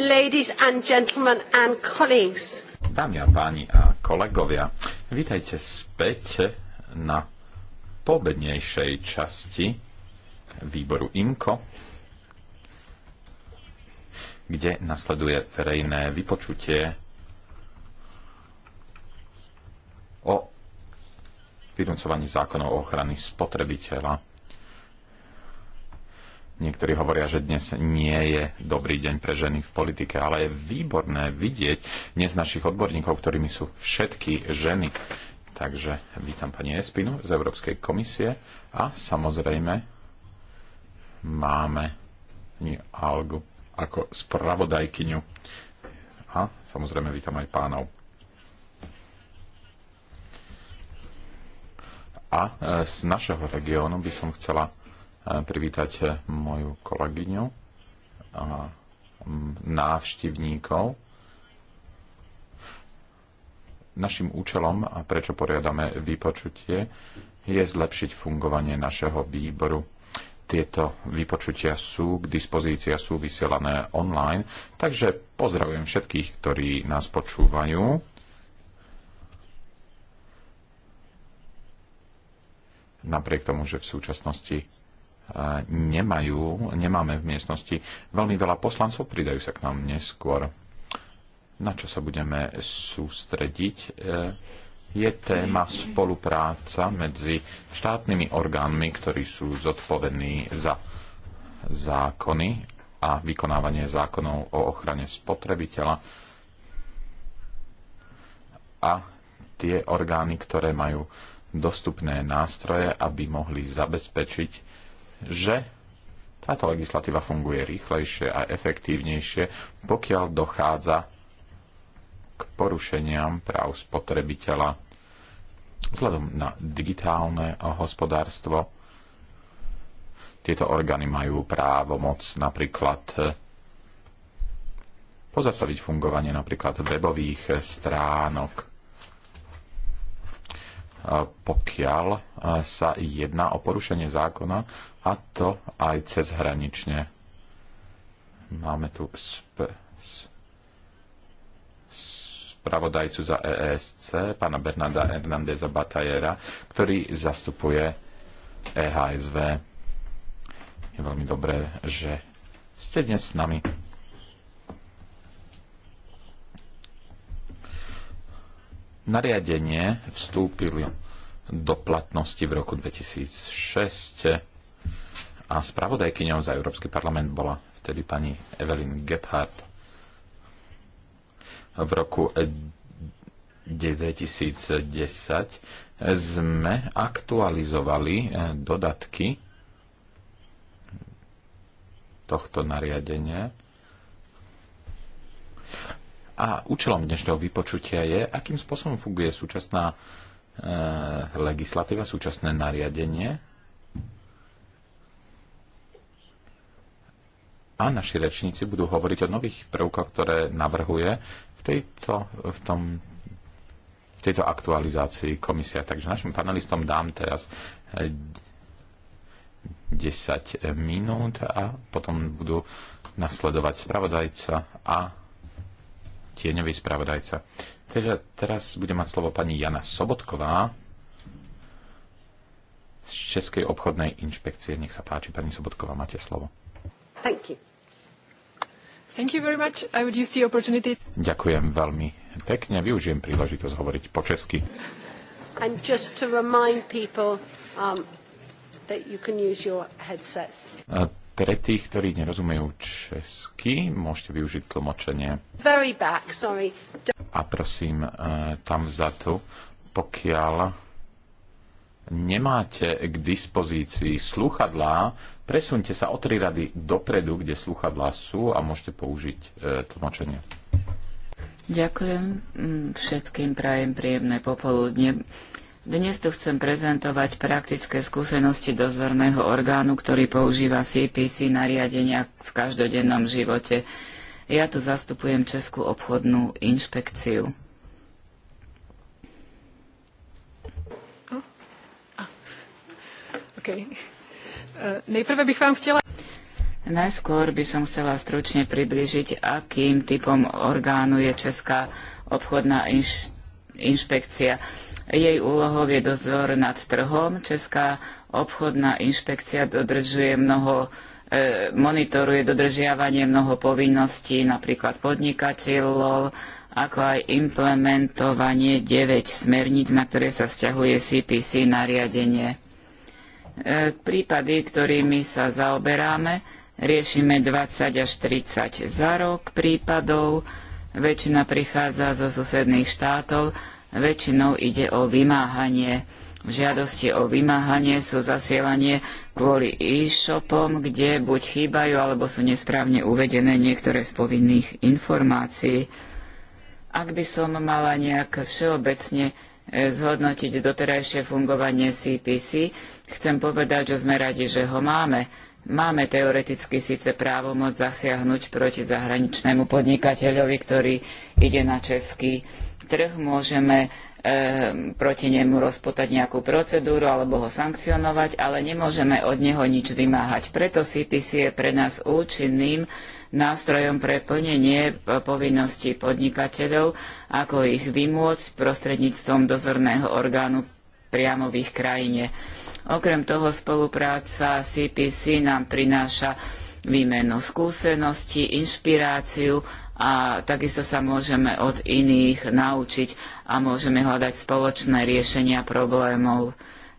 Ladies and gentlemen and colleagues. Dámy a páni a kolegovia, vítajte späť na pobednejšej časti výboru IMCO, kde nasleduje verejné vypočutie o vynúcovaní zákonov o ochrany spotrebiteľa Niektorí hovoria, že dnes nie je dobrý deň pre ženy v politike, ale je výborné vidieť dnes našich odborníkov, ktorými sú všetky ženy. Takže vítam pani Espinu z Európskej komisie a samozrejme máme Algu ako spravodajkyňu. A samozrejme vítam aj pánov. A e, z našeho regiónu by som chcela privítať moju kolegyňu a návštevníkov. Našim účelom, a prečo poriadame vypočutie, je zlepšiť fungovanie našeho výboru. Tieto vypočutia sú k dispozícii a sú vysielané online, takže pozdravujem všetkých, ktorí nás počúvajú. Napriek tomu, že v súčasnosti nemajú, nemáme v miestnosti veľmi veľa poslancov, pridajú sa k nám neskôr. Na čo sa budeme sústrediť? E, je téma spolupráca medzi štátnymi orgánmi, ktorí sú zodpovední za zákony a vykonávanie zákonov o ochrane spotrebiteľa a tie orgány, ktoré majú dostupné nástroje, aby mohli zabezpečiť že táto legislatíva funguje rýchlejšie a efektívnejšie, pokiaľ dochádza k porušeniam práv spotrebiteľa vzhľadom na digitálne hospodárstvo. Tieto orgány majú právo moc napríklad eh, pozastaviť fungovanie napríklad webových stránok, eh, pokiaľ eh, sa jedná o porušenie zákona a to aj cez hranične. Máme tu sp- spravodajcu za ESC, pána Bernarda Hernandeza Batajera, ktorý zastupuje EHSV. Je veľmi dobré, že ste dnes s nami. Nariadenie vstúpilo do platnosti v roku 2006 a spravodajkyňou za Európsky parlament bola vtedy pani Evelyn Gebhardt. V roku 2010 eh, sme aktualizovali eh, dodatky tohto nariadenia a účelom dnešného vypočutia je, akým spôsobom funguje súčasná e, legislatíva, súčasné nariadenie a naši rečníci budú hovoriť o nových prvkoch, ktoré navrhuje v tejto, v tom, v tejto aktualizácii komisia. Takže našim panelistom dám teraz 10 eh, eh, minút a potom budú nasledovať spravodajca a tieňový spravodajca. Takže teraz bude mať slovo pani Jana Sobotková z Českej obchodnej inšpekcie. Nech sa páči, pani Sobotková, máte slovo. Thank you. Ďakujem veľmi pekne. Využijem príležitosť hovoriť po česky. And just to remind people um, that you can use your headsets. A pre tých, ktorí nerozumejú česky, môžete využiť tlmočenie. Very back, sorry. A prosím, eh, tam vzadu, pokiaľ nemáte k dispozícii sluchadlá, presunte sa o tri rady dopredu, kde sluchadlá sú a môžete použiť e, tlmočenie. Ďakujem mm, všetkým prajem príjemné popoludne. Dnes tu chcem prezentovať praktické skúsenosti dozorného orgánu, ktorý používa CPC nariadenia v každodennom živote. Ja tu zastupujem Českú obchodnú inšpekciu. E, bych vám Najskôr by som chcela stručne približiť, akým typom orgánu je Česká obchodná inš... inšpekcia. Jej úlohou je dozor nad trhom. Česká obchodná inšpekcia dodržuje mnoho e, monitoruje dodržiavanie mnoho povinností, napríklad podnikateľov, ako aj implementovanie 9 smerníc, na ktoré sa vzťahuje CPC nariadenie. E, prípady, ktorými sa zaoberáme, riešime 20 až 30 za rok prípadov, väčšina prichádza zo susedných štátov, väčšinou ide o vymáhanie. V žiadosti o vymáhanie sú zasielanie kvôli e-shopom, kde buď chýbajú alebo sú nesprávne uvedené niektoré z povinných informácií. Ak by som mala nejak všeobecne e, zhodnotiť doterajšie fungovanie CPC, Chcem povedať, že sme radi, že ho máme. Máme teoreticky síce právomoc zasiahnuť proti zahraničnému podnikateľovi, ktorý ide na český trh. Môžeme e, proti nemu rozpotať nejakú procedúru alebo ho sankcionovať, ale nemôžeme od neho nič vymáhať. Preto CPC je pre nás účinným nástrojom pre plnenie e, povinností podnikateľov, ako ich vymôcť prostredníctvom dozorného orgánu priamo v ich krajine. Okrem toho spolupráca CPC nám prináša výmenu skúseností, inšpiráciu a takisto sa môžeme od iných naučiť a môžeme hľadať spoločné riešenia problémov.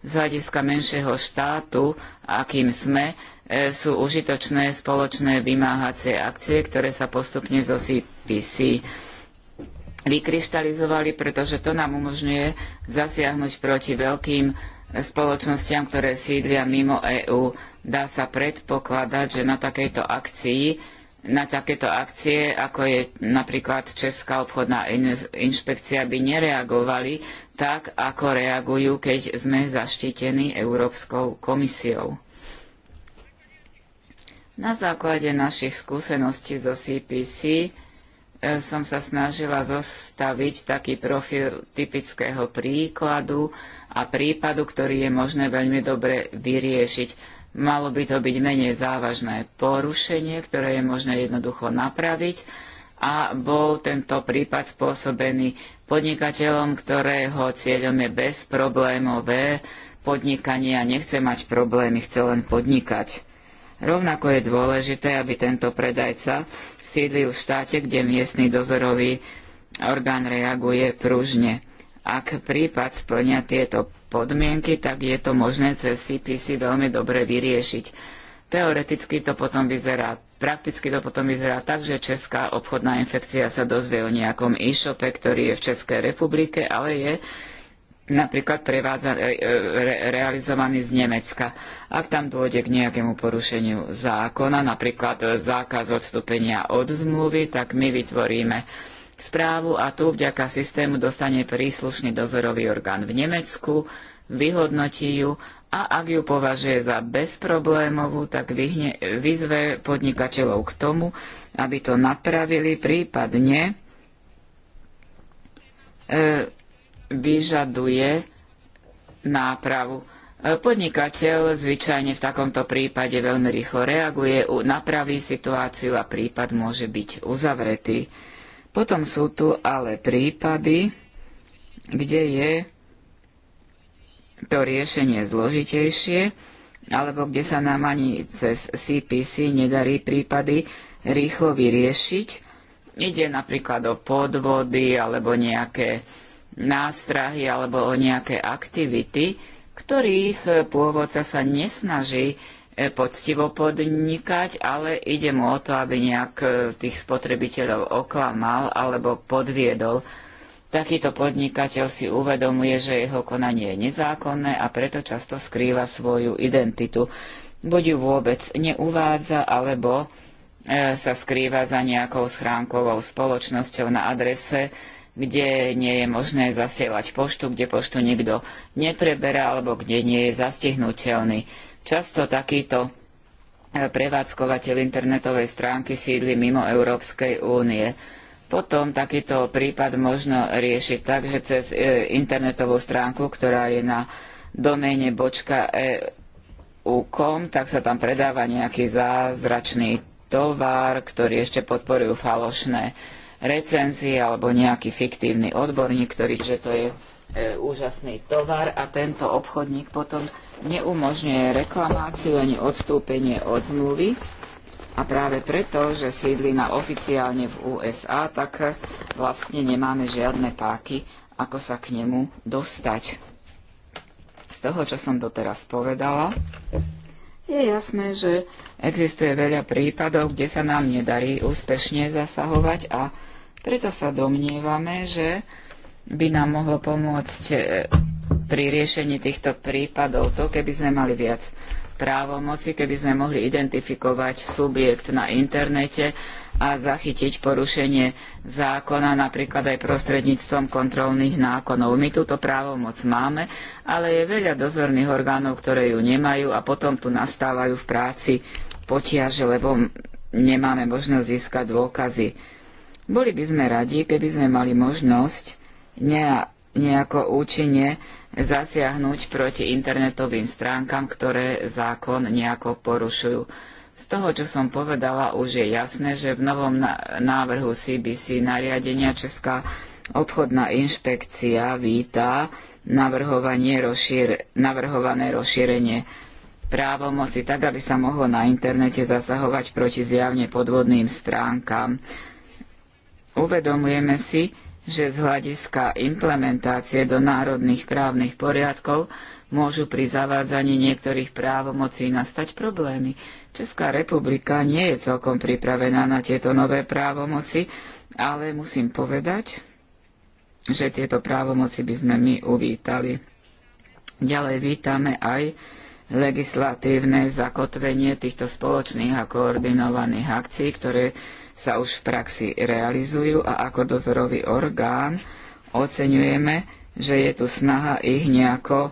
Z hľadiska menšieho štátu, akým sme, e, sú užitočné spoločné vymáhacie akcie, ktoré sa postupne zo CPC vykryštalizovali, pretože to nám umožňuje zasiahnuť proti veľkým spoločnostiam, ktoré sídlia mimo EÚ. Dá sa predpokladať, že na takejto akcii na takéto akcie, ako je napríklad Česká obchodná inšpekcia, by nereagovali tak, ako reagujú, keď sme zaštítení Európskou komisiou. Na základe našich skúseností zo CPC e, som sa snažila zostaviť taký profil typického príkladu a prípadu, ktorý je možné veľmi dobre vyriešiť. Malo by to byť menej závažné porušenie, ktoré je možné jednoducho napraviť a bol tento prípad spôsobený podnikateľom, ktorého cieľom je bezproblémové podnikanie a nechce mať problémy, chce len podnikať. Rovnako je dôležité, aby tento predajca sídlil v štáte, kde miestny dozorový orgán reaguje pružne. Ak prípad splňa tieto podmienky, tak je to možné cez CPC veľmi dobre vyriešiť. Teoreticky to potom vyzerá, prakticky to potom vyzerá tak, že Česká obchodná infekcia sa dozvie o nejakom e-shope, ktorý je v Českej republike, ale je napríklad prevádza, re, e, re, realizovaný z Nemecka. Ak tam dôjde k nejakému porušeniu zákona, napríklad zákaz odstúpenia od zmluvy, tak my vytvoríme správu a tu vďaka systému dostane príslušný dozorový orgán v Nemecku, vyhodnotí ju a ak ju považuje za bezproblémovú, tak vyhne, vyzve podnikateľov k tomu, aby to napravili, prípadne e, vyžaduje nápravu. E, podnikateľ zvyčajne v takomto prípade veľmi rýchlo reaguje, napraví situáciu a prípad môže byť uzavretý. Potom sú tu ale prípady, kde je to riešenie zložitejšie, alebo kde sa nám ani cez CPC nedarí prípady rýchlo vyriešiť. Ide napríklad o podvody alebo nejaké nástrahy alebo o nejaké aktivity, ktorých pôvodca sa nesnaží E, poctivo podnikať, ale ide mu o to, aby nejak e, tých spotrebiteľov oklamal alebo podviedol. Takýto podnikateľ si uvedomuje, že jeho konanie je nezákonné a preto často skrýva svoju identitu. Buď ju vôbec neuvádza, alebo e, sa skrýva za nejakou schránkovou spoločnosťou na adrese, kde nie je možné zasielať poštu, kde poštu nikto nepreberá alebo kde nie je zastihnutelný. Často takýto e, prevádzkovateľ internetovej stránky sídli mimo Európskej únie. Potom takýto prípad možno riešiť tak, že cez e, internetovú stránku, ktorá je na doméne bočka.eu.com, tak sa tam predáva nejaký zázračný tovar, ktorý ešte podporujú falošné recenzie alebo nejaký fiktívny odborník, ktorý, že to je e, úžasný tovar a tento obchodník potom neumožňuje reklamáciu ani odstúpenie od zmluvy. A práve preto, že sídli na oficiálne v USA, tak vlastne nemáme žiadne páky, ako sa k nemu dostať. Z toho, čo som doteraz povedala, je jasné, že existuje veľa prípadov, kde sa nám nedarí úspešne zasahovať a preto sa domnievame, že by nám mohlo pomôcť e, pri riešení týchto prípadov to, keby sme mali viac právomoci, keby sme mohli identifikovať subjekt na internete a zachytiť porušenie zákona napríklad aj prostredníctvom kontrolných nákonov. My túto právomoc máme, ale je veľa dozorných orgánov, ktoré ju nemajú a potom tu nastávajú v práci potiaže, lebo nemáme možnosť získať dôkazy. Boli by sme radi, keby sme mali možnosť nejako účinne zasiahnuť proti internetovým stránkam, ktoré zákon nejako porušujú. Z toho, čo som povedala, už je jasné, že v novom návrhu CBC nariadenia Česká obchodná inšpekcia víta rozšír, navrhované rozšírenie právomoci tak, aby sa mohlo na internete zasahovať proti zjavne podvodným stránkam. Uvedomujeme si, že z hľadiska implementácie do národných právnych poriadkov môžu pri zavádzaní niektorých právomocí nastať problémy. Česká republika nie je celkom pripravená na tieto nové právomoci, ale musím povedať, že tieto právomoci by sme my uvítali. Ďalej vítame aj legislatívne zakotvenie týchto spoločných a koordinovaných akcií, ktoré sa už v praxi realizujú a ako dozorový orgán oceňujeme, že je tu snaha ich nejako e,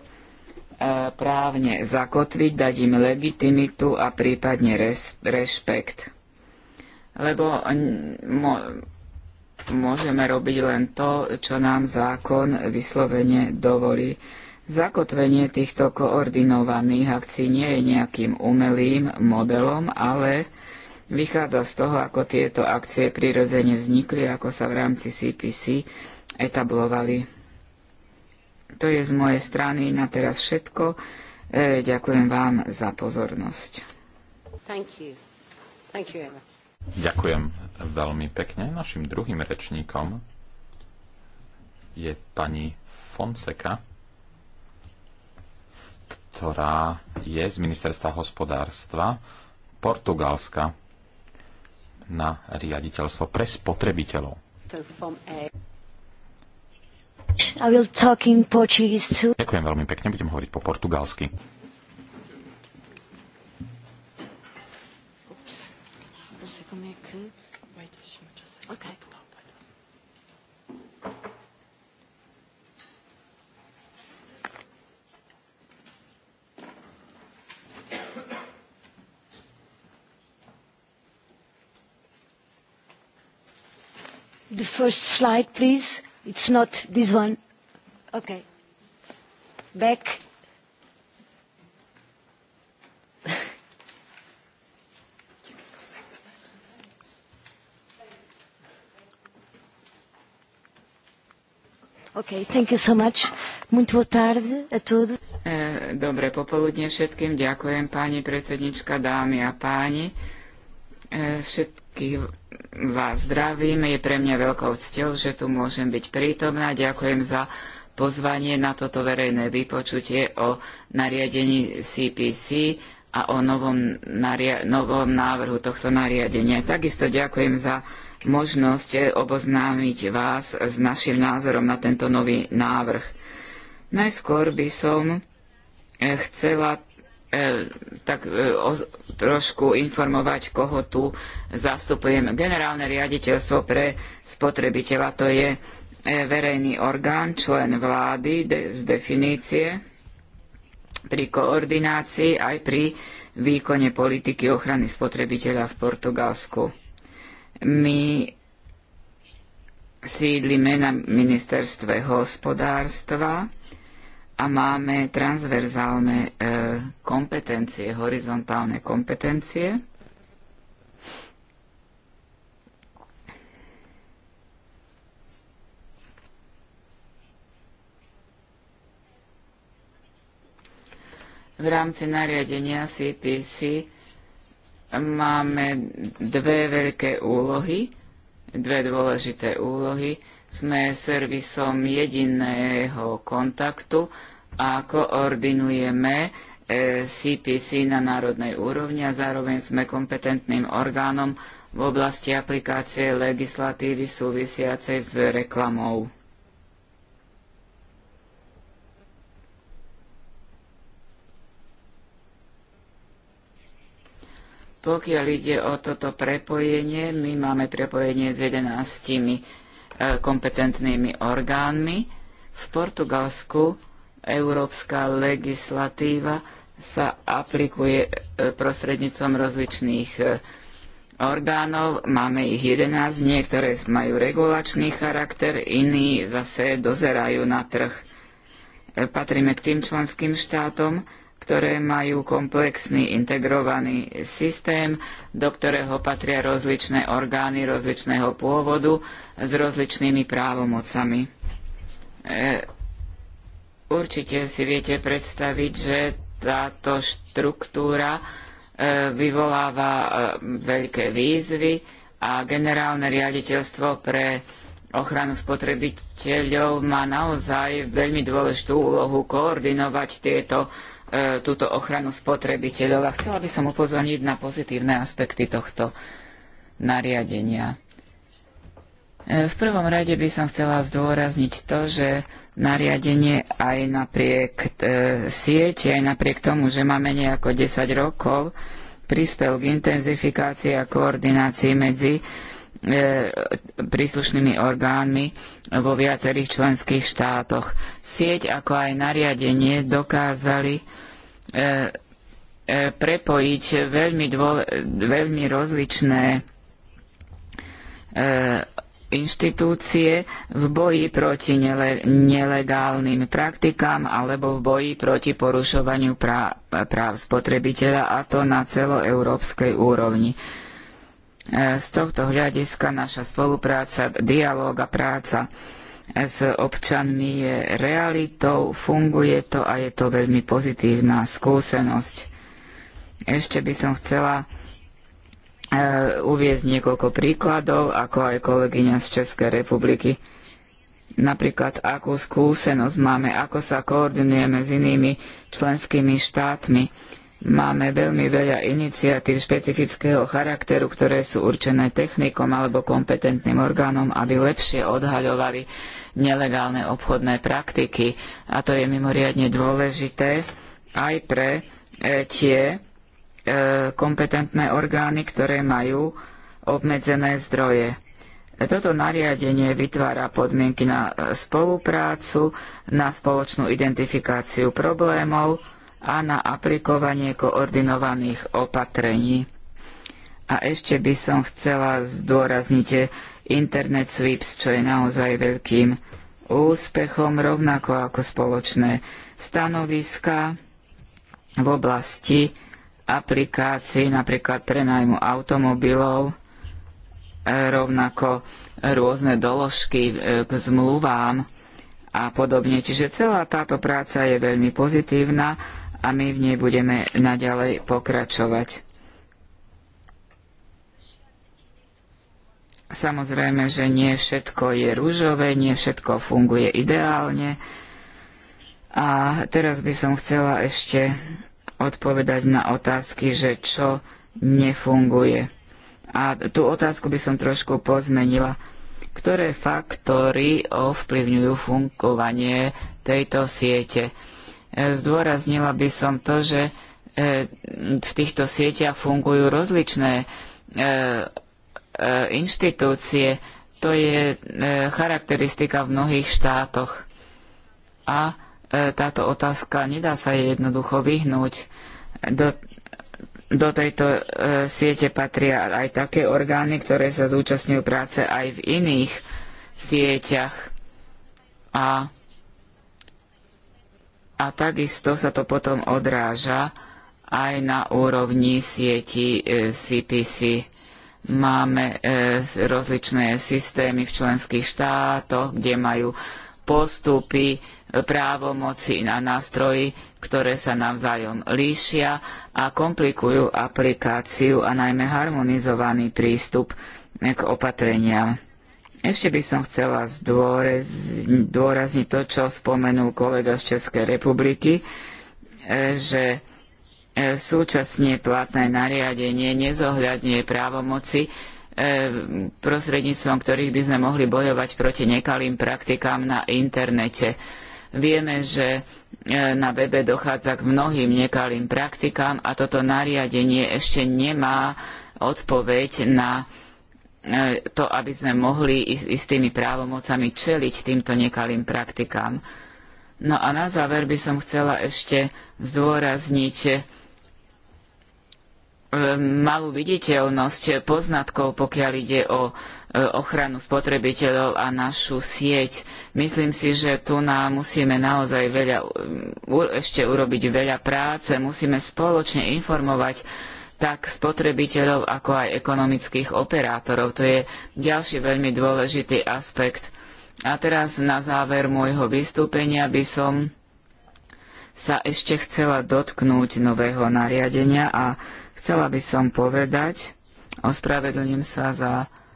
právne zakotviť, dať im legitimitu a prípadne res, rešpekt. Lebo môžeme robiť len to, čo nám zákon vyslovene dovolí. Zakotvenie týchto koordinovaných akcií nie je nejakým umelým modelom, ale vychádza z toho, ako tieto akcie prirodzene vznikli, ako sa v rámci CPC etablovali. To je z mojej strany na teraz všetko. E, ďakujem vám za pozornosť. Thank you. Thank you, Emma. Ďakujem veľmi pekne. Našim druhým rečníkom je pani Fonseca, ktorá je z Ministerstva hospodárstva Portugalska na riaditeľstvo pre spotrebiteľov. Ďakujem veľmi pekne, budem hovoriť po portugalsky. the first slide, please? It's not this one. Okay. Back. Okay, thank you so much. Muito boa tarde a todos. Eh, Dobré popoludne všetkým. Ďakujem pani predsednička, dámy a páni. Eh, Všet, všetkých vás zdravím. Je pre mňa veľkou cťou, že tu môžem byť prítomná. Ďakujem za pozvanie na toto verejné vypočutie o nariadení CPC a o novom, novom návrhu tohto nariadenia. Takisto ďakujem za možnosť oboznámiť vás s našim názorom na tento nový návrh. Najskôr by som chcela E, tak e, trošku informovať, koho tu zastupujem. Generálne riaditeľstvo pre spotrebiteľa to je e, verejný orgán, člen vlády de, z definície pri koordinácii aj pri výkone politiky ochrany spotrebiteľa v Portugalsku. My sídlime na ministerstve hospodárstva, a máme transverzálne e, kompetencie, horizontálne kompetencie. V rámci nariadenia CPC máme dve veľké úlohy, dve dôležité úlohy sme servisom jediného kontaktu a koordinujeme CPC e, na národnej úrovni a zároveň sme kompetentným orgánom v oblasti aplikácie legislatívy súvisiacej s reklamou. Pokiaľ ide o toto prepojenie, my máme prepojenie s 11 kompetentnými orgánmi. V Portugalsku európska legislatíva sa aplikuje e, prostredníctvom rozličných e, orgánov. Máme ich 11, niektoré majú regulačný charakter, iní zase dozerajú na trh. E, patríme k tým členským štátom, ktoré majú komplexný integrovaný systém, do ktorého patria rozličné orgány rozličného pôvodu s rozličnými právomocami. E, určite si viete predstaviť, že táto štruktúra e, vyvoláva e, veľké výzvy a generálne riaditeľstvo pre ochranu spotrebiteľov má naozaj veľmi dôležitú úlohu koordinovať tieto E, túto ochranu spotrebiteľov a chcela by som upozorniť na pozitívne aspekty tohto nariadenia. E, v prvom rade by som chcela zdôrazniť to, že nariadenie aj napriek e, sieti, aj napriek tomu, že má menej ako 10 rokov, prispel k intenzifikácii a koordinácii medzi E, príslušnými orgánmi vo viacerých členských štátoch. Sieť ako aj nariadenie dokázali e, e, prepojiť veľmi, dvole, veľmi rozličné inštitúcie v boji proti nele, nelegálnym praktikám alebo v boji proti porušovaniu práv, práv spotrebiteľa a to na celoeurópskej úrovni. E, z tohto hľadiska naša spolupráca, dialóg a práca e, s občanmi je realitou, funguje to a je to veľmi pozitívna skúsenosť. Ešte by som chcela e, uviezť niekoľko príkladov, ako aj kolegyňa z Českej republiky. Napríklad, akú skúsenosť máme, ako sa koordinujeme s inými členskými štátmi. Máme veľmi veľa iniciatív špecifického charakteru, ktoré sú určené technikom alebo kompetentným orgánom, aby lepšie odhaľovali nelegálne obchodné praktiky. A to je mimoriadne dôležité aj pre e, tie e, kompetentné orgány, ktoré majú obmedzené zdroje. E, toto nariadenie vytvára podmienky na e, spoluprácu, na spoločnú identifikáciu problémov, a na aplikovanie koordinovaných opatrení. A ešte by som chcela zdôrazniť Internet SWIPS, čo je naozaj veľkým úspechom, rovnako ako spoločné stanoviska v oblasti aplikácií, napríklad prenajmu automobilov, e, rovnako rôzne doložky e, k zmluvám a podobne. Čiže celá táto práca je veľmi pozitívna a my v nej budeme naďalej pokračovať. Samozrejme, že nie všetko je rúžové, nie všetko funguje ideálne. A teraz by som chcela ešte odpovedať na otázky, že čo nefunguje. A tú otázku by som trošku pozmenila. Ktoré faktory ovplyvňujú fungovanie tejto siete? Zdôraznila by som to, že e, v týchto sieťach fungujú rozličné e, e, inštitúcie. To je charakteristika v mnohých štátoch. A táto otázka nedá sa jej jednoducho vyhnúť. Do, do tejto siete patria aj také orgány, ktoré sa zúčastňujú práce aj v iných sieťach. A a takisto sa to potom odráža aj na úrovni sieti CPC. E, Máme e, rozličné systémy v členských štátoch, kde majú postupy, e, právomoci a nástroji, ktoré sa navzájom líšia a komplikujú aplikáciu a najmä harmonizovaný prístup k opatreniam. Ešte by som chcela zdôrazniť to, čo spomenul kolega z Českej republiky, e, že e, súčasne platné nariadenie nezohľadňuje právomoci, e, prostredníctvom ktorých by sme mohli bojovať proti nekalým praktikám na internete. Vieme, že na webe dochádza k mnohým nekalým praktikám a toto nariadenie ešte nemá odpoveď na E, to, aby sme mohli istými právomocami čeliť týmto nekalým praktikám. No a na záver by som chcela ešte zdôrazniť e, malú viditeľnosť poznatkov, pokiaľ ide o e, ochranu spotrebiteľov a našu sieť. Myslím si, že tu nám musíme naozaj veľa, ešte urobiť veľa práce, musíme spoločne informovať tak spotrebiteľov, ako aj ekonomických operátorov. To je ďalší veľmi dôležitý aspekt. A teraz na záver môjho vystúpenia by som sa ešte chcela dotknúť nového nariadenia a chcela by som povedať, ospravedlním sa za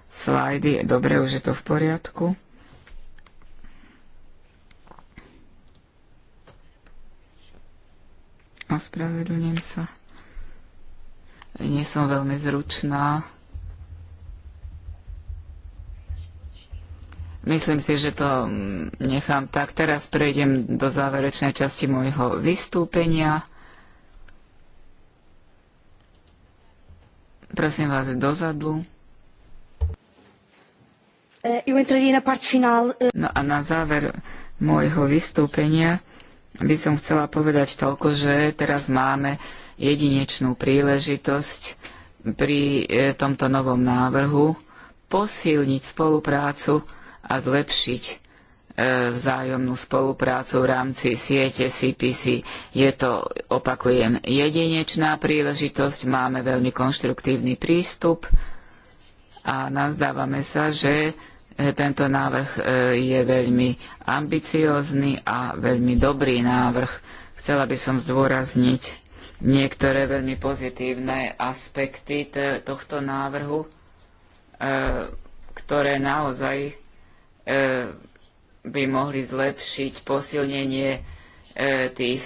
slajdy, dobre, už je to v poriadku. Ospravedlňujem sa nie som veľmi zručná. Myslím si, že to nechám tak. Teraz prejdem do záverečnej časti môjho vystúpenia. Prosím vás dozadu. E, e- no a na záver môjho vystúpenia by som chcela povedať toľko, že teraz máme jedinečnú príležitosť pri e, tomto novom návrhu posilniť spoluprácu a zlepšiť e, vzájomnú spoluprácu v rámci siete CPC. Je to, opakujem, jedinečná príležitosť, máme veľmi konštruktívny prístup a nazdávame sa, že e, tento návrh je veľmi ambiciózny a veľmi dobrý návrh. Chcela by som zdôrazniť niektoré veľmi pozitívne aspekty tohto návrhu, e, ktoré naozaj e, by mohli zlepšiť posilnenie e, tých,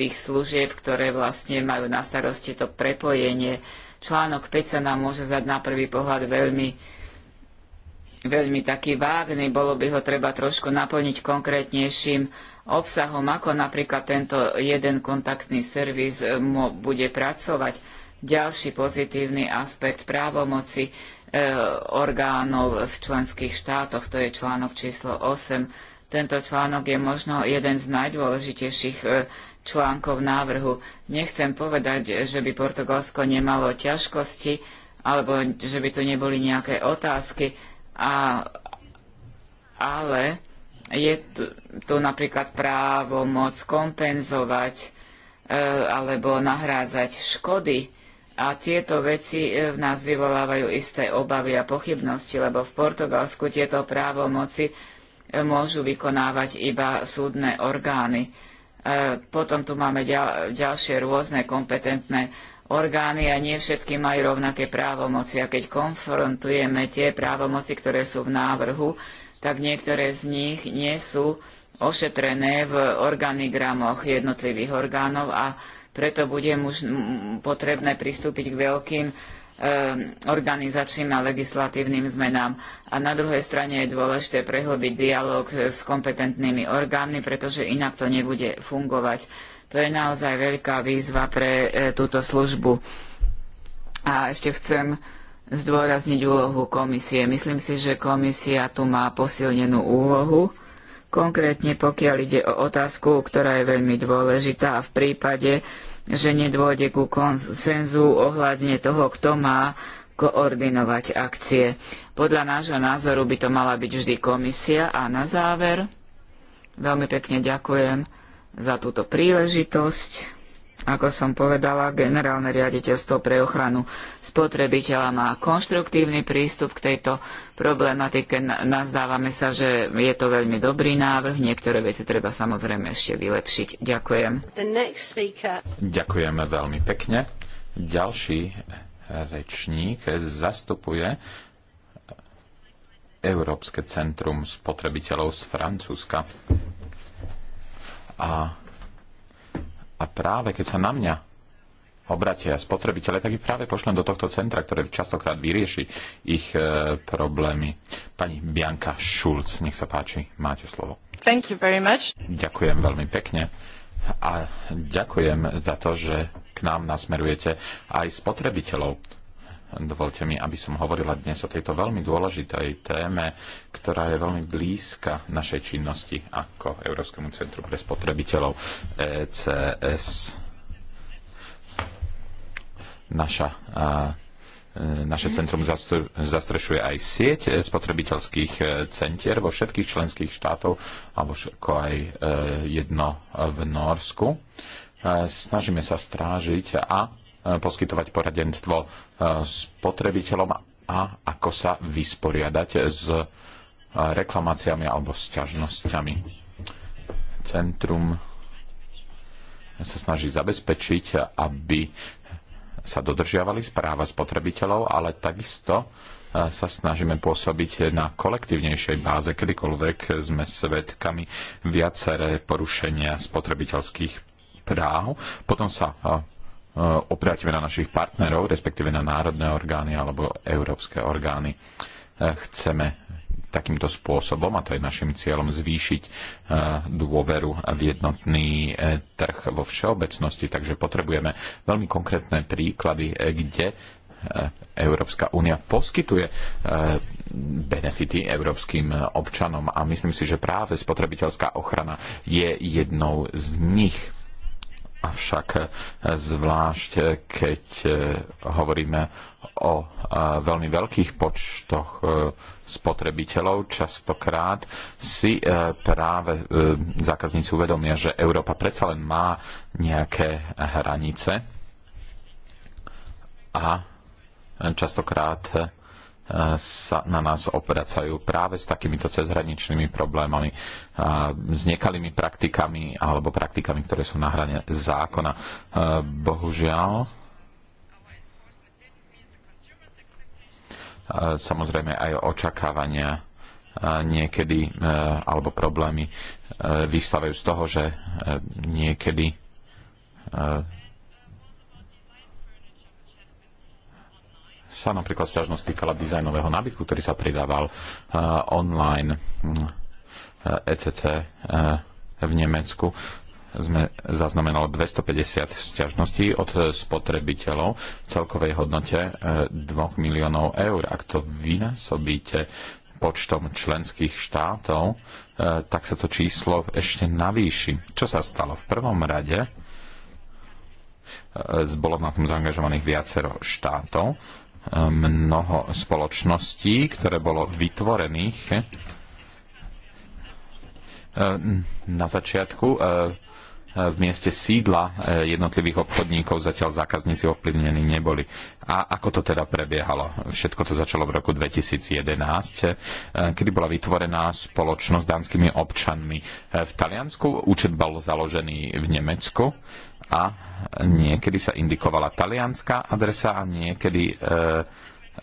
tých služieb, ktoré vlastne majú na starosti to prepojenie. Článok 5 sa nám môže zdať na prvý pohľad veľmi veľmi taký vágny, bolo by ho treba trošku naplniť konkrétnejším obsahom, ako napríklad tento jeden kontaktný servis e, bude pracovať. Ďalší pozitívny aspekt právomoci e, orgánov v členských štátoch, to je článok číslo 8. Tento článok je možno jeden z najdôležitejších e, článkov návrhu. Nechcem povedať, že by Portugalsko nemalo ťažkosti, alebo že by tu neboli nejaké otázky a, ale je tu, tu napríklad právo moc kompenzovať e, alebo nahrádzať škody. A tieto veci e, v nás vyvolávajú isté obavy a pochybnosti, lebo v Portugalsku tieto právomoci e, môžu vykonávať iba súdne orgány. E, potom tu máme ďal, ďalšie rôzne kompetentné orgány a nie všetky majú rovnaké právomoci. A keď konfrontujeme tie právomoci, ktoré sú v návrhu, tak niektoré z nich nie sú ošetrené v organigramoch jednotlivých orgánov a preto bude muž potrebné pristúpiť k veľkým Eh, organizačným a legislatívnym zmenám. A na druhej strane je dôležité prehlbiť dialog s kompetentnými orgánmi, pretože inak to nebude fungovať. To je naozaj veľká výzva pre eh, túto službu. A ešte chcem zdôrazniť úlohu komisie. Myslím si, že komisia tu má posilnenú úlohu, konkrétne pokiaľ ide o otázku, ktorá je veľmi dôležitá a v prípade, že nedôjde ku konsenzu ohľadne toho, kto má koordinovať akcie. Podľa nášho názoru by to mala byť vždy komisia a na záver veľmi pekne ďakujem za túto príležitosť ako som povedala, generálne riaditeľstvo pre ochranu spotrebiteľa má konštruktívny prístup k tejto problematike. Nazdávame sa, že je to veľmi dobrý návrh. Niektoré veci treba samozrejme ešte vylepšiť. Ďakujem. Ďakujeme veľmi pekne. Ďalší rečník zastupuje Európske centrum spotrebiteľov z Francúzska. A a práve keď sa na mňa obratia spotrebitele, tak ich práve pošlem do tohto centra, ktoré častokrát vyrieši ich e, problémy. Pani Bianka Šulc, nech sa páči, máte slovo. Thank you very much. Ďakujem veľmi pekne a ďakujem za to, že k nám nasmerujete aj spotrebiteľov Dovolte mi, aby som hovorila dnes o tejto veľmi dôležitej téme, ktorá je veľmi blízka našej činnosti ako Európskemu centru pre spotrebiteľov ECS. Naša naše centrum zastrešuje aj sieť spotrebiteľských e, centier vo všetkých členských štátov, alebo aj e, jedno v Norsku. Snažíme sa strážiť a poskytovať poradenstvo eh, spotrebiteľom a ako sa vysporiadať s eh, reklamáciami alebo sťažnosťami. Centrum sa snaží zabezpečiť, aby sa dodržiavali správa spotrebiteľov, ale takisto eh, sa snažíme pôsobiť na kolektívnejšej báze, kedykoľvek sme svedkami viaceré porušenia spotrebiteľských práv. Potom sa Eh, obrátime na našich partnerov, respektíve na národné orgány alebo európske orgány. Eh, chceme takýmto spôsobom, a to je našim cieľom, zvýšiť eh, dôveru v jednotný trh vo všeobecnosti. Takže potrebujeme veľmi konkrétne príklady, kde Európska únia poskytuje benefity európskym občanom a myslím si, že práve spotrebiteľská ochrana je jednou z nich Avšak e, zvlášť, e, keď e, hovoríme o veľmi veľkých počtoch spotrebiteľov, častokrát si práve zákazníci uvedomia, že Európa predsa len má nejaké hranice a častokrát sa na nás obracajú práve s takýmito cezhraničnými problémami, s nekalými praktikami alebo praktikami, ktoré sú na hrane zákona. Bohužiaľ, samozrejme aj očakávania niekedy e, alebo problémy e, vystávajú z toho, že e, niekedy sa napríklad sťažnosť týkala dizajnového nábytku, ktorý sa pridával eh, online ECC eh, e eh, v Nemecku sme zaznamenali 250 sťažností od spotrebiteľov v celkovej hodnote 2 miliónov eur. Ak to vynásobíte počtom členských štátov, tak sa to číslo ešte navýši. Čo sa stalo? V prvom rade bolo na tom zaangažovaných viacero štátov mnoho spoločností, ktoré bolo vytvorených eh, na začiatku eh, v mieste sídla eh, jednotlivých obchodníkov zatiaľ zákazníci ovplyvnení neboli. A ako to teda prebiehalo? Všetko to začalo v roku 2011, kedy bola vytvorená spoločnosť s dánskymi občanmi v Taliansku. Účet bol založený v Nemecku a niekedy sa indikovala talianská adresa a niekedy e,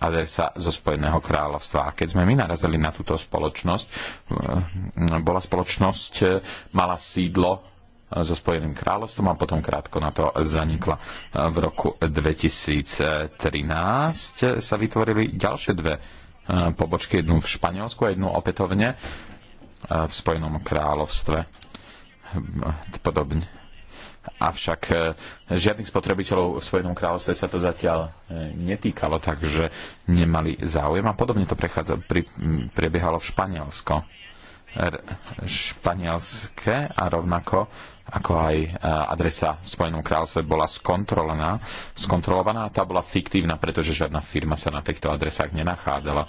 adresa zo Spojeného kráľovstva. A keď sme my narazili na túto spoločnosť, e, bola spoločnosť, e, mala sídlo e, so Spojeným kráľovstvom a potom krátko na to zanikla. V roku 2013 sa vytvorili ďalšie dve pobočky, jednu v Španielsku a jednu opätovne v Spojenom kráľovstve. Podobne Avšak e, žiadnych spotrebiteľov v Spojenom kráľovstve sa to zatiaľ e, netýkalo, takže nemali záujem. A podobne to prechádza, pri, prebiehalo v Španielsko. R, španielské a rovnako ako aj e, adresa v Spojenom kráľovstve bola skontrolovaná, skontrolovaná a tá bola fiktívna, pretože žiadna firma sa na týchto adresách nenachádzala.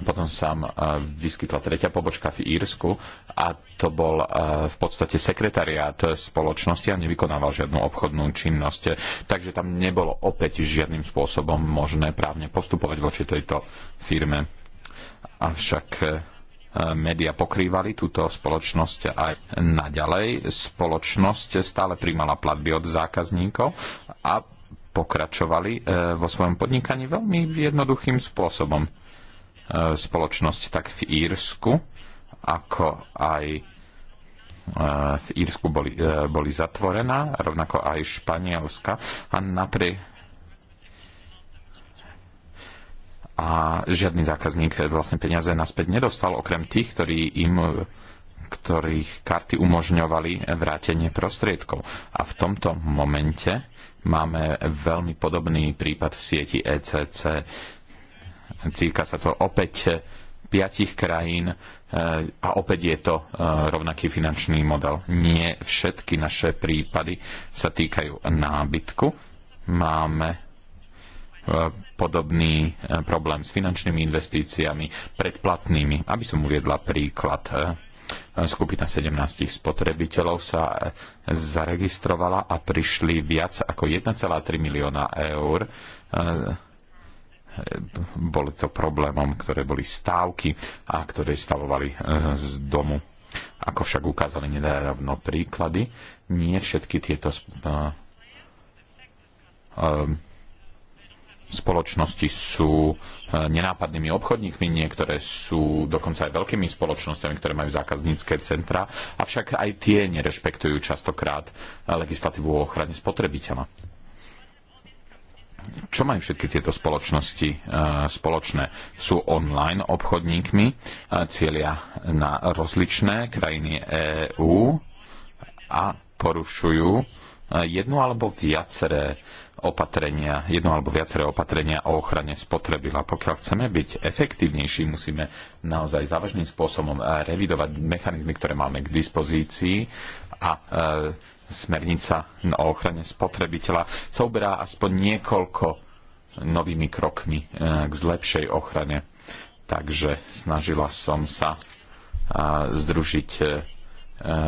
Potom sa e, vyskytla tretia pobočka v Írsku a to bol e, v podstate sekretariát spoločnosti a nevykonával žiadnu obchodnú činnosť. Takže tam nebolo opäť žiadnym spôsobom možné právne postupovať voči tejto firme. Avšak e, média pokrývali túto spoločnosť aj naďalej. Spoločnosť stále príjmala platby od zákazníkov a pokračovali vo svojom podnikaní veľmi jednoduchým spôsobom E, spoločnosť tak v Írsku, ako aj e, v Írsku boli, e, boli zatvorená, rovnako aj Španielska. A napriek a žiadny zákazník vlastne peniaze naspäť nedostal, okrem tých, ktorí im ktorých karty umožňovali vrátenie prostriedkov. A v tomto momente máme veľmi podobný prípad v sieti ECC, Týka sa to opäť eh, piatich krajín eh, a opäť je to eh, rovnaký finančný model. Nie všetky naše prípady sa týkajú nábytku. Máme podobný problém s finančnými investíciami, predplatnými. Aby som uviedla príklad, skupina 17 spotrebiteľov sa zaregistrovala a prišli viac ako 1,3 milióna eur boli to problémom, ktoré boli stávky a ktoré stavovali e, z domu. Ako však ukázali nedávno príklady, nie všetky tieto e, e, spoločnosti sú nenápadnými obchodníkmi, niektoré sú dokonca aj veľkými spoločnosťami, ktoré majú zákaznícke centra, avšak aj tie nerešpektujú častokrát legislatívu o ochrane spotrebiteľa čo majú všetky tieto spoločnosti e, spoločné? Sú online obchodníkmi, e, cieľia na rozličné krajiny EÚ a porušujú e, jednu alebo viaceré opatrenia, jedno alebo viaceré opatrenia o ochrane A Pokiaľ chceme byť efektívnejší, musíme naozaj závažným spôsobom revidovať mechanizmy, ktoré máme k dispozícii a smernica o ochrane spotrebiteľa sa uberá aspoň niekoľko novými krokmi eh, k zlepšej ochrane. Takže snažila som sa eh, združiť eh,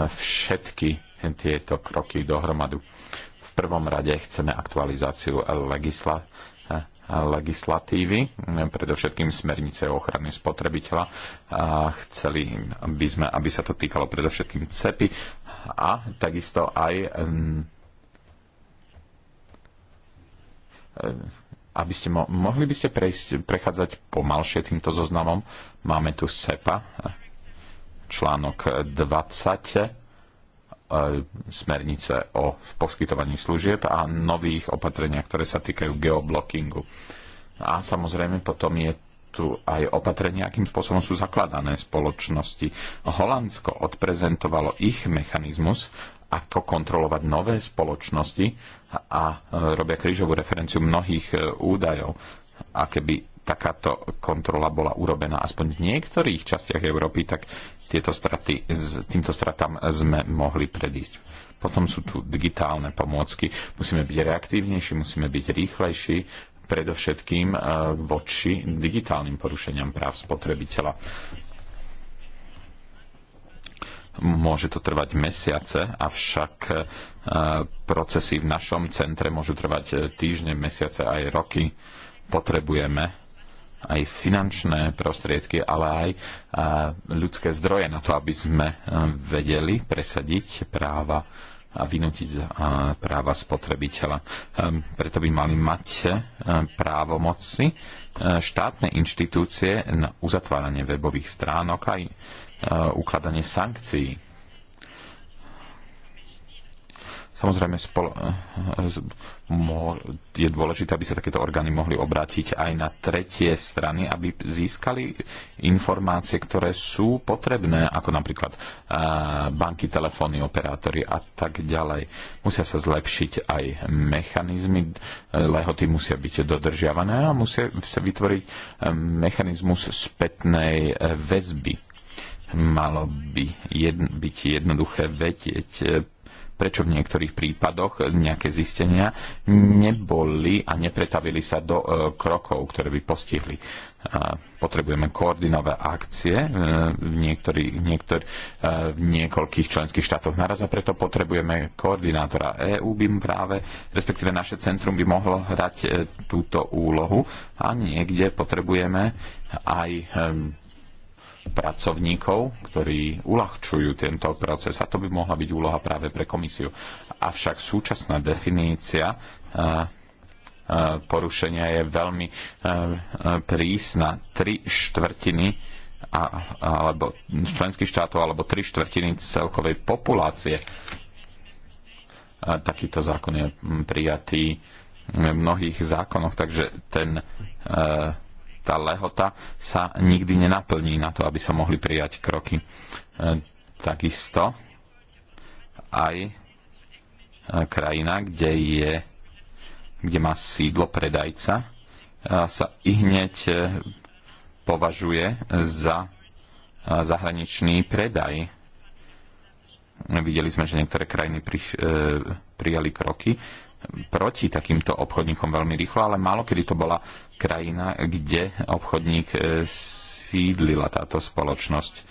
všetky tieto kroky dohromadu. V prvom rade chceme aktualizáciu legisla, legislatívy, predovšetkým smernice o ochrany spotrebiteľa. chceli by sme, aby sa to týkalo predovšetkým CEPy a takisto aj aby ste mo- mohli by ste prejsť, prechádzať pomalšie týmto zoznamom. Máme tu SEPA, článok 20, smernice o poskytovaní služieb a nových opatreniach, ktoré sa týkajú geoblockingu. A samozrejme potom je tu aj opatrenia, akým spôsobom sú zakladané spoločnosti. Holandsko odprezentovalo ich mechanizmus, ako kontrolovať nové spoločnosti a robia krížovú referenciu mnohých e, údajov. A keby takáto kontrola bola urobená aspoň v niektorých častiach Európy, tak tieto straty, týmto stratám sme mohli predísť. Potom sú tu digitálne pomôcky. Musíme byť reaktívnejší, musíme byť rýchlejší predovšetkým e, voči digitálnym porušeniam práv spotrebiteľa. Môže to trvať mesiace, avšak e, procesy v našom centre môžu trvať e, týždne, mesiace aj roky. Potrebujeme aj finančné prostriedky, ale aj ľudské zdroje na to, aby sme vedeli presadiť práva vynútiť práva spotrebiteľa. Ehm, preto by mali mať ehm, právomoci ehm, štátne inštitúcie na uzatváranie webových stránok aj ukladanie sankcií Samozrejme, spolo, je dôležité, aby sa takéto orgány mohli obrátiť aj na tretie strany, aby získali informácie, ktoré sú potrebné, ako napríklad e, banky, telefóny, operátory a tak ďalej. Musia sa zlepšiť aj mechanizmy, e, lehoty musia byť dodržiavané a musia sa vytvoriť e, mechanizmus spätnej väzby malo by jedn, byť jednoduché vedieť prečo v niektorých prípadoch nejaké zistenia neboli a nepretavili sa do e, krokov, ktoré by postihli. Potrebujeme koordinové akcie e, v, niektorý, niektor, e, v niekoľkých členských štátoch naraz a preto potrebujeme koordinátora. EÚ by práve, respektíve naše centrum by mohlo hrať túto úlohu a niekde potrebujeme aj pracovníkov, ktorí uľahčujú tento proces a to by mohla byť úloha práve pre komisiu. Avšak súčasná definícia eh, eh, porušenia je veľmi eh, prísna. Tri štvrtiny alebo členských štátov alebo tri štvrtiny celkovej populácie. Takýto zákon je mm, prijatý v mnohých zákonoch, takže ten tá lehota sa nikdy nenaplní na to, aby sa mohli prijať kroky. E, takisto aj e, krajina, kde je kde má sídlo predajca, e, sa i hneď považuje za zahraničný predaj. Videli sme, že niektoré krajiny prijali kroky, proti takýmto obchodníkom veľmi rýchlo, ale málo kedy to bola krajina, kde obchodník e, sídlila táto spoločnosť. E,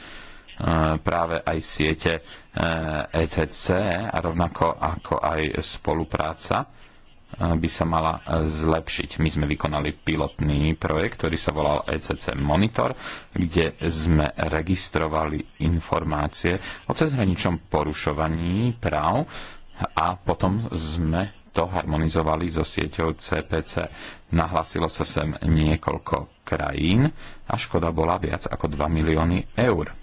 práve aj siete ECC e a rovnako ako aj spolupráca by sa mala zlepšiť. My sme vykonali pilotný projekt, ktorý sa volal ECC Monitor, kde sme registrovali informácie o cezhraničnom porušovaní práv a potom sme to harmonizovali so sieťou CPC. Nahlasilo sa sem niekoľko krajín a škoda bola viac ako 2 milióny eur.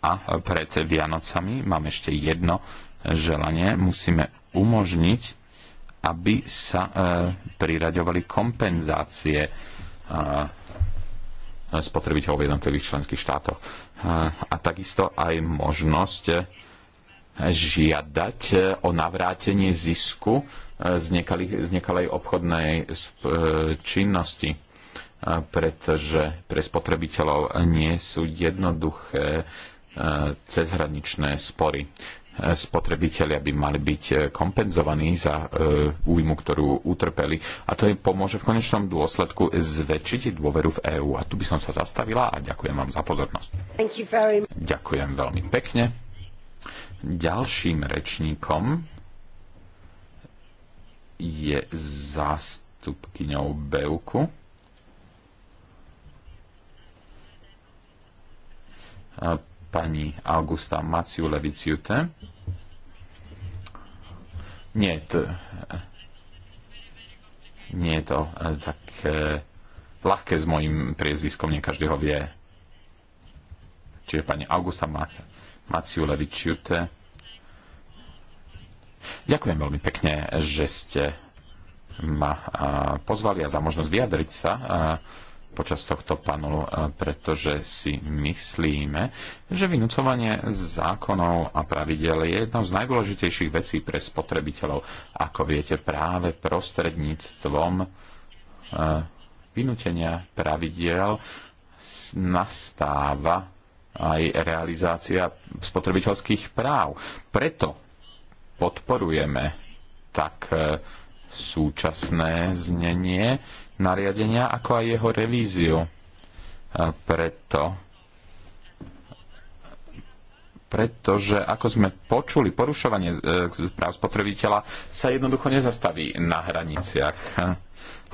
A pred Vianocami mám ešte jedno želanie. Musíme umožniť, aby sa e, priraďovali kompenzácie e, spotrebiteľov v jednotlivých členských štátoch. E, a takisto aj možnosť e, žiadať e, o navrátenie zisku e, z, z nekalej obchodnej činnosti, e, pretože pre spotrebiteľov nie sú jednoduché cezhraničné spory. Spotrebitelia by mali byť kompenzovaní za újmu, ktorú utrpeli a to im pomôže v konečnom dôsledku zväčšiť dôveru v EÚ. A tu by som sa zastavila a ďakujem vám za pozornosť. Ďakujem veľmi pekne. Ďalším rečníkom je zástupkyňou Beuku. Pani Augusta Maciu Leviciute. Nie, to, nie je to e, tak ľahké s mojim priezviskom, nie každý ho vie. Čiže pani Augusta Maciu Maciu Levičiute. Ďakujem veľmi pekne, že ste ma pozvali a za možnosť vyjadriť sa počas tohto panelu, pretože si myslíme, že vynúcovanie zákonov a pravidel je jednou z najdôležitejších vecí pre spotrebiteľov. Ako viete, práve prostredníctvom vynútenia pravidiel nastáva aj realizácia spotrebiteľských práv. Preto podporujeme tak e, súčasné znenie nariadenia, ako aj jeho revíziu. E, preto pretože, ako sme počuli, porušovanie e, práv spotrebiteľa sa jednoducho nezastaví na hraniciach.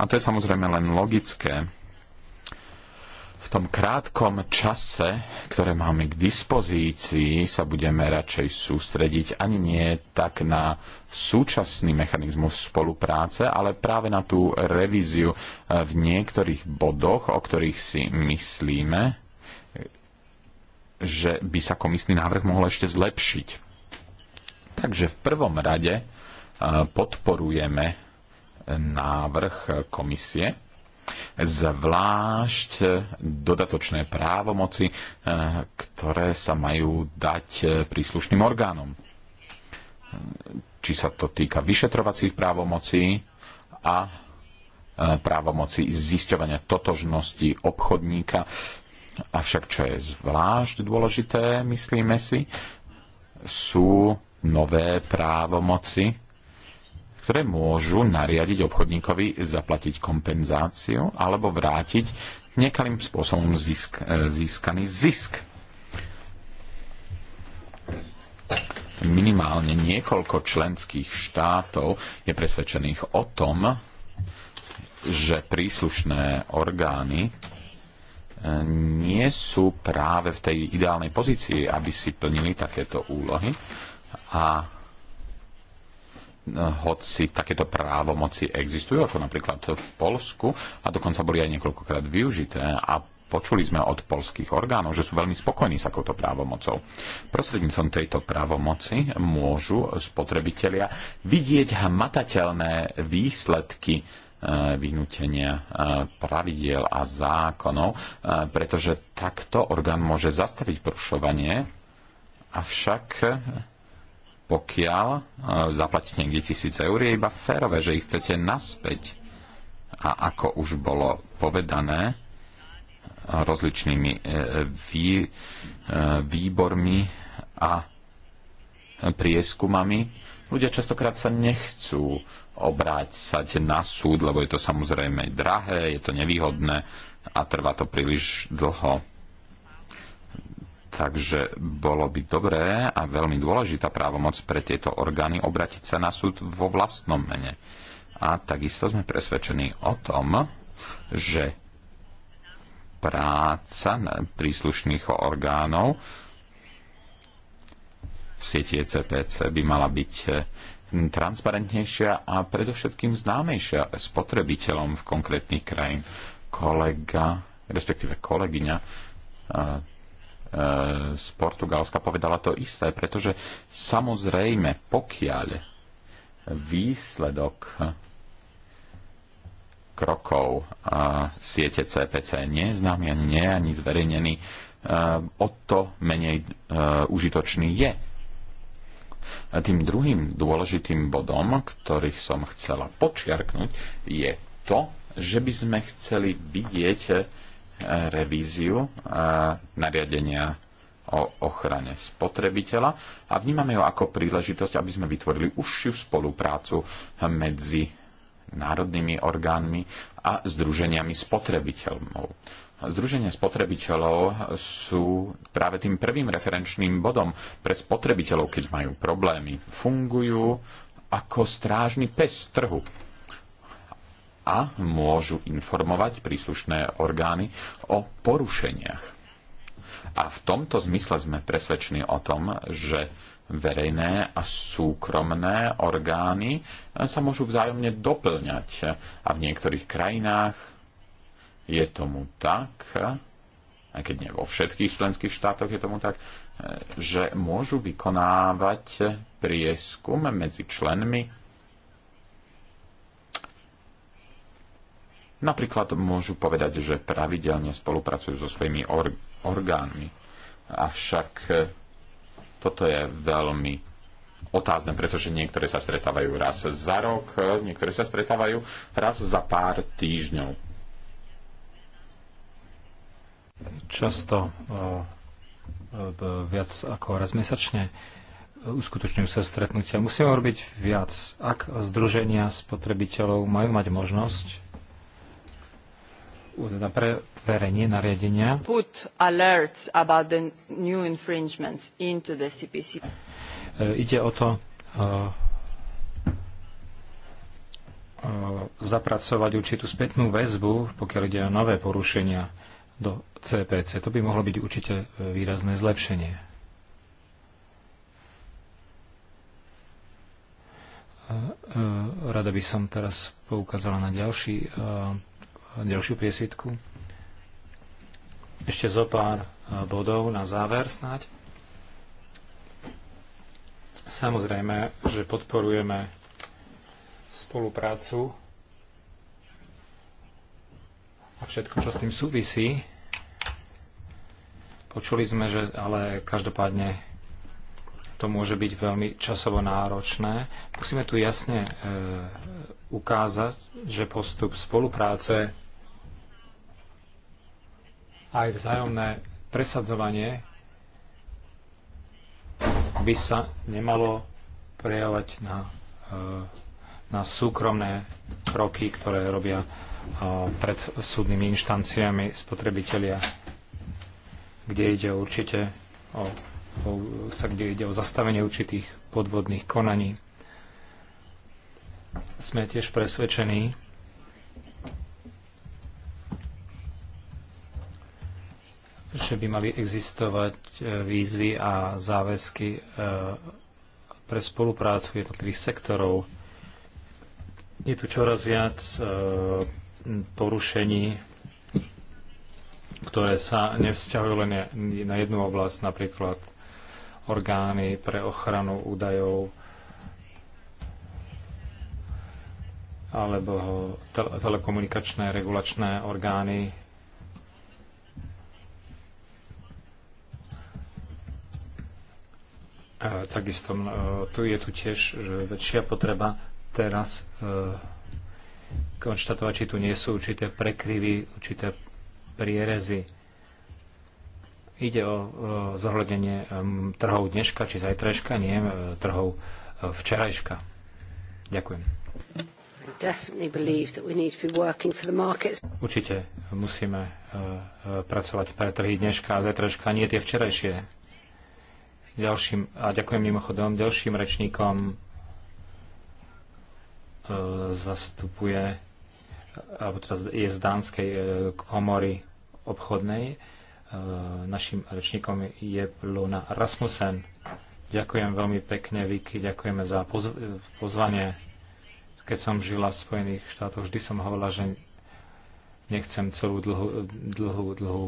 A to je samozrejme len logické v tom krátkom čase, ktoré máme k dispozícii, sa budeme radšej sústrediť ani nie tak na súčasný mechanizmus spolupráce, ale práve na tú revíziu eh, v niektorých bodoch, o ktorých si myslíme, že by sa komisný návrh mohol ešte zlepšiť. Takže v prvom rade eh, podporujeme návrh komisie, zvlášť dodatočné právomoci, eh, ktoré sa majú dať eh, príslušným orgánom. Či sa to týka vyšetrovacích právomocí a eh, právomoci zisťovania totožnosti obchodníka. Avšak, čo je zvlášť dôležité, myslíme si, sú nové právomoci ktoré môžu nariadiť obchodníkovi zaplatiť kompenzáciu alebo vrátiť nekalým spôsobom zisk, e, získaný zisk. Minimálne niekoľko členských štátov je presvedčených o tom, že príslušné orgány e, nie sú práve v tej ideálnej pozícii, aby si plnili takéto úlohy a hoci takéto právomoci existujú, ako napríklad v Polsku, a dokonca boli aj niekoľkokrát využité a počuli sme od polských orgánov, že sú veľmi spokojní s takouto právomocou. Prostrednícom tejto právomoci môžu spotrebitelia vidieť hmatateľné výsledky e, vynútenia e, pravidiel a zákonov, e, pretože takto orgán môže zastaviť porušovanie, avšak pokiaľ e, zaplatíte niekde tisíc eur, je iba férové, že ich chcete naspäť. A ako už bolo povedané e, rozličnými e, vý, výbormi a prieskumami, ľudia častokrát sa nechcú obráť sa na súd, lebo je to samozrejme drahé, je to nevýhodné a trvá to príliš dlho Takže bolo by dobré a veľmi dôležitá právomoc pre tieto orgány obratiť sa na súd vo vlastnom mene. A takisto sme presvedčení o tom, že práca príslušných orgánov v sieti ECPC by mala byť e, transparentnejšia a predovšetkým známejšia spotrebiteľom v konkrétnych krajín. Kolega, respektíve kolegyňa, e, z Portugalska povedala to isté, pretože samozrejme, pokiaľ výsledok krokov a siete CPC nie je známy ani nie, ani zverejnený, o to menej e, užitočný je. A tým druhým dôležitým bodom, ktorý som chcela počiarknúť, je to, že by sme chceli vidieť revíziu eh, nariadenia o ochrane spotrebiteľa a vnímame ju ako príležitosť, aby sme vytvorili užšiu spoluprácu medzi národnými orgánmi a združeniami spotrebiteľov. Združenia spotrebiteľov sú práve tým prvým referenčným bodom pre spotrebiteľov, keď majú problémy. Fungujú ako strážny pes trhu a môžu informovať príslušné orgány o porušeniach. A v tomto zmysle sme presvedčení o tom, že verejné a súkromné orgány sa môžu vzájomne doplňať. A v niektorých krajinách je tomu tak, aj keď nie vo všetkých členských štátoch je tomu tak, že môžu vykonávať prieskum medzi členmi Napríklad môžu povedať, že pravidelne spolupracujú so svojimi or- orgánmi. Avšak e, toto je veľmi otázne, pretože niektoré sa stretávajú raz za rok, e, niektoré sa stretávajú raz za pár týždňov. Často e, viac ako raz mesačne uskutočňujú sa stretnutia. Musíme robiť viac. Ak združenia spotrebiteľov majú mať možnosť na preverenie nariadenia. Put alerts about the new infringements into the CPC. E, ide o to e, e, zapracovať určitú spätnú väzbu, pokiaľ ide o nové porušenia do CPC. To by mohlo byť určite výrazné zlepšenie. Rada by som teraz poukázala na ďalší ďalšiu priesvitku. Ešte zo pár e, bodov na záver snáď. Samozrejme, že podporujeme spoluprácu a všetko, čo s tým súvisí. Počuli sme, že ale každopádne to môže byť veľmi časovo náročné. Musíme tu jasne e, ukázať, že postup spolupráce aj vzájomné presadzovanie by sa nemalo prejavať na, e, na súkromné kroky, ktoré robia e, pred súdnymi inštanciami spotrebitelia, kde ide určite o, o, sa kde ide o zastavenie určitých podvodných konaní. Sme tiež presvedčení, že by mali existovať e, výzvy a záväzky e, pre spoluprácu jednotlivých sektorov. Je tu čoraz viac e, porušení, ktoré sa nevzťahujú len na jednu oblasť, napríklad orgány pre ochranu údajov alebo telekomunikačné regulačné orgány Takisto e, tu je tu tiež e, väčšia potreba teraz e, konštatovať, či tu nie sú určité prekryvy, určité prierezy. Ide o zohľadenie trhov dneška či zajtrajška, nie trhov včerajška. Ďakujem. Určite musíme pracovať pre trhy dneška a zajtrajška, nie tie včerajšie Ďalším, a ďakujem mimochodom ďalším rečníkom e, zastupuje alebo teraz je z Dánskej e, komory obchodnej. E, našim rečníkom je Luna Rasmussen. Ďakujem veľmi pekne, Vicky, ďakujeme za pozv pozvanie. Keď som žila v Spojených štátoch, vždy som hovorila, že nechcem celú dlhú, dlhú, dlhú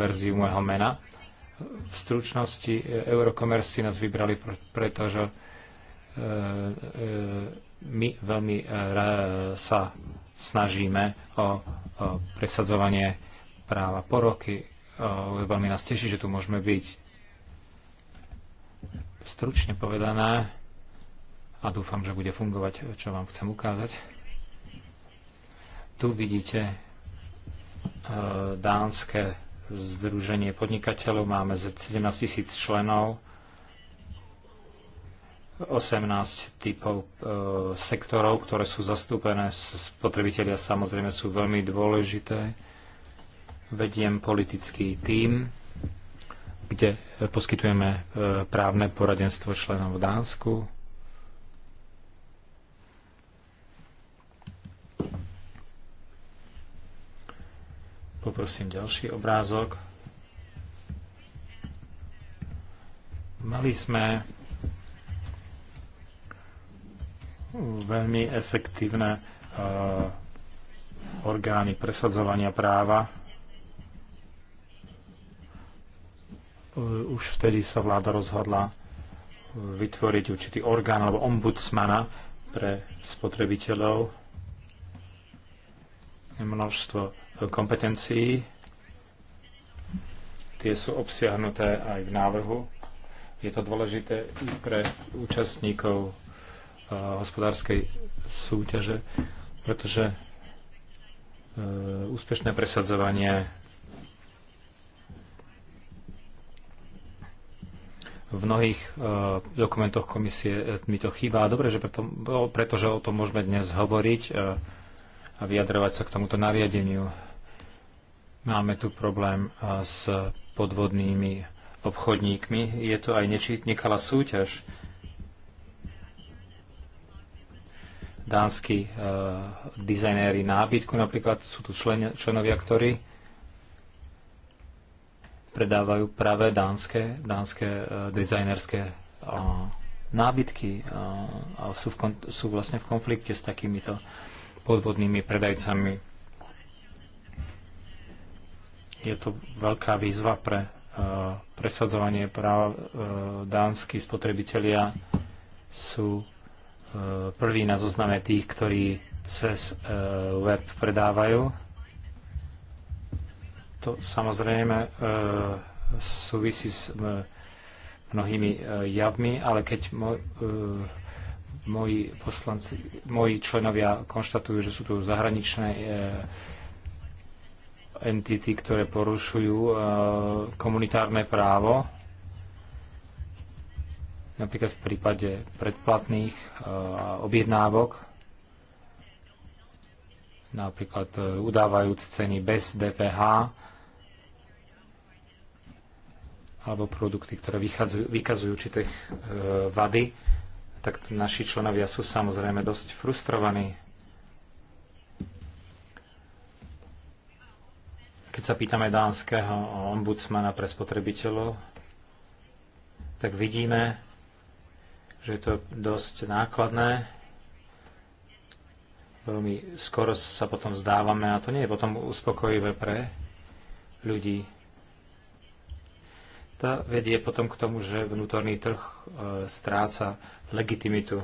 verziu môjho mena. V stručnosti e, Eurocommerce si nás vybrali, pretože e, e, my veľmi sa snažíme o presadzovanie práva po roky. Veľmi nás teší, že tu môžeme byť. Stručne povedané, a dúfam, že bude fungovať, čo vám chcem ukázať. Tu vidíte dánske Združenie podnikateľov. Máme 17 tisíc členov, 18 typov e, sektorov, ktoré sú zastúpené. Spotrebitelia samozrejme sú veľmi dôležité. Vediem politický tím, kde e, poskytujeme e, právne poradenstvo členov v Dánsku Poprosím ďalší obrázok. Mali sme veľmi efektívne e, orgány presadzovania práva. E, už vtedy sa vláda rozhodla e, vytvoriť určitý orgán alebo ombudsmana pre spotrebiteľov. Množstvo kompetencií. Tie sú obsiahnuté aj v návrhu. Je to dôležité i pre účastníkov eh, hospodárskej súťaže, pretože eh, úspešné presadzovanie v mnohých uh, dokumentoch komisie mi to chýba. dobre, že preto, pretože o tom môžeme dnes hovoriť uh, a vyjadrovať sa k tomuto nariadeniu. Máme tu problém s podvodnými obchodníkmi. Je to aj nekalá súťaž. Dánsky uh, dizajnéri nábytku napríklad sú tu člen, členovia, ktorí predávajú práve dánske, dánske uh, dizajnerské uh, nábytky uh, a sú, v, sú vlastne v konflikte s takýmito podvodnými predajcami je to veľká výzva pre e, presadzovanie práv. E, dánsky spotrebitelia sú e, prví na zozname tých, ktorí cez web predávajú. To samozrejme súvisí s mnohými javmi, ale keď moji, poslanci, moji členovia konštatujú, že sú tu zahraničné entity, ktoré porušujú e, komunitárne právo. Napríklad v prípade predplatných e, objednávok, napríklad e, udávajúc ceny bez DPH, alebo produkty, ktoré vykazujú, vykazujú určité e, vady, tak naši členovia sú samozrejme dosť frustrovaní. Keď sa pýtame dánskeho ombudsmana pre spotrebiteľov, tak vidíme, že je to dosť nákladné. Veľmi skoro sa potom vzdávame a to nie je potom uspokojivé pre ľudí. To vedie potom k tomu, že vnútorný trh e, stráca legitimitu.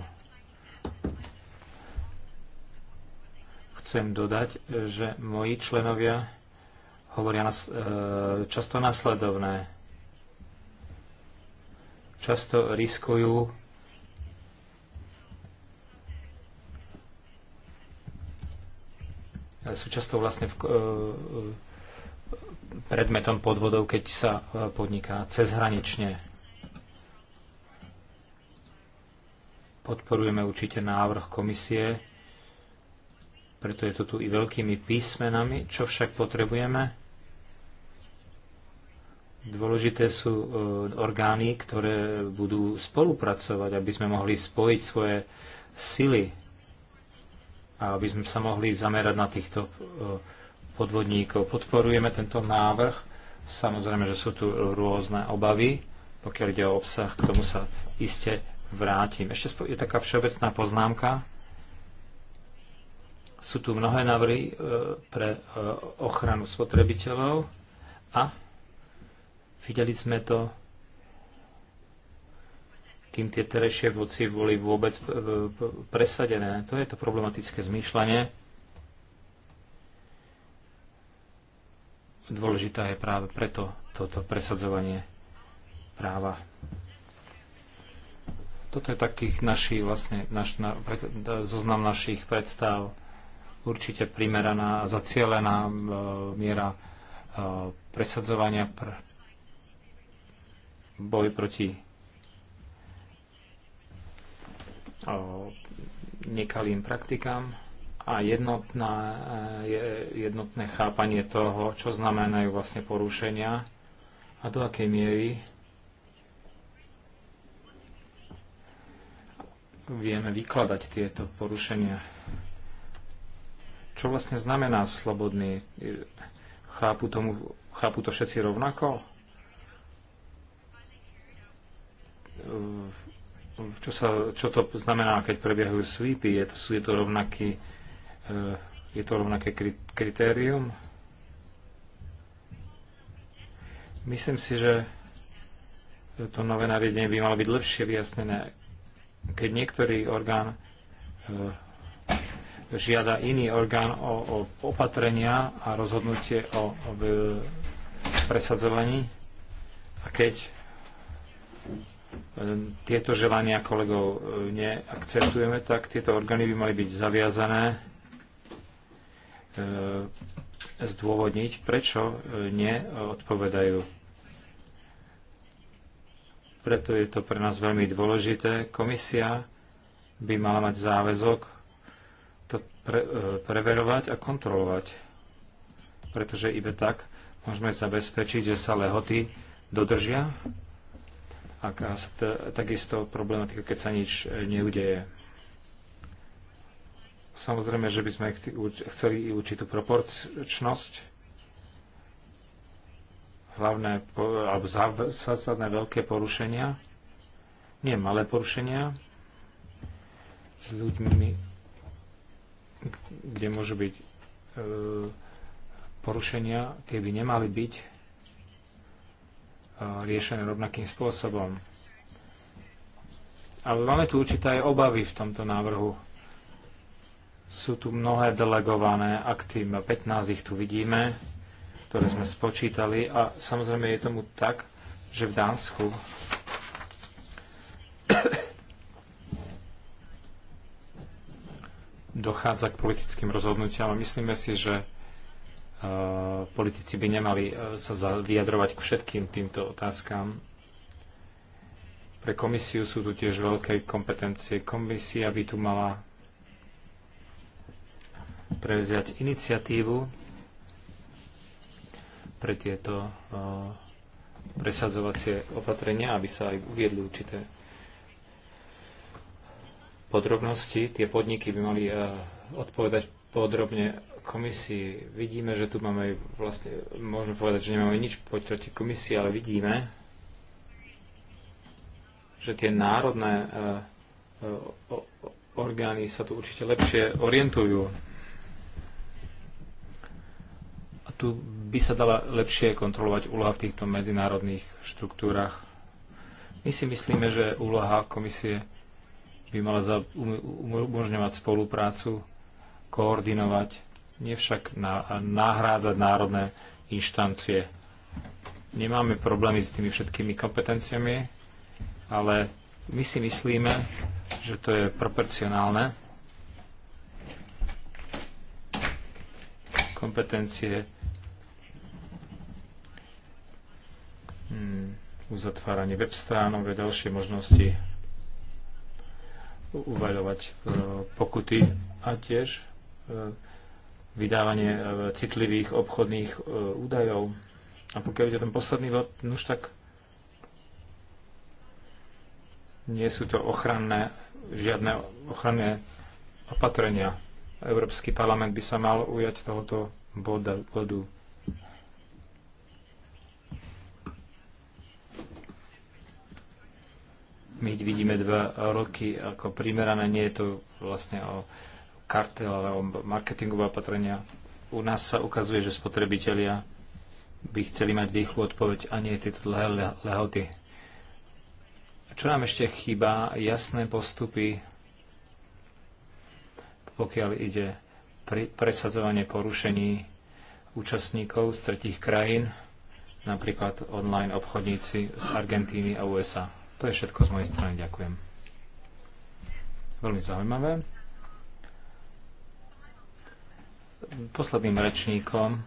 Chcem dodať, e, že moji členovia hovoria e, často následovné. Často riskujú e, sú často vlastne v, e, predmetom podvodov, keď sa e, podniká cezhranične. Podporujeme určite návrh komisie preto je to tu i veľkými písmenami. Čo však potrebujeme? Dôležité sú e, orgány, ktoré budú spolupracovať, aby sme mohli spojiť svoje sily a aby sme sa mohli zamerať na týchto e, podvodníkov. Podporujeme tento návrh. Samozrejme, že sú tu rôzne obavy, pokiaľ ide o obsah, k tomu sa iste vrátim. Ešte je taká všeobecná poznámka. Sú tu mnohé návrhy e, pre e, ochranu spotrebiteľov a videli sme to, kým tie terejšie voci boli vôbec e, presadené. To je to problematické zmýšľanie. Dôležitá je práve preto toto presadzovanie práva toto je takých našich vlastne, naš, na, zoznam našich predstav určite primeraná a zacielená e, miera e, presadzovania pr- boj proti e, nekalým praktikám a jednotná, jednotné chápanie toho, čo znamenajú vlastne porušenia a do akej miery vieme vykladať tieto porušenia čo vlastne znamená slobodný? Chápu, tomu, chápu to všetci rovnako? Čo, sa, čo to znamená, keď prebiehajú svípy? Je to, je to, rovnaký, eh, je to rovnaké kritérium? Myslím si, že to nové nariadenie by malo byť lepšie vyjasnené. Keď niektorý orgán eh, žiada iný orgán o, o opatrenia a rozhodnutie o, o presadzovaní. A keď e, tieto želania kolegov e, neakceptujeme, tak tieto orgány by mali byť zaviazané e, zdôvodniť, prečo neodpovedajú. Preto je to pre nás veľmi dôležité. Komisia by mala mať záväzok to pre, e, preverovať a kontrolovať. Pretože iba tak môžeme zabezpečiť, že sa lehoty dodržia. A takisto problematika, keď sa nič e, neudeje. Samozrejme, že by sme chceli i určitú proporčnosť. Hlavné, alebo zásadné veľké porušenia, nie malé porušenia, s ľuďmi kde môžu byť e, porušenia, tie by nemali byť e, riešené rovnakým spôsobom. Ale máme tu určité aj obavy v tomto návrhu. Sú tu mnohé delegované akty, 15 ich tu vidíme, ktoré sme spočítali a samozrejme je tomu tak, že v Dánsku dochádza k politickým rozhodnutiam a myslíme si, že e, politici by nemali e, sa vyjadrovať k všetkým týmto otázkam. Pre komisiu sú tu tiež veľké kompetencie. Komisia by tu mala prevziať iniciatívu pre tieto e, presadzovacie opatrenia, aby sa aj uviedli určité podrobnosti. Tie podniky by mali eh, odpovedať podrobne komisii. Vidíme, že tu máme vlastne, môžeme povedať, že nemáme nič proti komisii, ale vidíme, že tie národné eh, eh, orgány sa tu určite lepšie orientujú. A tu by sa dala lepšie kontrolovať úloha v týchto medzinárodných štruktúrach. My si myslíme, že úloha komisie by mala umožňovať spoluprácu, koordinovať, nevšak nahrádzať národné inštancie. Nemáme problémy s tými všetkými kompetenciami, ale my si myslíme, že to je proporcionálne. Kompetencie hmm, uzatváranie web stránok a ďalšie možnosti uvaľovať e, pokuty a tiež e, vydávanie e, citlivých obchodných údajov. A pokiaľ ide ten posledný bod, už tak nie sú to ochranné, žiadne ochranné opatrenia. Európsky parlament by sa mal ujať tohoto bodu. My vidíme dva roky ako primerané, nie je to vlastne o kartel, ale o marketingové opatrenia. U nás sa ukazuje, že spotrebitelia by chceli mať rýchlu odpoveď a nie tieto dlhé lehoty. Čo nám ešte chýba? Jasné postupy, pokiaľ ide pri presadzovanie porušení účastníkov z tretich krajín, napríklad online obchodníci z Argentíny a USA. To je všetko z mojej strany. Ďakujem. Veľmi zaujímavé. Posledným rečníkom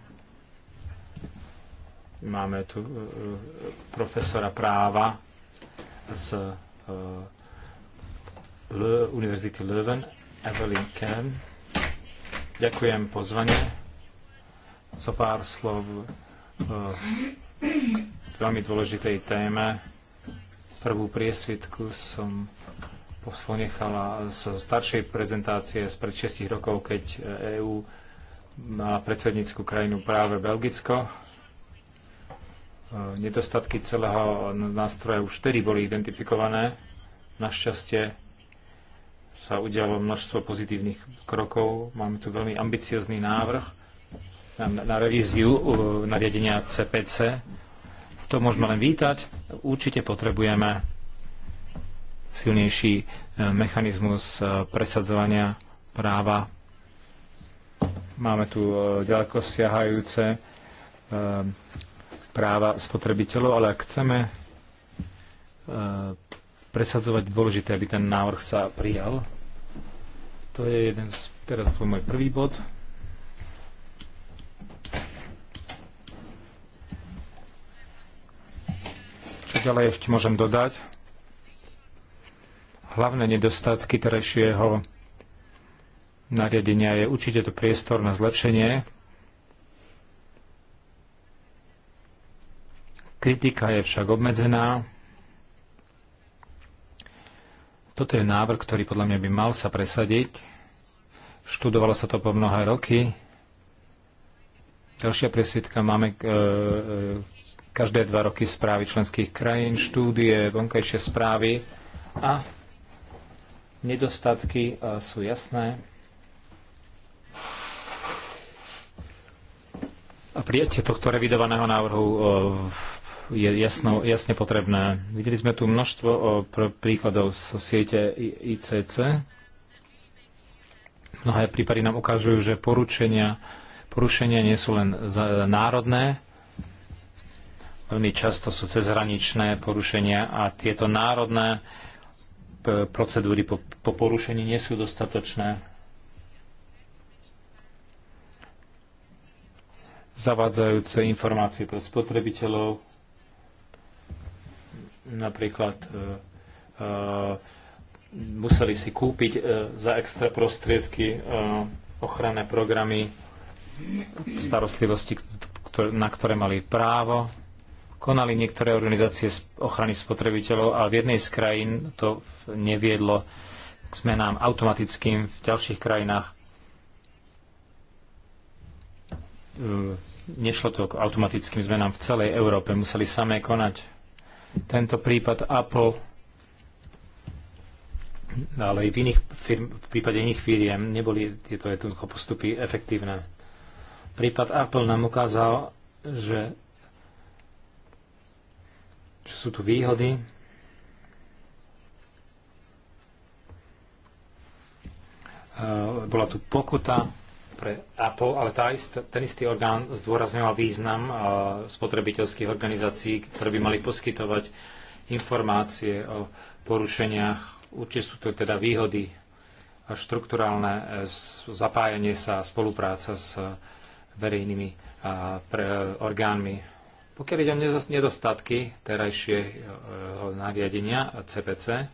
máme tu e, e, profesora práva z e, Univerzity Leuven, Evelyn Kern. Ďakujem pozvanie. Co pár slov k veľmi dôležitej téme Prvú priesvitku som poslonechala z staršej prezentácie z pred 6 rokov, keď EÚ eh, e mala predsedníckú krajinu práve Belgicko. Eh, nedostatky celého nástroja už vtedy boli identifikované. Našťastie sa udialo množstvo pozitívnych krokov. Máme tu veľmi ambiciozný návrh na, na revíziu eh, nariadenia CPC to môžeme len vítať. Určite potrebujeme silnejší e, mechanizmus e, presadzovania práva. Máme tu e, ďaleko siahajúce práva spotrebiteľov, ale ak chceme presadzovať dôležité, aby ten návrh sa prijal, to je jeden z, teraz to je môj prvý bod, ďalej ešte môžem dodať? Hlavné nedostatky terajšieho nariadenia je určite to priestor na zlepšenie. Kritika je však obmedzená. Toto je návrh, ktorý podľa mňa by mal sa presadiť. Študovalo sa to po mnohé roky. Ďalšia presvedka máme k, e, e každé dva roky správy členských krajín, štúdie, vonkajšie správy a nedostatky e, sú jasné. A prijatie tohto revidovaného návrhu e, je jasno, jasne potrebné. Videli sme tu množstvo e, príkladov z siete ICC. Mnohé prípady nám ukazujú, že porušenia nie sú len národné, Veľmi často sú cezhraničné porušenia a tieto národné eh, procedúry po, po porušení nie sú dostatočné. Zavádzajúce informácie pre spotrebiteľov, napríklad e, e, museli si kúpiť e, za extra prostriedky e, ochranné programy starostlivosti, ktoré, na ktoré mali právo konali niektoré organizácie ochrany spotrebiteľov, ale v jednej z krajín to neviedlo k zmenám automatickým v ďalších krajinách. E, nešlo to k automatickým zmenám v celej Európe, museli samé konať. Tento prípad Apple, ale aj v, iných firm, v prípade iných firiem neboli tieto jednoducho postupy efektívne. Prípad Apple nám ukázal, že čo sú tu výhody. Bola tu pokuta pre Apple, ale tá ist, ten istý orgán zdôrazňoval význam spotrebiteľských organizácií, ktoré by mali poskytovať informácie o porušeniach. Určite sú to teda výhody a štruktúrálne e, zapájanie sa, spolupráca s e, verejnými e, orgánmi pokiaľ ide o nedostatky terajšieho e, e, nariadenia CPC,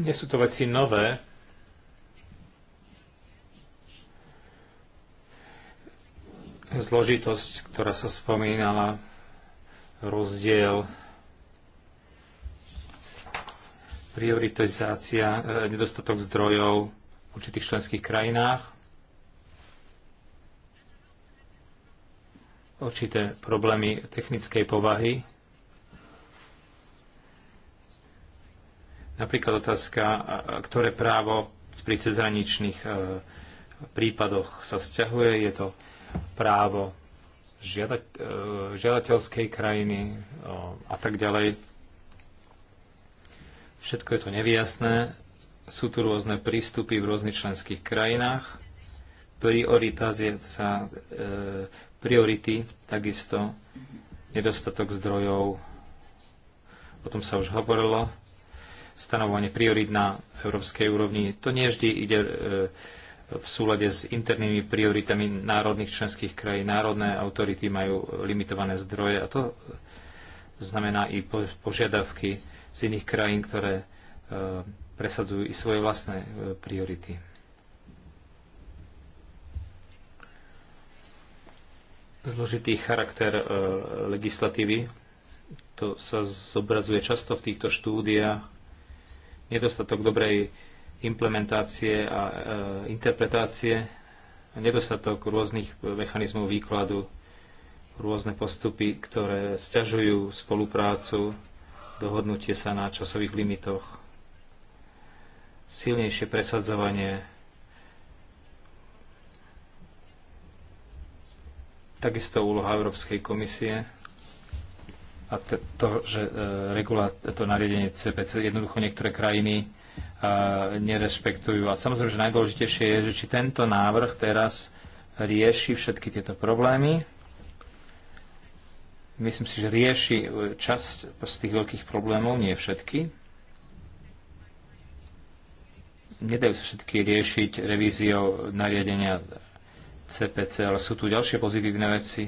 nie sú to veci nové. Zložitosť, ktorá sa spomínala, rozdiel, prioritizácia, e, nedostatok zdrojov v určitých členských krajinách, určité problémy technickej povahy. Napríklad otázka, ktoré právo pri cezhraničných e, prípadoch sa vzťahuje. Je to právo e, žiadateľskej krajiny e, a tak ďalej. Všetko je to nevyjasné. Sú tu rôzne prístupy v rôznych členských krajinách. Priorita sa Priority takisto, nedostatok zdrojov, o tom sa už hovorilo, stanovanie priorit na európskej úrovni. To nie vždy ide e, v súlade s internými prioritami národných členských krajín. Národné autority majú limitované zdroje a to znamená i požiadavky z iných krajín, ktoré e, presadzujú i svoje vlastné e, priority. zložitý charakter e, legislatívy. To sa zobrazuje často v týchto štúdiách. Nedostatok dobrej implementácie a e, interpretácie, nedostatok rôznych mechanizmov výkladu, rôzne postupy, ktoré sťažujú spoluprácu, dohodnutie sa na časových limitoch, silnejšie presadzovanie Takisto úloha Európskej komisie a to, že e, regulá, to nariadenie CPC jednoducho niektoré krajiny e, nerešpektujú. A samozrejme, že najdôležitejšie je, že či tento návrh teraz rieši všetky tieto problémy. Myslím si, že rieši e, časť z tých veľkých problémov, nie všetky. Nedajú sa všetky riešiť revíziou nariadenia CPC, ale sú tu ďalšie pozitívne veci,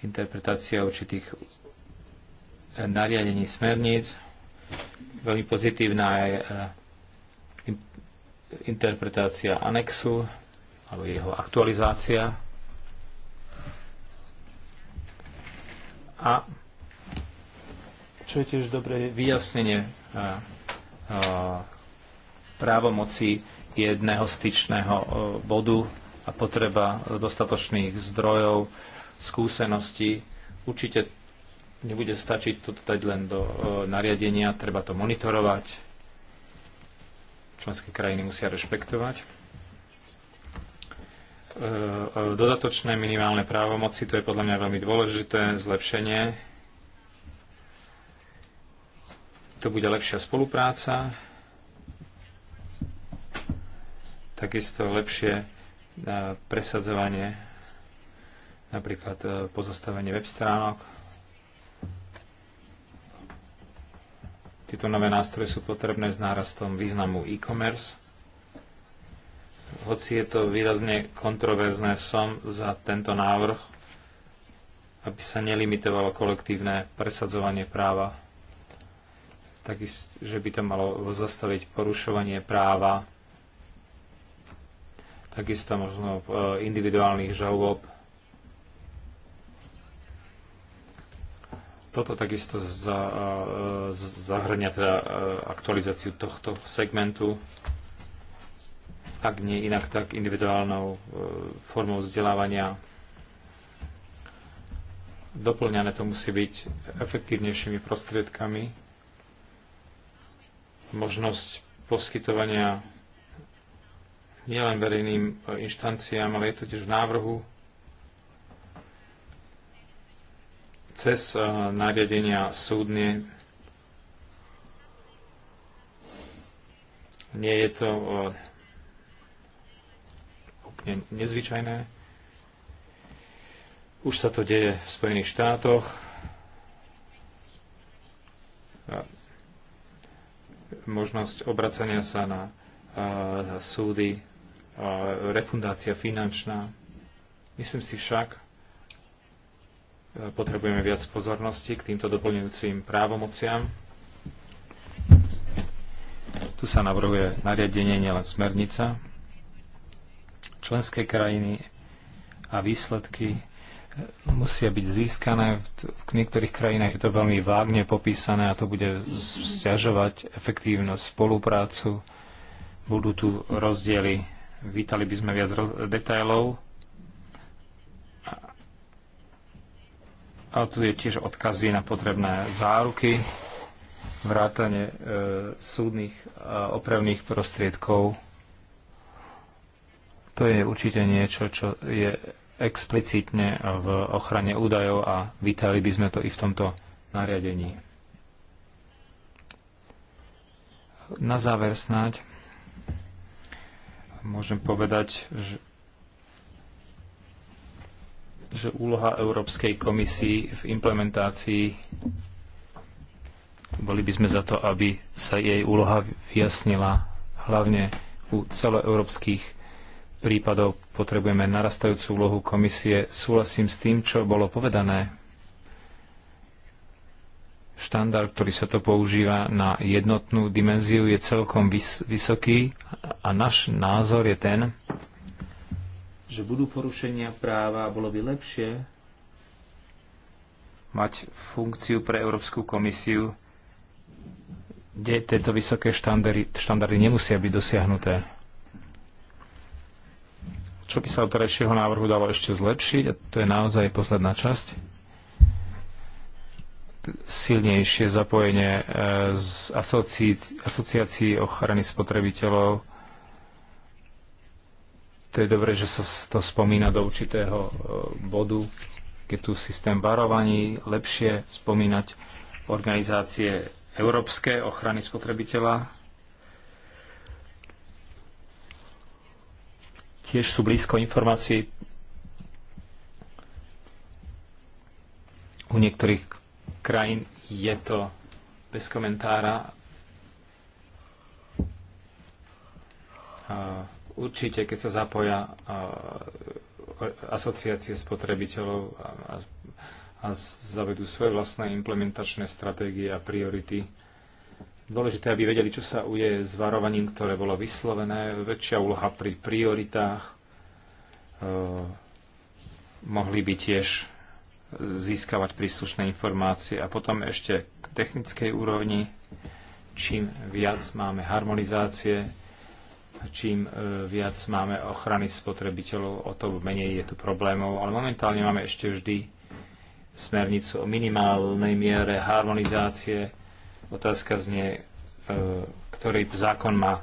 interpretácia určitých eh, nariadení smerníc. Veľmi pozitívna je eh, interpretácia anexu alebo jeho aktualizácia. A čo je tiež dobré, vyjasnenie eh, právomoci jedného styčného bodu a potreba dostatočných zdrojov, skúseností. Určite nebude stačiť to dať len do e, nariadenia, treba to monitorovať. Členské krajiny musia rešpektovať. E, e, dodatočné minimálne právomoci, to je podľa mňa veľmi dôležité zlepšenie. To bude lepšia spolupráca, takisto lepšie presadzovanie napríklad e, pozastavenie web stránok. Tieto nové nástroje sú potrebné s nárastom významu e-commerce. Hoci je to výrazne kontroverzné, som za tento návrh, aby sa nelimitovalo kolektívne presadzovanie práva, takisto, že by to malo zastaviť porušovanie práva takisto možno e, individuálnych žalob. Toto takisto za, e, zahrania teda e, aktualizáciu tohto segmentu, ak nie inak tak individuálnou formou vzdelávania. Doplňané to musí byť efektívnejšími prostriedkami, možnosť poskytovania nielen verejným e, inštanciám, ale je to tiež v návrhu cez e, nariadenia súdne. Nie je to e, úplne nezvyčajné. Už sa to deje v Spojených štátoch. Možnosť obracania sa na súdy refundácia finančná. Myslím si však, e, potrebujeme viac pozornosti k týmto doplňujúcim právomociam. Tu sa navrhuje nariadenie, nielen smernica. Členské krajiny a výsledky e, musia byť získané. V niektorých krajinách je to veľmi vágne popísané a to bude stiažovať efektívnosť spoluprácu. Budú tu rozdiely Vítali by sme viac detajlov. A tu je tiež odkazy na potrebné záruky, vrátane e, súdnych a opravných prostriedkov. To je určite niečo, čo je explicitne v ochrane údajov a vítali by sme to i v tomto nariadení. Na záver snáď môžem povedať, že, že úloha Európskej komisii v implementácii boli by sme za to, aby sa jej úloha vyjasnila hlavne u celoeurópskych prípadov potrebujeme narastajúcu úlohu komisie. Súhlasím s tým, čo bolo povedané štandard, ktorý sa to používa na jednotnú dimenziu, je celkom vys- vysoký a náš názor je ten, že budú porušenia práva a bolo by lepšie mať funkciu pre Európsku komisiu, kde tieto vysoké štandardy, štandardy nemusia byť dosiahnuté. Čo by sa od terajšieho návrhu dalo ešte zlepšiť, a to je naozaj posledná časť, silnejšie zapojenie e, z asocií, asociácií ochrany spotrebiteľov. To je dobré, že sa to spomína do určitého e, bodu, keď tu systém varovaní lepšie spomínať organizácie Európske ochrany spotrebiteľa. Tiež sú blízko informácií u niektorých krajín je to bez komentára. Eh, určite, keď sa zapoja eh, asociácie spotrebiteľov a, zavedú svoje vlastné implementačné stratégie a priority, dôležité, aby vedeli, čo sa udeje s varovaním, ktoré bolo vyslovené, väčšia úloha pri prioritách. Eh, mohli by tiež získavať príslušné informácie. A potom ešte k technickej úrovni, čím viac máme harmonizácie, čím e, viac máme ochrany spotrebiteľov, o to menej je tu problémov. Ale momentálne máme ešte vždy smernicu o minimálnej miere harmonizácie. Otázka znie, e, ktorý zákon má e,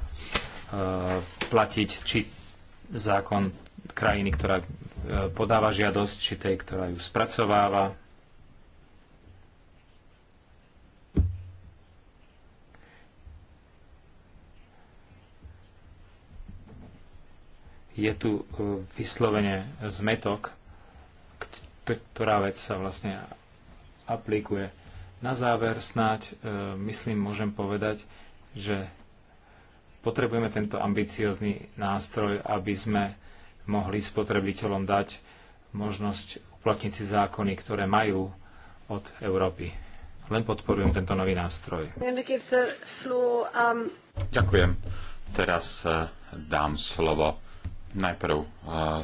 platiť, či zákon krajiny, ktorá e, podáva žiadosť, či tej, ktorá ju spracováva. Je tu e, vyslovene zmetok, ktorá vec sa vlastne aplikuje. Na záver snáď, e, myslím, môžem povedať, že potrebujeme tento ambiciózny nástroj, aby sme mohli spotrebiteľom dať možnosť uplatniť si zákony, ktoré majú od Európy. Len podporujem tento nový nástroj. Um, Ďakujem. Teraz eh, dám slovo najprv eh,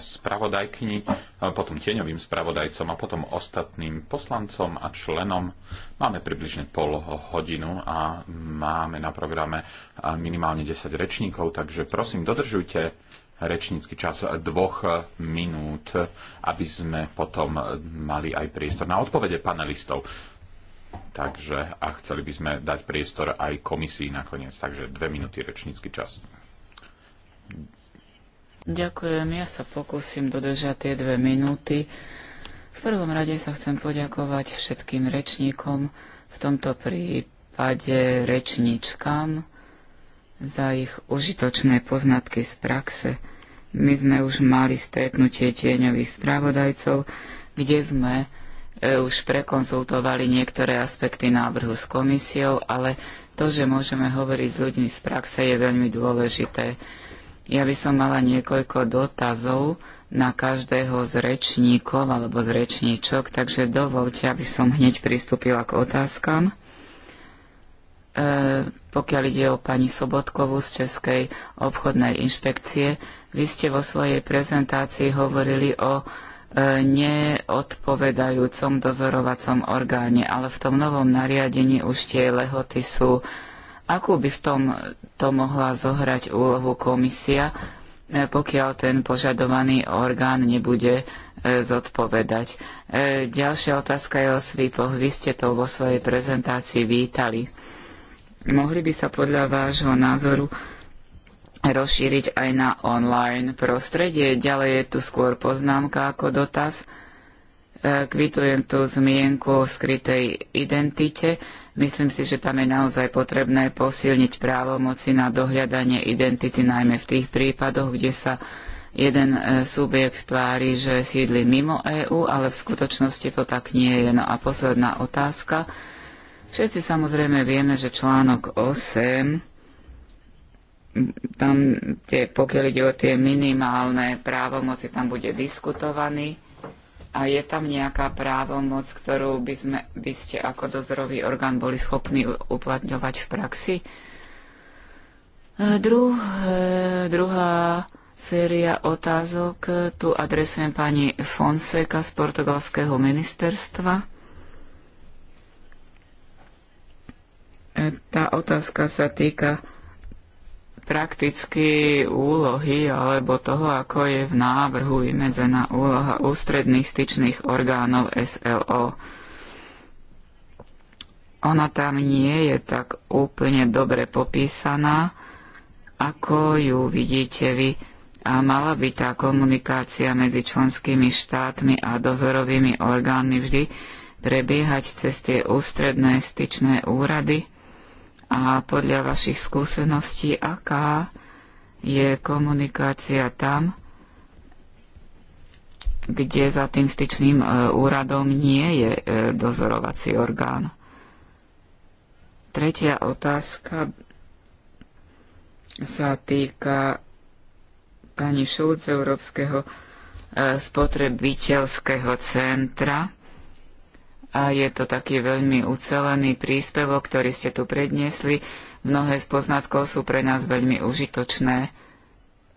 spravodajkyni, eh, potom tieňovým spravodajcom a potom ostatným poslancom a členom. Máme približne pol hodinu a máme na programe minimálne 10 rečníkov, takže prosím, dodržujte rečnícky čas dvoch minút, aby sme potom mali aj priestor na odpovede panelistov. Takže a chceli by sme dať priestor aj komisii nakoniec. Takže dve minúty rečnícky čas. Ďakujem, ja sa pokúsim dodržať tie dve minúty. V prvom rade sa chcem poďakovať všetkým rečníkom, v tomto prípade rečníčkam, za ich užitočné poznatky z praxe. My sme už mali stretnutie tieňových spravodajcov, kde sme e, už prekonzultovali niektoré aspekty návrhu s komisiou, ale to, že môžeme hovoriť s ľuďmi z praxe, je veľmi dôležité. Ja by som mala niekoľko dotazov na každého z rečníkov alebo z rečníčok, takže dovolte, aby som hneď pristúpila k otázkam. E, pokiaľ ide o pani Sobotkovú z Českej obchodnej inšpekcie, vy ste vo svojej prezentácii hovorili o e, neodpovedajúcom dozorovacom orgáne, ale v tom novom nariadení už tie lehoty sú. Akú by v tom to mohla zohrať úlohu komisia, e, pokiaľ ten požadovaný orgán nebude e, zodpovedať? Ďalšia otázka je o svýpoch. Vy ste to vo svojej prezentácii vítali. Mohli by sa podľa vášho názoru rozšíriť aj na online prostredie. Ďalej je tu skôr poznámka ako dotaz. E, kvitujem tu zmienku o skrytej identite. Myslím si, že tam je naozaj potrebné posilniť právomoci na dohľadanie identity, najmä v tých prípadoch, kde sa jeden e, subjekt tvári, že sídli mimo EÚ, ale v skutočnosti to tak nie je. No a posledná otázka. Všetci samozrejme vieme, že článok 8 tam tie, pokiaľ ide o tie minimálne právomoci, tam bude diskutovaný a je tam nejaká právomoc, ktorú by, sme, by ste ako dozorový orgán boli schopní uplatňovať v praxi? E, druh, e, druhá séria otázok tu adresujem pani Fonseca z portugalského ministerstva. E, tá otázka sa týka prakticky úlohy alebo toho, ako je v návrhu vymedzená úloha ústredných styčných orgánov SLO. Ona tam nie je tak úplne dobre popísaná, ako ju vidíte vy. A mala by tá komunikácia medzi členskými štátmi a dozorovými orgánmi vždy prebiehať cez tie ústredné styčné úrady – a podľa vašich skúseností, aká je komunikácia tam, kde za tým styčným e, úradom nie je e, dozorovací orgán. Tretia otázka sa týka pani Šulc Európskeho e, spotrebiteľského centra a je to taký veľmi ucelený príspevok, ktorý ste tu predniesli. Mnohé z poznatkov sú pre nás veľmi užitočné.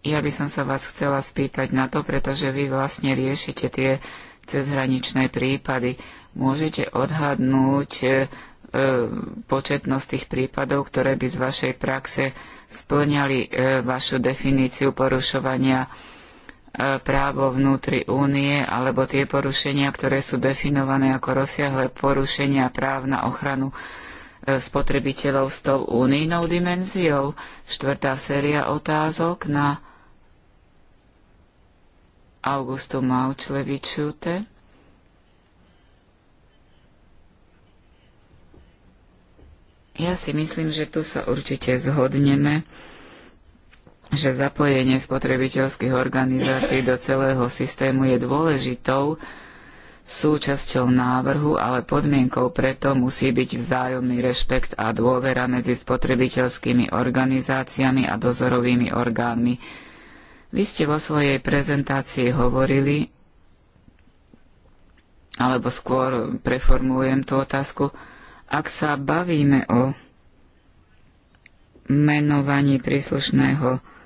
Ja by som sa vás chcela spýtať na to, pretože vy vlastne riešite tie cezhraničné prípady. Môžete odhadnúť e, e početnosť tých prípadov, ktoré by z vašej praxe splňali e, vašu definíciu porušovania právo vnútri únie alebo tie porušenia, ktoré sú definované ako rozsiahle porušenia práv na ochranu e, spotrebiteľov s tou únijnou dimenziou. Štvrtá séria otázok na Augustu Maučlevičute. Ja si myslím, že tu sa určite zhodneme že zapojenie spotrebiteľských organizácií do celého systému je dôležitou súčasťou návrhu, ale podmienkou preto musí byť vzájomný rešpekt a dôvera medzi spotrebiteľskými organizáciami a dozorovými orgánmi. Vy ste vo svojej prezentácii hovorili, alebo skôr preformulujem tú otázku, ak sa bavíme o menovaní príslušného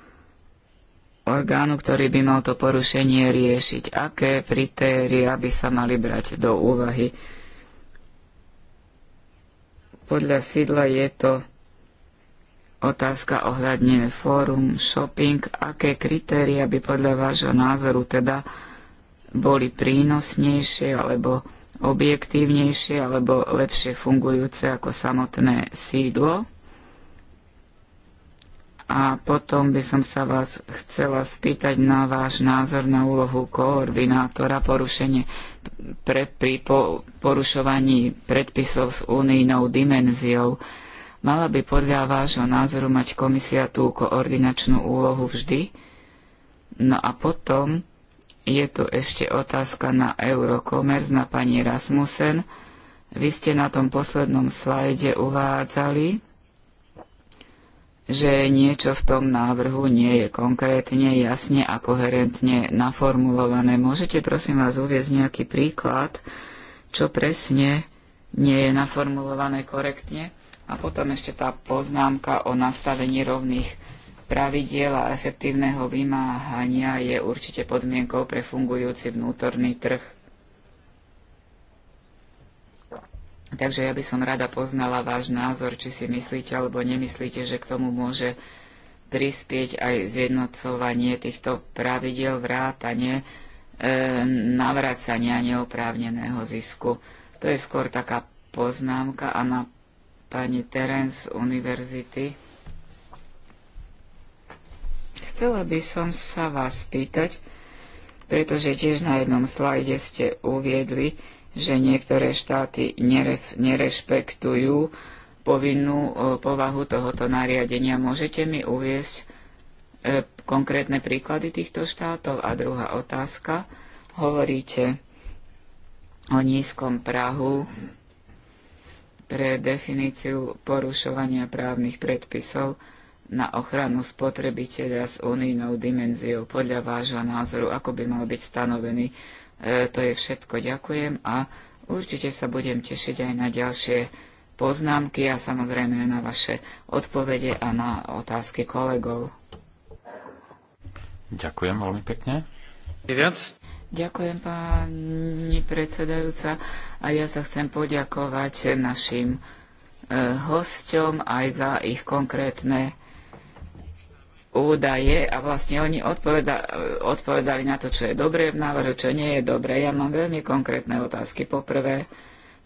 orgánu, ktorý by mal to porušenie riešiť. Aké kritéria by sa mali brať do úvahy? Podľa sídla je to otázka ohľadne fórum, shopping. Aké kritéria by podľa vášho názoru teda boli prínosnejšie alebo objektívnejšie alebo lepšie fungujúce ako samotné sídlo? A potom by som sa vás chcela spýtať na váš názor na úlohu koordinátora porušenie pre, pri po, porušovaní predpisov s unijnou dimenziou. Mala by podľa vášho názoru mať komisia tú koordinačnú úlohu vždy? No a potom je tu ešte otázka na Eurocommerce, na pani Rasmussen. Vy ste na tom poslednom slajde uvádzali, že niečo v tom návrhu nie je konkrétne, jasne a koherentne naformulované. Môžete prosím vás uviezť nejaký príklad, čo presne nie je naformulované korektne? A potom ešte tá poznámka o nastavení rovných pravidiel a efektívneho vymáhania je určite podmienkou pre fungujúci vnútorný trh. Takže ja by som rada poznala váš názor, či si myslíte alebo nemyslíte, že k tomu môže prispieť aj zjednocovanie týchto pravidel vrátane e, navracania neoprávneného zisku. To je skôr taká poznámka a na pani Teren z univerzity. Chcela by som sa vás pýtať, pretože tiež na jednom slajde ste uviedli, že niektoré štáty neres, nerešpektujú povinnú e, povahu tohoto nariadenia. Môžete mi uviesť e, konkrétne príklady týchto štátov? A druhá otázka. Hovoríte o nízkom Prahu pre definíciu porušovania právnych predpisov na ochranu spotrebiteľa s unijnou dimenziou. Podľa vášho názoru, ako by mal byť stanovený E, to je všetko. Ďakujem a určite sa budem tešiť aj na ďalšie poznámky a samozrejme na vaše odpovede a na otázky kolegov. Ďakujem veľmi pekne. Viac? Ďakujem pani predsedajúca a ja sa chcem poďakovať našim e, hosťom aj za ich konkrétne údaje a vlastne oni odpoveda, odpovedali na to, čo je dobré v návrhu, čo nie je dobré. Ja mám veľmi konkrétne otázky. Poprvé,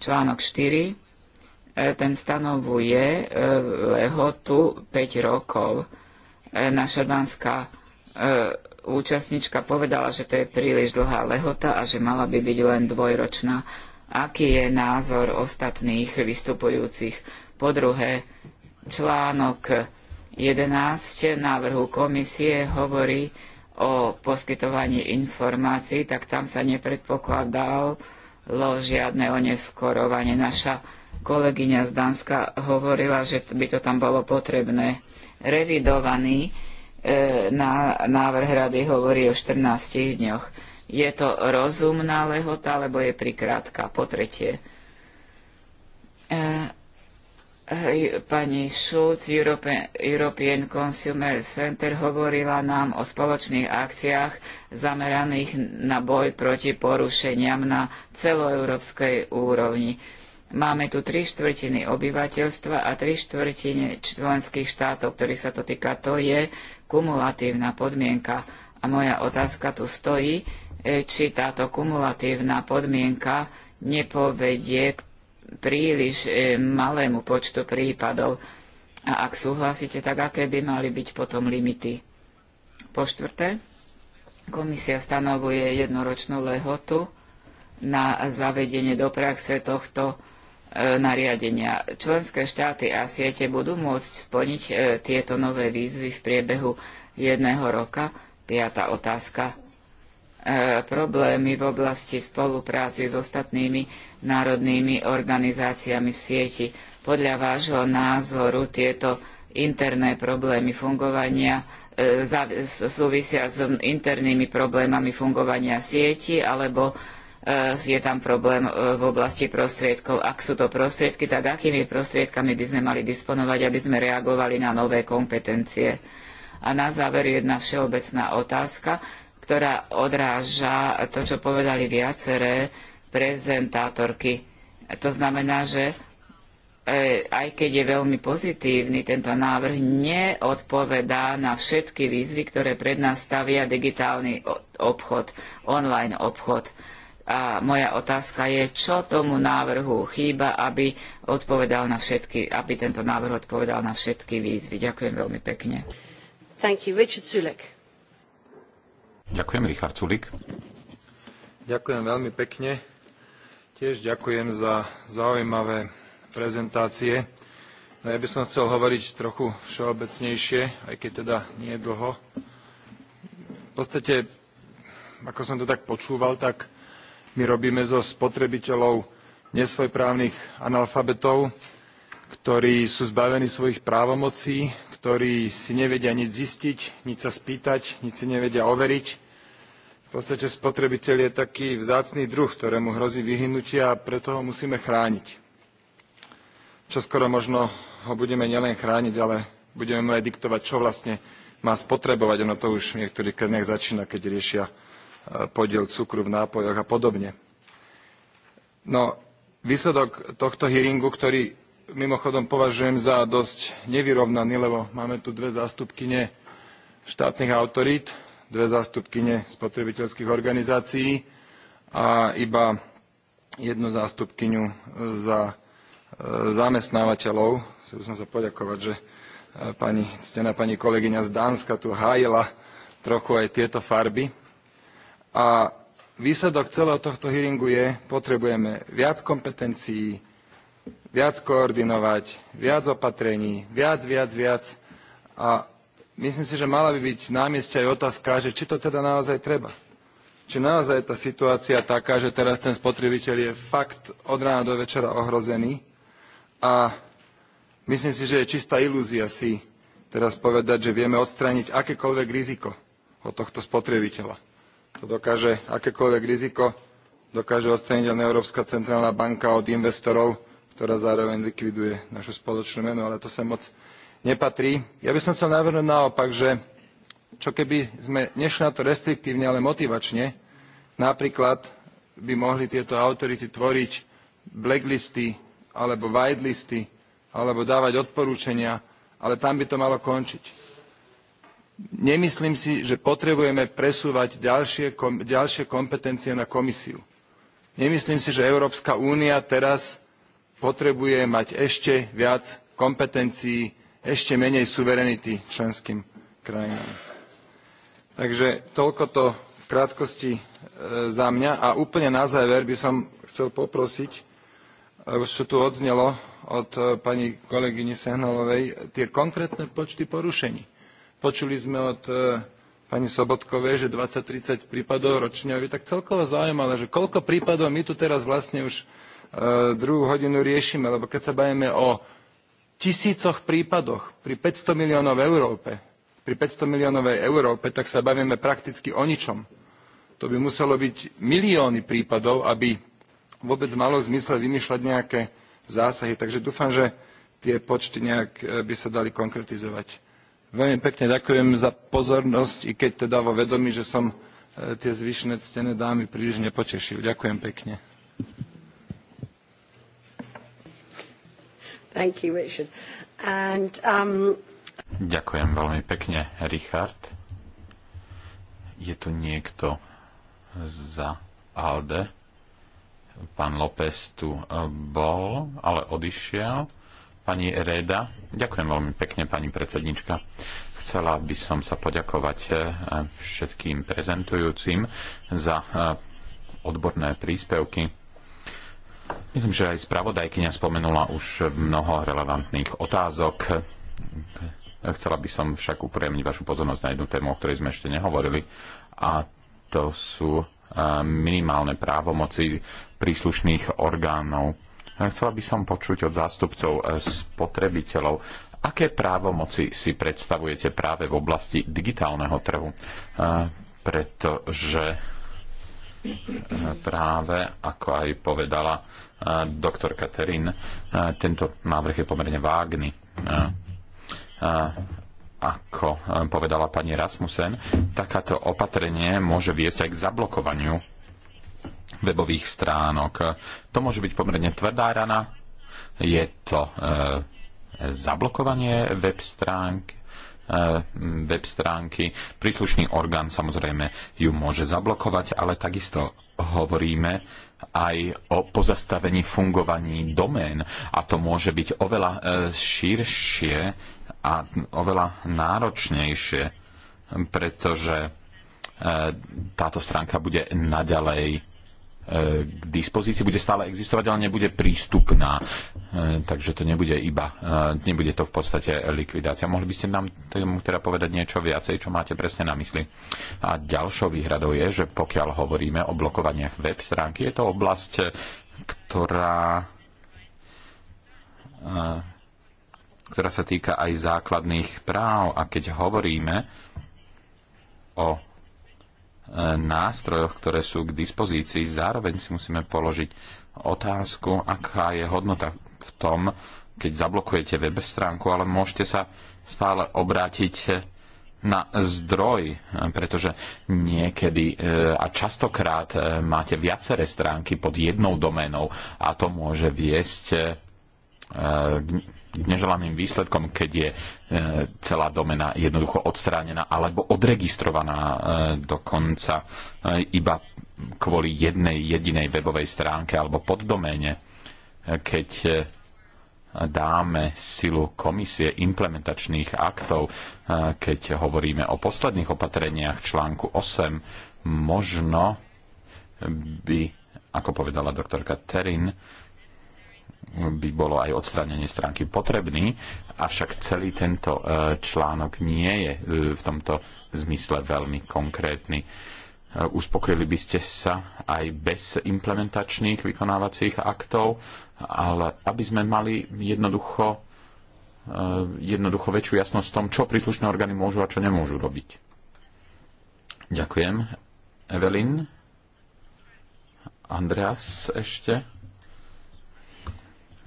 článok 4, e, ten stanovuje e, lehotu 5 rokov. E, naša dánska účastnička povedala, že to je príliš dlhá lehota a že mala by byť len dvojročná. Aký je názor ostatných vystupujúcich? Po druhé, článok 11 návrhu komisie hovorí o poskytovaní informácií, tak tam sa nepredpokladalo žiadne oneskorovanie. Naša kolegyňa z Dánska hovorila, že by to tam bolo potrebné. Revidovaný e, na, návrh rady hovorí o 14 dňoch. Je to rozumná lehota, alebo je prikrátka? Po tretie. E, pani Schulz, European, Consumer Center, hovorila nám o spoločných akciách zameraných na boj proti porušeniam na celoeurópskej úrovni. Máme tu tri štvrtiny obyvateľstva a tri štvrtiny členských štátov, ktorých sa to týka. To je kumulatívna podmienka. A moja otázka tu stojí, e, či táto kumulatívna podmienka nepovedie k príliš e, malému počtu prípadov. A ak súhlasíte, tak aké by mali byť potom limity? Po štvrté, komisia stanovuje jednoročnú lehotu na zavedenie do praxe tohto e, nariadenia. Členské štáty a siete budú môcť splniť e, tieto nové výzvy v priebehu jedného roka. Piatá otázka. E, problémy v oblasti spolupráci s ostatnými národnými organizáciami v sieti. Podľa vášho názoru tieto interné problémy fungovania e, súvisia s internými problémami fungovania sieti alebo e, je tam problém v oblasti prostriedkov. Ak sú to prostriedky, tak akými prostriedkami by sme mali disponovať, aby sme reagovali na nové kompetencie? A na záver jedna všeobecná otázka ktorá odráža to, čo povedali viaceré prezentátorky. To znamená, že e, aj keď je veľmi pozitívny, tento návrh neodpovedá na všetky výzvy, ktoré pred nás stavia digitálny obchod, online obchod. A moja otázka je, čo tomu návrhu chýba, aby, odpovedal na všetky, aby tento návrh odpovedal na všetky výzvy. Ďakujem veľmi pekne. Thank you. Richard Sulek. Ďakujem, Richard Sulik. Ďakujem veľmi pekne. Tiež ďakujem za zaujímavé prezentácie. No ja by som chcel hovoriť trochu všeobecnejšie, aj keď teda nie dlho. V podstate, ako som to tak počúval, tak my robíme zo spotrebiteľov nesvojprávnych analfabetov, ktorí sú zbavení svojich právomocí, ktorí si nevedia nič zistiť, nič sa spýtať, nič si nevedia overiť. V podstate spotrebiteľ je taký vzácný druh, ktorému hrozí vyhnutie a preto ho musíme chrániť. Čo skoro možno ho budeme nielen chrániť, ale budeme mu aj diktovať, čo vlastne má spotrebovať. Ono to už v niektorých krniach začína, keď riešia e, podiel cukru v nápojoch a podobne. No, výsledok tohto hearingu, ktorý mimochodom považujem za dosť nevyrovnaný, lebo máme tu dve zástupkyne štátnych autorít, dve zástupkyne spotrebiteľských organizácií a iba jednu zástupkyňu za e, zamestnávateľov. Chcel som sa poďakovať, že e, pani, ctená pani kolegyňa z Dánska tu hájila trochu aj tieto farby. A výsledok celého tohto hearingu je, potrebujeme viac kompetencií, viac koordinovať, viac opatrení, viac, viac, viac. A myslím si, že mala by byť na mieste aj otázka, že či to teda naozaj treba. Či naozaj je tá situácia taká, že teraz ten spotrebiteľ je fakt od rána do večera ohrozený a myslím si, že je čistá ilúzia si teraz povedať, že vieme odstrániť akékoľvek riziko od tohto spotrebiteľa. To dokáže akékoľvek riziko, dokáže odstrániť len Európska centrálna banka od investorov, ktorá zároveň likviduje našu spoločnú menu, ale to sa moc nepatrí. Ja by som chcel navrhnúť naopak, že čo keby sme nešli na to restriktívne, ale motivačne, napríklad by mohli tieto autority tvoriť blacklisty alebo whitelisty alebo dávať odporúčania, ale tam by to malo končiť. Nemyslím si, že potrebujeme presúvať ďalšie, kom, ďalšie kompetencie na komisiu. Nemyslím si, že Európska únia teraz potrebuje mať ešte viac kompetencií, ešte menej suverenity členským krajinám. Takže toľko to v krátkosti e, za mňa. A úplne na záver by som chcel poprosiť, už čo tu odznelo od e, pani kolegyne Sehnalovej, tie konkrétne počty porušení. Počuli sme od e, pani Sobotkovej, že 20-30 prípadov ročne, aby tak celkovo zaujímalo, že koľko prípadov my tu teraz vlastne už Eh, druhú hodinu riešime, lebo keď sa bavíme o tisícoch prípadoch pri 500 miliónov Európe, pri 500 miliónovej Európe, tak sa bavíme prakticky o ničom. To by muselo byť milióny prípadov, aby vôbec malo zmysle vymýšľať nejaké zásahy. Takže dúfam, že tie počty nejak eh, by sa dali konkretizovať. Veľmi pekne ďakujem za pozornosť, i keď teda vo vedomí, že som eh, tie zvyšné ctené dámy príliš nepotešil. Ďakujem pekne. Thank you, Richard. And, um... Ďakujem veľmi pekne, Richard. Je tu niekto za ALDE? Pán López tu eh, bol, ale odišiel. Pani Reda, ďakujem veľmi pekne, pani predsednička. Chcela by som sa poďakovať eh, všetkým prezentujúcim za eh, odborné príspevky Myslím, že aj spravodajkyňa spomenula už mnoho relevantných otázok. Chcela by som však upriamiť vašu pozornosť na jednu tému, o ktorej sme ešte nehovorili, a to sú e, minimálne právomoci príslušných orgánov. Chcela by som počuť od zástupcov e, spotrebiteľov, aké právomoci si predstavujete práve v oblasti digitálneho trhu, e, pretože práve, ako aj povedala e, doktor Katerin, e, tento návrh je pomerne vágny. E, ako povedala pani Rasmussen, takáto opatrenie môže viesť aj k zablokovaniu webových stránok. To môže byť pomerne tvrdá rana. Je to zablokovanie web stránky E, web stránky. Príslušný orgán samozrejme ju môže zablokovať, ale takisto hovoríme aj o pozastavení fungovaní domén a to môže byť oveľa e, širšie a oveľa náročnejšie, pretože e, táto stránka bude naďalej k dispozícii, bude stále existovať, ale nebude prístupná. E, takže to nebude iba, e, nebude to v podstate likvidácia. Mohli by ste nám tomu teda povedať niečo viacej, čo máte presne na mysli? A ďalšou výhradou je, že pokiaľ hovoríme o blokovaniach web stránky, je to oblasť, ktorá e, ktorá sa týka aj základných práv. A keď hovoríme o nástrojoch, ktoré sú k dispozícii, zároveň si musíme položiť otázku, aká je hodnota v tom, keď zablokujete web stránku, ale môžete sa stále obrátiť na zdroj, pretože niekedy e, a častokrát e, máte viaceré stránky pod jednou doménou a to môže viesť e, k neželaným výsledkom, keď je e, celá domena jednoducho odstránená alebo odregistrovaná e, dokonca e, iba kvôli jednej jedinej webovej stránke alebo poddoméne, keď dáme silu komisie implementačných aktov, keď hovoríme o posledných opatreniach článku 8, možno by, ako povedala doktorka Terin, by bolo aj odstránenie stránky potrebný, avšak celý tento e, článok nie je e, v tomto zmysle veľmi konkrétny. E, uspokojili by ste sa aj bez implementačných vykonávacích aktov, ale aby sme mali jednoducho, jednoducho väčšiu jasnosť v tom, čo príslušné orgány môžu a čo nemôžu robiť. Ďakujem. Evelyn? Andreas ešte?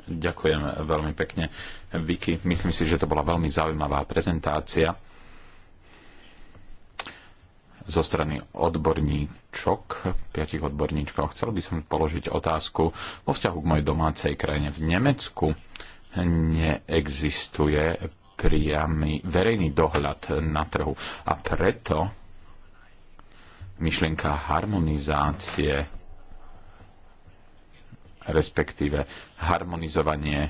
Ďakujem veľmi pekne, Vicky. Myslím si, že to bola veľmi zaujímavá prezentácia zo strany odborníčok, piatich odborníčkov. Chcel by som položiť otázku vo vzťahu k mojej domácej krajine. V Nemecku neexistuje priamy verejný dohľad na trhu a preto myšlienka harmonizácie respektíve harmonizovanie e,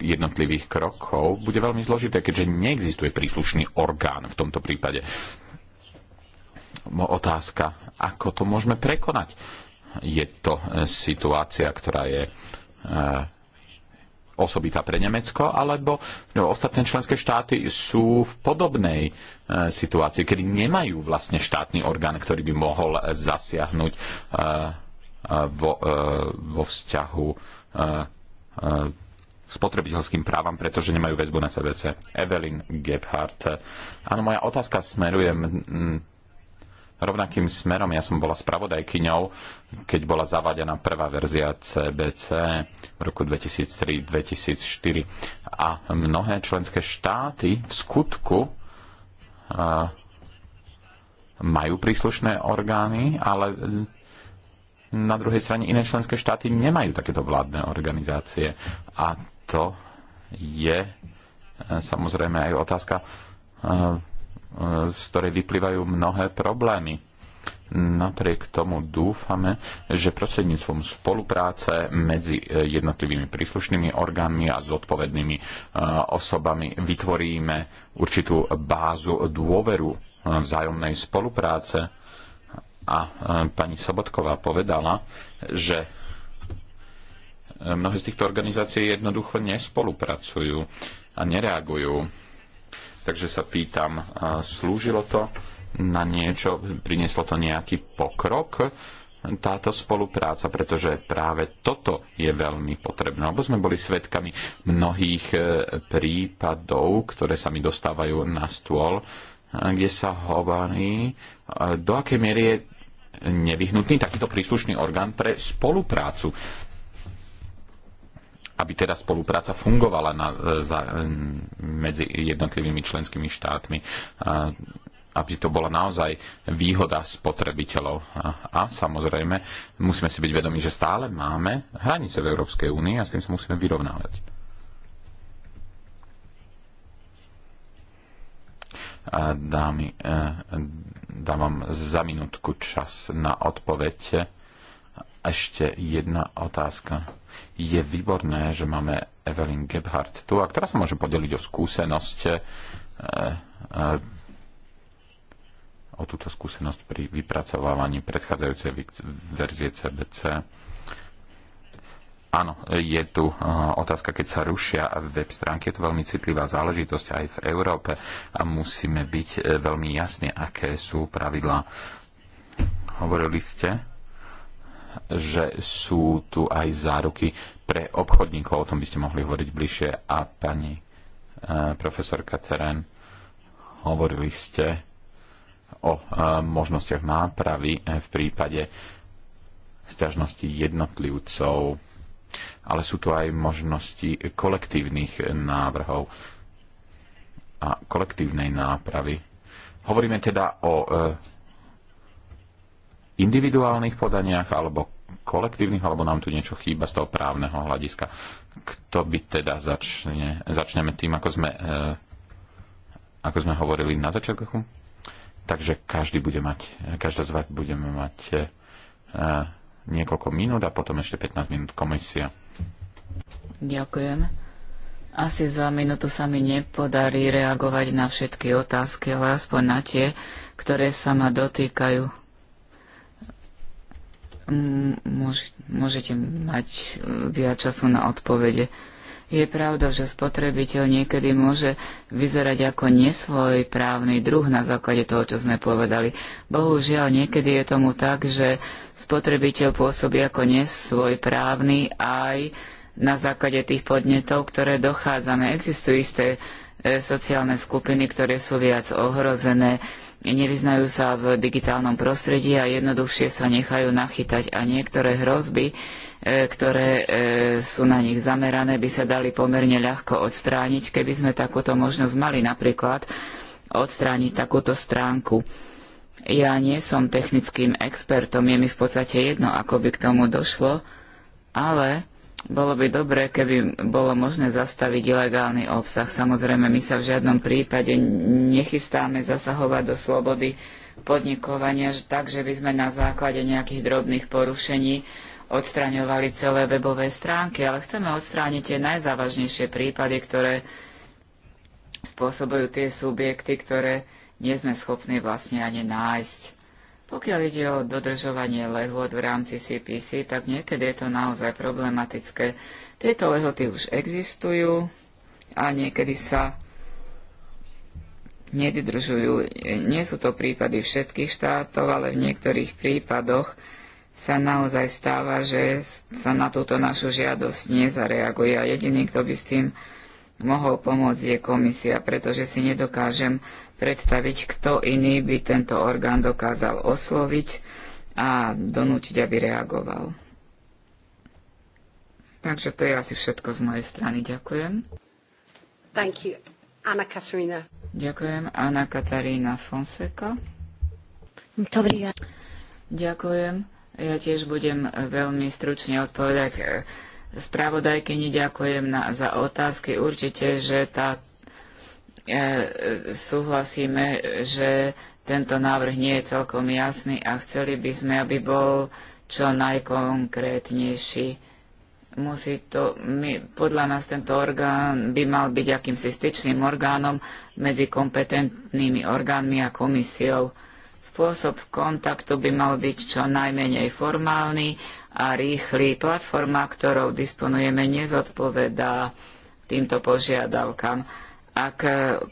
jednotlivých krokov bude veľmi zložité, keďže neexistuje príslušný orgán v tomto prípade. Otázka, ako to môžeme prekonať? Je to e, situácia, ktorá je e, osobitá pre Nemecko, alebo no, ostatné členské štáty sú v podobnej e, situácii, kedy nemajú vlastne štátny orgán, ktorý by mohol zasiahnuť e, vo, e, vo vzťahu e, e, spotrebiteľským právam, pretože nemajú väzbu na CBC. Evelyn Gebhardt. Áno, moja otázka smeruje rovnakým smerom. Ja som bola spravodajkyňou, keď bola zavadená prvá verzia CBC v roku 2003-2004. A mnohé členské štáty v skutku majú príslušné orgány, ale na druhej strane iné členské štáty nemajú takéto vládne organizácie. A to je e, samozrejme aj otázka, e, e, z ktorej vyplývajú mnohé problémy. Napriek tomu dúfame, že prostredníctvom spolupráce medzi jednotlivými príslušnými orgánmi a zodpovednými osobami vytvoríme určitú bázu dôveru vzájomnej spolupráce a e, pani Sobotková povedala, že e, mnohé z týchto organizácií jednoducho nespolupracujú a nereagujú. Takže sa pýtam, e, slúžilo to na niečo, prinieslo to nejaký pokrok táto spolupráca, pretože práve toto je veľmi potrebné. Lebo sme boli svedkami mnohých prípadov, ktoré sa mi dostávajú na stôl, kde sa hovorí, do akej miery je nevyhnutný takýto príslušný orgán pre spoluprácu aby teda spolupráca fungovala na, e, za, e, medzi jednotlivými členskými štátmi, aby to bola naozaj výhoda spotrebiteľov. A, a samozrejme, musíme si byť vedomi, že stále máme hranice v Európskej únii a s tým sa musíme vyrovnávať. dámy, e, dávam za minútku čas na odpoveď. Ešte jedna otázka. Je výborné, že máme Evelyn Gebhardt tu a ktorá sa môže podeliť o skúsenosť e, e, o túto skúsenosť pri vypracovávaní predchádzajúcej verzie CBC. Áno, je tu e, otázka, keď sa rušia web stránky, je to veľmi citlivá záležitosť aj v Európe a musíme byť e, veľmi jasne, aké sú pravidlá. Hovorili ste, že sú tu aj záruky pre obchodníkov, o tom by ste mohli hovoriť bližšie. A pani e, profesorka Terén, hovorili ste o možnostiach nápravy v prípade sťažnosti jednotlivcov ale sú tu aj možnosti kolektívnych návrhov a kolektívnej nápravy. Hovoríme teda o e, individuálnych podaniach alebo kolektívnych, alebo nám tu niečo chýba z toho právneho hľadiska. Kto by teda začne? Začneme tým, ako sme, e, ako sme hovorili na začiatku. Takže každý bude mať, každá z vás budeme mať e, niekoľko minút a potom ešte 15 minút komisia. Ďakujem. Asi za minútu sa mi nepodarí reagovať na všetky otázky, ale aspoň na tie, ktoré sa ma dotýkajú. Môžete mať eh, viac času na odpovede. Je pravda, že spotrebiteľ niekedy môže vyzerať ako nesvoj právny druh na základe toho, čo sme povedali. Bohužiaľ, niekedy je tomu tak, že spotrebiteľ pôsobí ako nesvoj právny aj na základe tých podnetov, ktoré dochádzame. Existujú isté e, sociálne skupiny, ktoré sú viac ohrozené, nevyznajú sa v digitálnom prostredí a jednoduchšie sa nechajú nachytať a niektoré hrozby, E, ktoré e, sú na nich zamerané, by sa dali pomerne ľahko odstrániť, keby sme takúto možnosť mali napríklad odstrániť takúto stránku. Ja nie som technickým expertom, je mi v podstate jedno, ako by k tomu došlo, ale bolo by dobré, keby bolo možné zastaviť ilegálny obsah. Samozrejme, my sa v žiadnom prípade nechystáme zasahovať do slobody podnikovania, takže by sme na základe nejakých drobných porušení odstraňovali celé webové stránky, ale chceme odstrániť tie najzávažnejšie prípady, ktoré spôsobujú tie subjekty, ktoré nie sme schopní vlastne ani nájsť. Pokiaľ ide o dodržovanie lehôd v rámci CPC, tak niekedy je to naozaj problematické. Tieto lehoty už existujú a niekedy sa nedodržujú. Nie sú to prípady všetkých štátov, ale v niektorých prípadoch sa naozaj stáva, že sa na túto našu žiadosť nezareaguje a jediný, kto by s tým mohol pomôcť, je komisia, pretože si nedokážem predstaviť, kto iný by tento orgán dokázal osloviť a donútiť, aby reagoval. Takže to je asi všetko z mojej strany. Ďakujem. Thank you. Anna Katarina. Ďakujem. Anna Katarína Fonseca. Dobrý. Ďakujem. Ja tiež budem veľmi stručne odpovedať. Spravodajkyni ďakujem na, za otázky. Určite, že tá, e, súhlasíme, že tento návrh nie je celkom jasný a chceli by sme, aby bol čo najkonkrétnejší. Musí to, my, podľa nás tento orgán by mal byť akýmsi styčným orgánom medzi kompetentnými orgánmi a komisiou Spôsob kontaktu by mal byť čo najmenej formálny a rýchly. Platforma, ktorou disponujeme, nezodpovedá týmto požiadavkám. Ak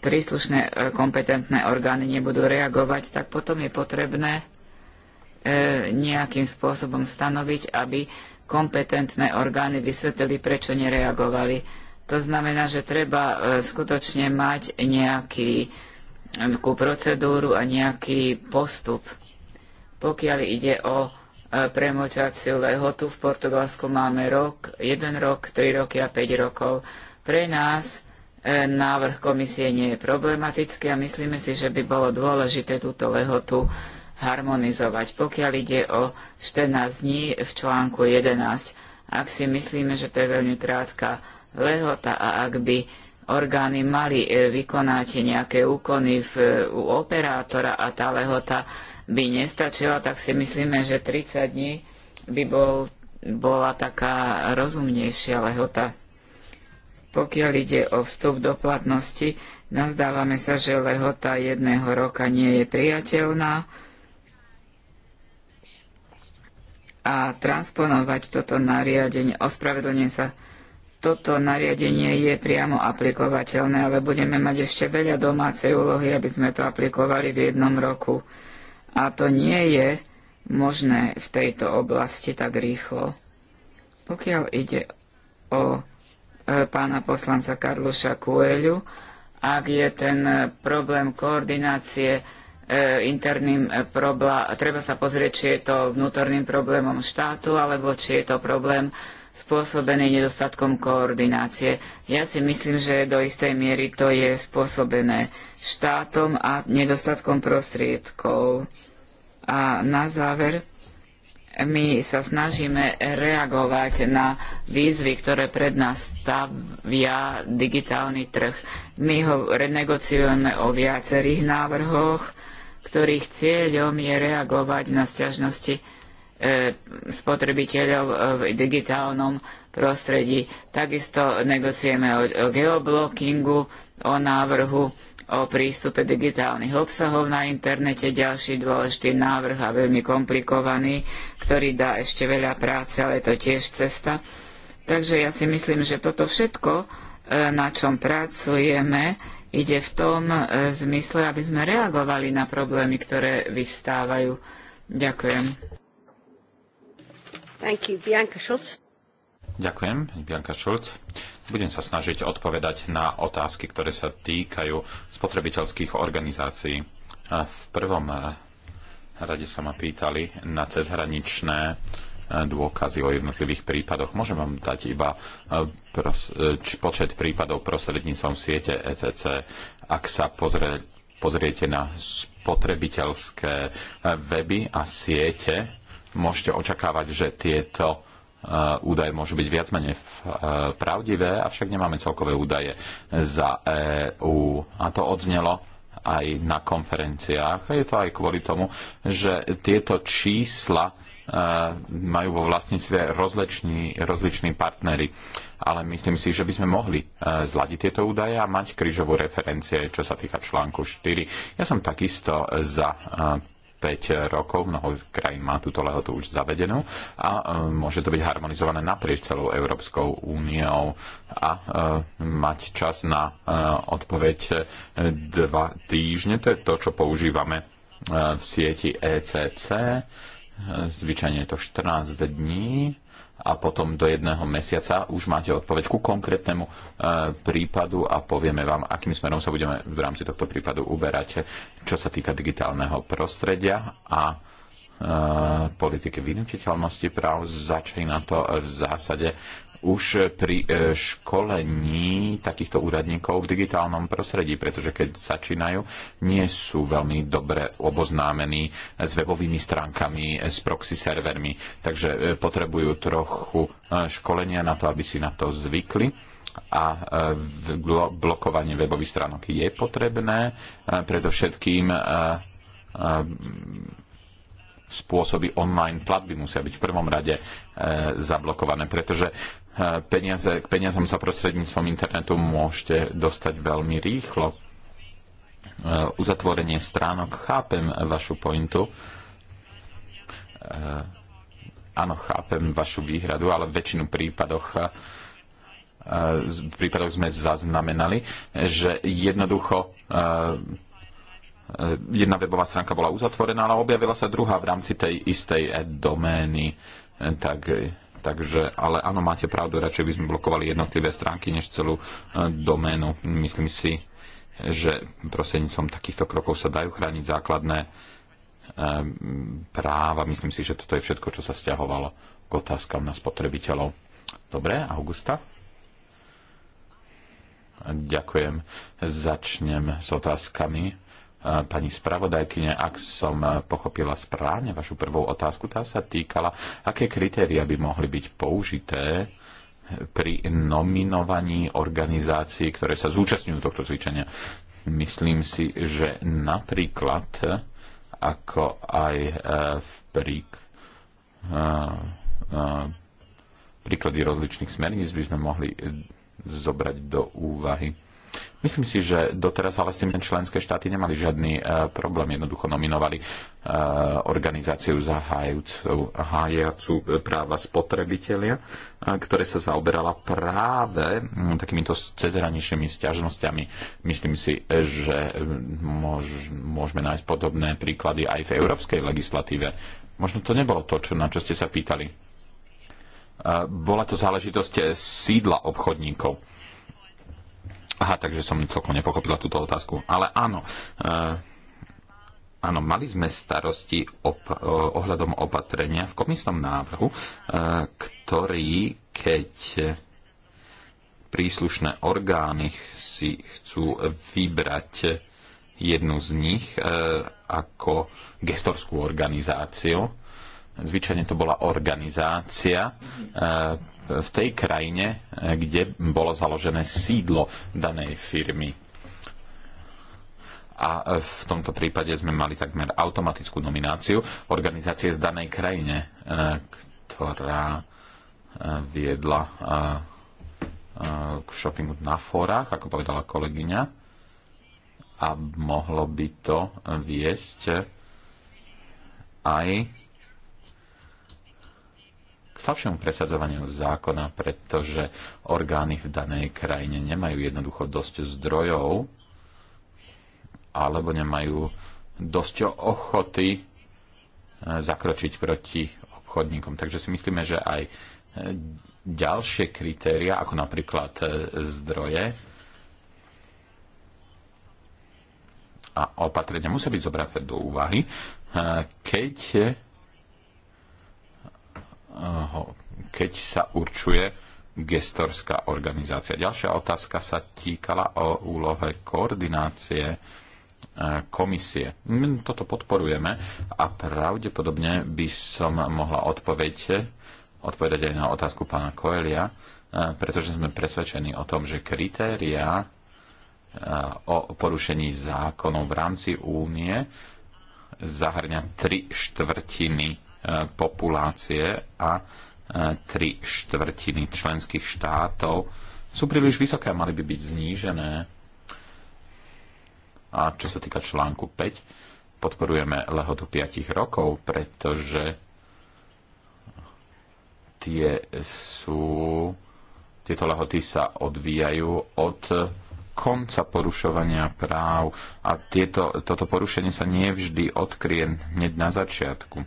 príslušné e, kompetentné orgány nebudú reagovať, tak potom je potrebné e, nejakým spôsobom stanoviť, aby kompetentné orgány vysvetlili, prečo nereagovali. To znamená, že treba e, skutočne mať nejaký nejakú procedúru a nejaký postup. Pokiaľ ide o e, premočaciu lehotu, v Portugalsku máme rok, 1 rok, 3 roky a 5 rokov. Pre nás e, návrh komisie nie je problematický a myslíme si, že by bolo dôležité túto lehotu harmonizovať. Pokiaľ ide o 14 dní v článku 11, ak si myslíme, že to je veľmi krátka lehota a ak by orgány mali e, vykonať nejaké úkony v, e, u operátora a tá lehota by nestačila, tak si myslíme, že 30 dní by bol, bola taká rozumnejšia lehota. Pokiaľ ide o vstup do platnosti, nazdávame sa, že lehota jedného roka nie je priateľná a transponovať toto nariadenie, ospravedlňujem sa, toto nariadenie je priamo aplikovateľné, ale budeme mať ešte veľa domácej úlohy, aby sme to aplikovali v jednom roku. A to nie je možné v tejto oblasti tak rýchlo. Pokiaľ ide o e, pána poslanca Karluša Kueľu, ak je ten problém koordinácie e, interným e, problémom, treba sa pozrieť, či je to vnútorným problémom štátu, alebo či je to problém spôsobený nedostatkom koordinácie. Ja si myslím, že do istej miery to je spôsobené štátom a nedostatkom prostriedkov. A na záver, my sa snažíme reagovať na výzvy, ktoré pred nás stavia digitálny trh. My ho renegociujeme o viacerých návrhoch, ktorých cieľom je reagovať na sťažnosti E, spotrebiteľov e, v digitálnom prostredí. Takisto negociujeme o geoblockingu, o návrhu o prístupe digitálnych obsahov na internete, ďalší dôležitý návrh a veľmi komplikovaný, ktorý dá ešte veľa práce, ale je to tiež cesta. Takže ja si myslím, že toto všetko, e, na čom pracujeme, ide v tom zmysle, aby sme reagovali na problémy, ktoré vyvstávajú. Ďakujem. Thank you, Bianca Ďakujem, Bianka Šulc. Budem sa snažiť odpovedať na otázky, ktoré sa týkajú spotrebiteľských organizácií. V prvom eh, rade sa ma pýtali na cezhraničné eh, dôkazy o jednotlivých prípadoch. Môžem vám dať iba eh, pros- počet prípadov prostredníctvom siete ECC. Ak sa pozrie, pozriete na spotrebiteľské weby a siete, môžete očakávať, že tieto e, údaje môžu byť viac menej e, pravdivé, avšak nemáme celkové údaje za EU. A to odznelo aj na konferenciách. Je to aj kvôli tomu, že tieto čísla e, majú vo vlastníctve rozliční, rozliční partnery. Ale myslím si, že by sme mohli zladiť tieto údaje a mať krížovú referencie, čo sa týka článku 4. Ja som takisto za rokov. Mnoho krajín má túto lehotu už zavedenú a e, môže to byť harmonizované naprieč celou Európskou úniou a e, mať čas na e, odpoveď dva týždne. To je to, čo používame v sieti ECC. Zvyčajne je to 14 dní a potom do jedného mesiaca už máte odpoveď ku konkrétnemu e, prípadu a povieme vám, akým smerom sa budeme v rámci tohto prípadu uberať, čo sa týka digitálneho prostredia a e, politiky vynutiteľnosti práv. Začína to v zásade už pri e, školení takýchto úradníkov v digitálnom prostredí, pretože keď začínajú, nie sú veľmi dobre oboznámení s webovými stránkami, s proxy servermi, takže e, potrebujú trochu e, školenia na to, aby si na to zvykli a blokovanie webových stránok je potrebné, predovšetkým spôsoby online platby musia byť v prvom rade e, zablokované, pretože Eh, peniaze, k peniazom sa prostredníctvom internetu môžete dostať veľmi rýchlo. Eh, uzatvorenie stránok, chápem vašu pointu. Eh, áno, chápem vašu výhradu, ale v väčšinu prípadoch v prípadoch sme zaznamenali, že jednoducho jedna webová stránka bola uzatvorená, ale objavila sa druhá v rámci tej istej domény. Tak Takže, ale áno, máte pravdu, radšej by sme blokovali jednotlivé stránky, než celú e, doménu. Myslím si, že prostredníctvom takýchto krokov sa dajú chrániť základné e, práva. Myslím si, že toto je všetko, čo sa stiahovalo k otázkam na spotrebiteľov. Dobre, Augusta? Ďakujem. Začnem s otázkami pani spravodajkyne, ak som e, pochopila správne vašu prvú otázku, tá sa týkala, aké kritéria by mohli byť použité pri nominovaní organizácií, ktoré sa zúčastňujú tohto cvičenia. Myslím si, že napríklad, e, ako aj e, v prík, príklady rozličných smerníc by sme mohli zobrať do úvahy Myslím si, že doteraz ale s tým členské štáty nemali žiadny e, problém. Jednoducho nominovali e, organizáciu zahájajúcu práva spotrebitelia, e, ktoré sa zaoberala práve m, takýmito cezhraničnými stiažnosťami. Myslím si, že môž, môžeme nájsť podobné príklady aj v európskej legislatíve. Možno to nebolo to, čo, na čo ste sa pýtali. E, bola to záležitosť e, sídla obchodníkov Aha, takže som celkom nepochopila túto otázku. Ale áno, eh, áno, mali sme starosti op- eh, ohľadom opatrenia v komisnom návrhu, eh, ktorý, keď príslušné orgány si chcú vybrať jednu z nich ako gestorskú organizáciu, zvyčajne to bola organizácia v tej krajine, eh, kde bolo založené sídlo danej firmy. A eh, v tomto prípade sme mali takmer automatickú nomináciu organizácie z danej krajine, eh, ktorá viedla k shoppingu na fórach, ako povedala kolegyňa. A mohlo by to viesť aj slabšiemu presadzovaniu zákona, pretože orgány v danej krajine nemajú jednoducho dosť zdrojov alebo nemajú dosť ochoty e, zakročiť proti obchodníkom. Takže si myslíme, že aj e, ďalšie kritéria, ako napríklad e, zdroje a opatrenia musia byť zobraté do úvahy, keď keď sa určuje gestorská organizácia. Ďalšia otázka sa týkala o úlohe koordinácie e, komisie. My toto podporujeme a pravdepodobne by som mohla odpoveď, odpovedať aj na otázku pána Koelia, e, pretože sme presvedčení o tom, že kritéria e, o porušení zákonov v rámci únie zahrňa tri štvrtiny populácie a e, tri štvrtiny členských štátov sú príliš vysoké a mali by byť znížené. A čo sa týka článku 5, podporujeme lehotu 5 rokov, pretože tie sú, tieto lehoty sa odvíjajú od konca porušovania práv a tieto, toto porušenie sa nevždy odkrie hneď na začiatku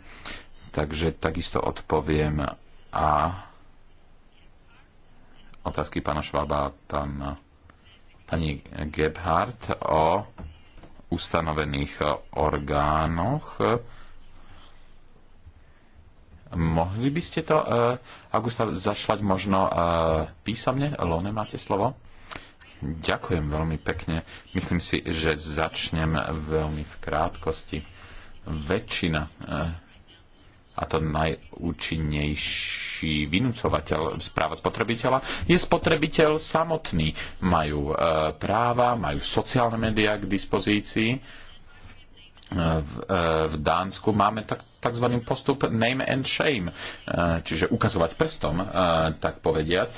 takže takisto odpoviem a otázky pána Švába tam pani Gebhardt o ustanovených orgánoch. Mohli by ste to, eh, Augusta, zašlať možno eh, písomne? Lone, máte slovo? Ďakujem veľmi pekne. Myslím si, že začnem veľmi v krátkosti. Väčšina eh, a to najúčinnejší vynúcovateľ práva spotrebiteľa je spotrebiteľ samotný. Majú e, práva, majú sociálne médiá k dispozícii. E, v, e, v Dánsku máme tak, tzv. postup name and shame, čiže ukazovať prstom, tak povediac,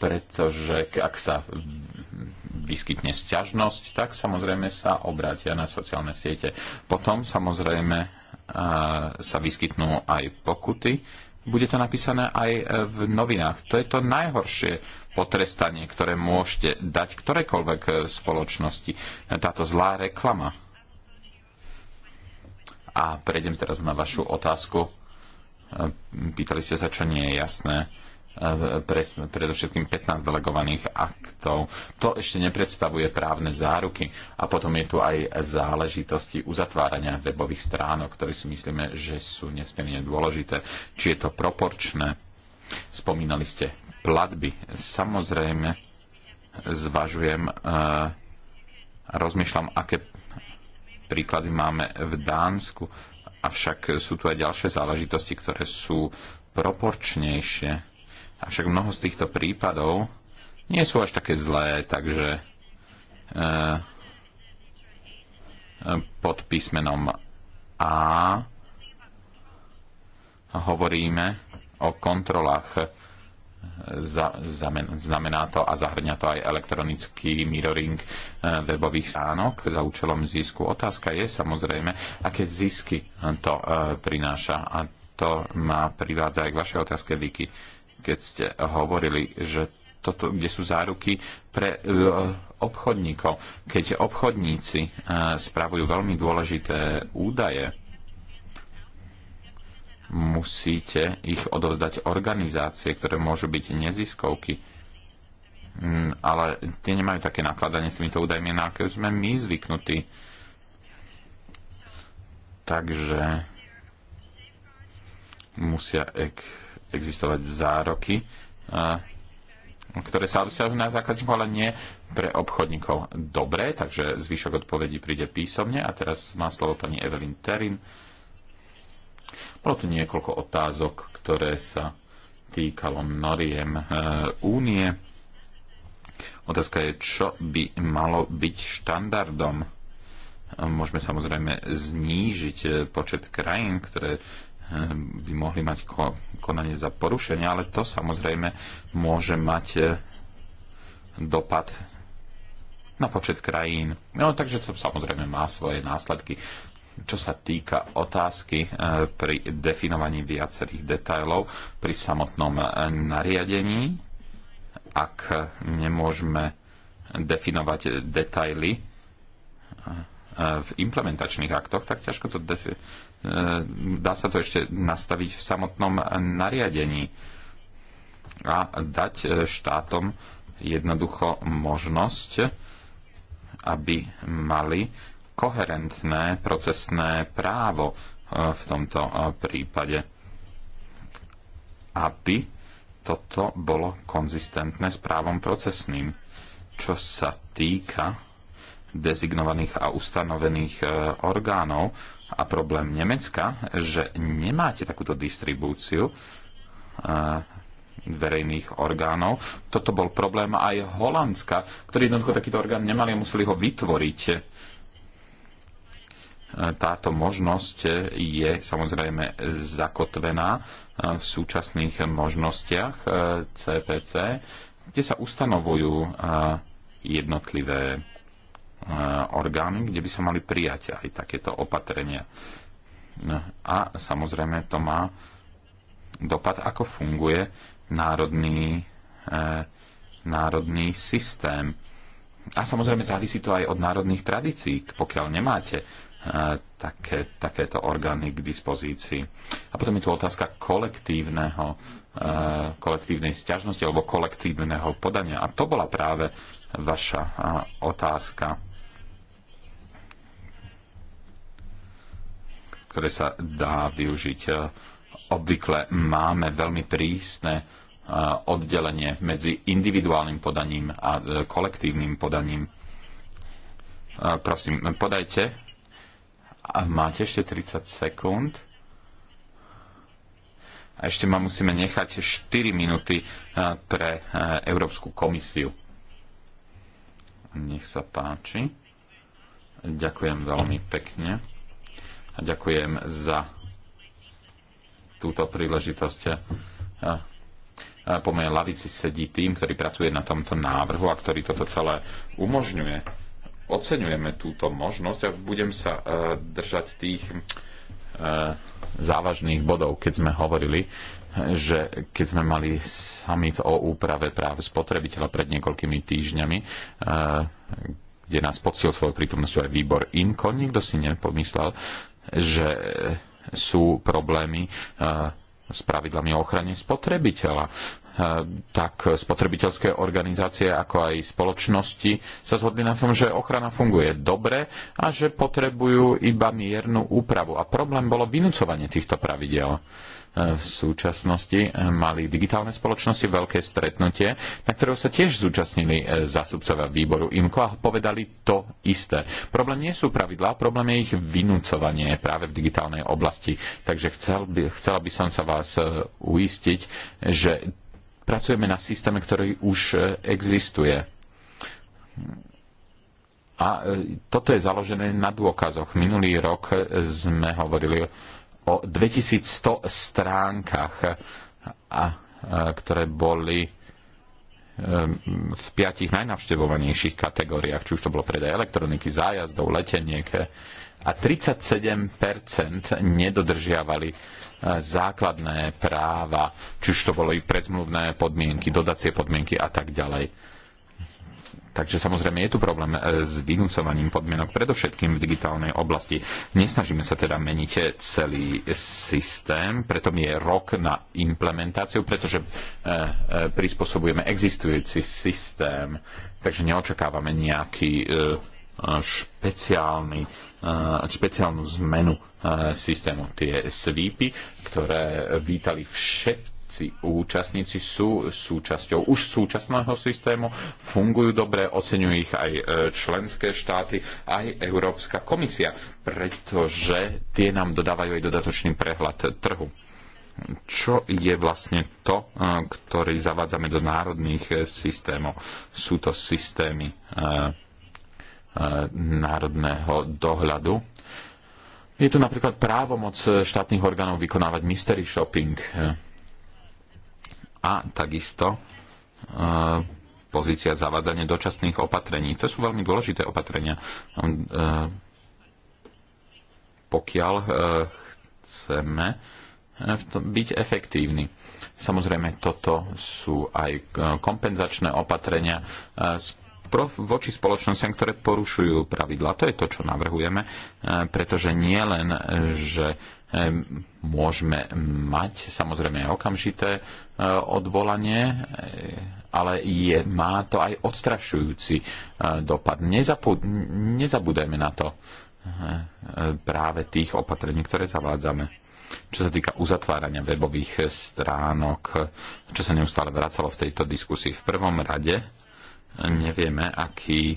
pretože ak sa vyskytne sťažnosť, tak samozrejme sa obrátia na sociálne siete. Potom samozrejme sa vyskytnú aj pokuty. Bude to napísané aj v novinách. To je to najhoršie potrestanie, ktoré môžete dať ktorejkoľvek e, spoločnosti. Táto zlá reklama. A prejdem teraz na vašu otázku. E, pýtali ste sa, čo nie je jasné presne, predovšetkým 15 delegovaných aktov. To ešte nepredstavuje právne záruky. A potom je tu aj záležitosti uzatvárania webových stránok, ktoré si myslíme, že sú nesmierne dôležité. Či je to proporčné? Spomínali ste platby. Samozrejme, zvažujem, e, rozmýšľam, aké príklady máme v Dánsku, avšak sú tu aj ďalšie záležitosti, ktoré sú proporčnejšie Avšak mnoho z týchto prípadov nie sú až také zlé, takže eh, pod písmenom A hovoríme o kontrolách. Znamená to a zahrňa to aj elektronický mirroring eh, webových stránok za účelom zisku. Otázka je samozrejme, aké zisky to eh, prináša. A to má privádza aj k vašej otázke, Vicky keď ste hovorili, že toto, kde sú záruky pre e, obchodníkov. Keď obchodníci e, spravujú veľmi dôležité údaje, musíte ich odovzdať organizácie, ktoré môžu byť neziskovky, mm, ale tie nemajú také nakladanie s týmito údajmi, na aké sme my zvyknutí. Takže musia ek- existovať zároky, ktoré sa dosiahnu na zákazníkov, ale nie pre obchodníkov. Dobre, takže zvyšok odpovedí príde písomne. A teraz má slovo pani Evelyn Terin. Bolo tu niekoľko otázok, ktoré sa týkalo noriem e, únie. Otázka je, čo by malo byť štandardom. Môžeme samozrejme znížiť e, počet krajín, ktoré Ehm, by mohli mať konanie za porušenie, ale to samozrejme môže mať e, dopad na počet krajín. No takže to samozrejme má svoje následky. Čo sa týka otázky e, pri definovaní viacerých detajlov pri samotnom e, nariadení, ak nemôžeme definovať detaily, v implementačných aktoch, tak ťažko to defi- e, dá sa to ešte nastaviť v samotnom nariadení a dať e, štátom jednoducho možnosť, aby mali koherentné procesné právo e, v tomto prípade, aby toto bolo konzistentné s právom procesným. Čo sa týka dezignovaných a ustanovených e, orgánov. A problém Nemecka, že nemáte takúto distribúciu e, verejných orgánov. Toto bol problém aj Holandska, ktorí jednoducho takýto orgán nemali a museli ho vytvoriť. E, táto možnosť je samozrejme zakotvená v súčasných možnostiach CPC, kde sa ustanovujú jednotlivé Eh, orgány, kde by sa mali prijať aj takéto opatrenia. No a samozrejme to má dopad, ako funguje národný, eh, národný systém. A samozrejme závisí to aj od národných tradícií, pokiaľ nemáte eh, také, takéto orgány k dispozícii. A potom je tu otázka kolektívneho, kolektívnej sťažnosti alebo kolektívneho podania. A to bola práve vaša otázka. ktoré sa dá využiť. Obvykle máme veľmi prísne e, oddelenie medzi individuálnym podaním a e, kolektívnym podaním. E, prosím, podajte. Máte ešte 30 sekúnd. A ešte ma musíme nechať 4 minúty pre Európsku komisiu. Nech sa páči. Ďakujem veľmi pekne a ďakujem za túto príležitosť. Po mojej lavici sedí tým, ktorý pracuje na tomto návrhu a ktorý toto celé umožňuje. Oceňujeme túto možnosť a budem sa e, držať tých e, závažných bodov, keď sme hovorili, že keď sme mali summit o úprave práv spotrebiteľa pred niekoľkými týždňami, e, kde nás poctil svojou prítomnosťou aj výbor INKO, nikto si nepomyslel, že sú problémy e, s pravidlami o ochrane spotrebiteľa. E, tak spotrebiteľské organizácie ako aj spoločnosti sa zhodli na tom, že ochrana funguje dobre a že potrebujú iba miernu úpravu. A problém bolo vynúcovanie týchto pravidel v súčasnosti mali digitálne spoločnosti veľké stretnutie, na ktorého sa tiež zúčastnili e, zásubcovia výboru IMCO a povedali to isté. Problém nie sú pravidlá, problém je ich vynúcovanie práve v digitálnej oblasti. Takže chcel by, chcela by som sa vás e, uistiť, že pracujeme na systéme, ktorý už e, existuje. A toto je založené na dôkazoch. Minulý rok sme hovorili o 2100 stránkach, a, ktoré boli v piatich najnavštevovanejších kategóriách, či už to bolo predaj elektroniky, zájazdov, leteniek a 37% nedodržiavali e, základné práva, či už to boli predzmluvné podmienky, dodacie podmienky a tak ďalej Takže samozrejme je tu problém e, s vynúcovaním podmienok predovšetkým v digitálnej oblasti. Nesnažíme sa teda meniť celý systém, preto mi je rok na implementáciu, pretože e, e, prispôsobujeme existujúci systém, takže neočakávame nejaký špeciálny, špeciálnu zmenu systému. Tie svípy, ktoré vítali všetci všetci účastníci sú súčasťou už súčasného systému, fungujú dobre, oceňujú ich aj e, členské štáty, aj Európska komisia, pretože tie nám dodávajú aj dodatočný prehľad trhu čo je vlastne to, e, ktorý zavádzame do národných e, systémov. Sú to systémy národného dohľadu. Je tu napríklad právomoc štátnych orgánov vykonávať mystery shopping a takisto e, pozícia zavadzania dočasných opatrení. To sú veľmi dôležité opatrenia. E, pokiaľ e, chceme byť efektívny. Samozrejme, toto sú aj kompenzačné opatrenia, voči spoločnostiam, ktoré porušujú pravidla. To je to, čo navrhujeme, e, pretože nie len, e, že e, môžeme mať samozrejme okamžité odvolanie, ale je, má to aj odstrašujúci dopad. Nezapu, nezabúdajme na to práve tých opatrení, ktoré zavádzame čo sa týka uzatvárania webových stránok, čo sa neustále vracalo v tejto diskusii. V prvom rade nevieme, aký, eh,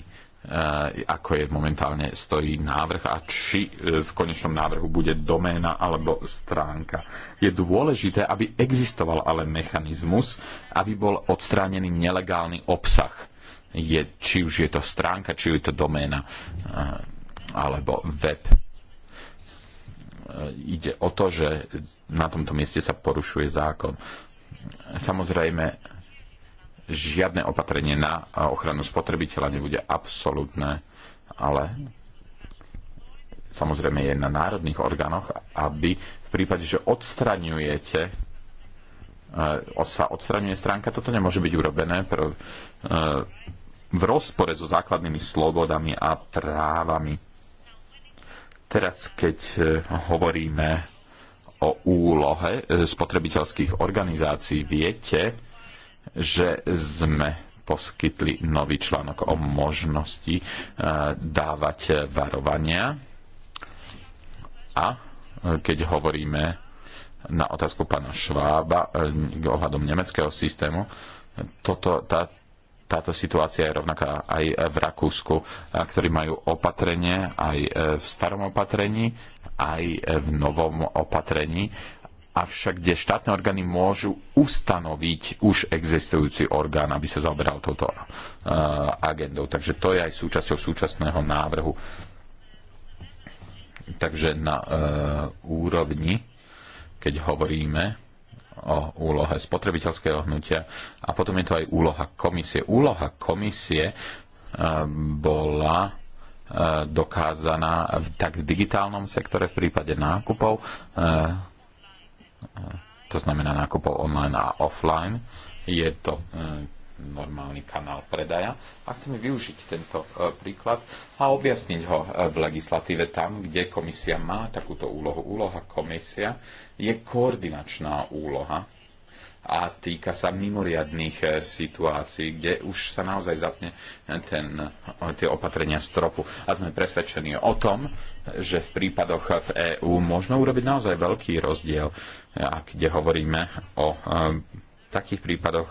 ako je momentálne stojí návrh a či eh, v konečnom návrhu bude doména alebo stránka. Je dôležité, aby existoval ale mechanizmus, aby bol odstránený nelegálny obsah. Je, či už je to stránka, či je to doména eh, alebo web. Ide o to, že na tomto mieste sa porušuje zákon. Samozrejme, žiadne opatrenie na eh, ochranu spotrebiteľa nebude absolútne, ale samozrejme je na národných orgánoch, aby v prípade, že odstraňujete eh, sa odstraňuje stránka, toto nemôže byť urobené eh, v rozpore so základnými slobodami a právami. Teraz, keď hovoríme o úlohe spotrebiteľských organizácií, viete, že sme poskytli nový článok o možnosti eh, dávať varovania. A eh, keď hovoríme na otázku pána Švába eh, ohľadom nemeckého systému, toto, tá, táto situácia je rovnaká aj v Rakúsku, ktorí majú opatrenie aj v starom opatrení, aj v novom opatrení avšak kde štátne orgány môžu ustanoviť už existujúci orgán, aby sa zaoberal touto uh, agendou. Takže to je aj súčasťou súčasného návrhu. Takže na uh, úrovni, keď hovoríme o úlohe spotrebiteľského hnutia a potom je to aj úloha komisie. Úloha komisie uh, bola uh, dokázaná tak v digitálnom sektore v prípade nákupov, uh, to znamená nákupov online a offline. Je to e, normálny kanál predaja a chceme využiť tento e, príklad a objasniť ho e, v legislatíve tam, kde komisia má takúto úlohu. Úloha komisia je koordinačná úloha a týka sa mimoriadných eh, situácií, kde už sa naozaj zapne eh, ten, eh, tie opatrenia stropu. A sme presvedčení o tom, že v prípadoch v EÚ môžeme urobiť naozaj veľký rozdiel, a kde hovoríme o takých prípadoch,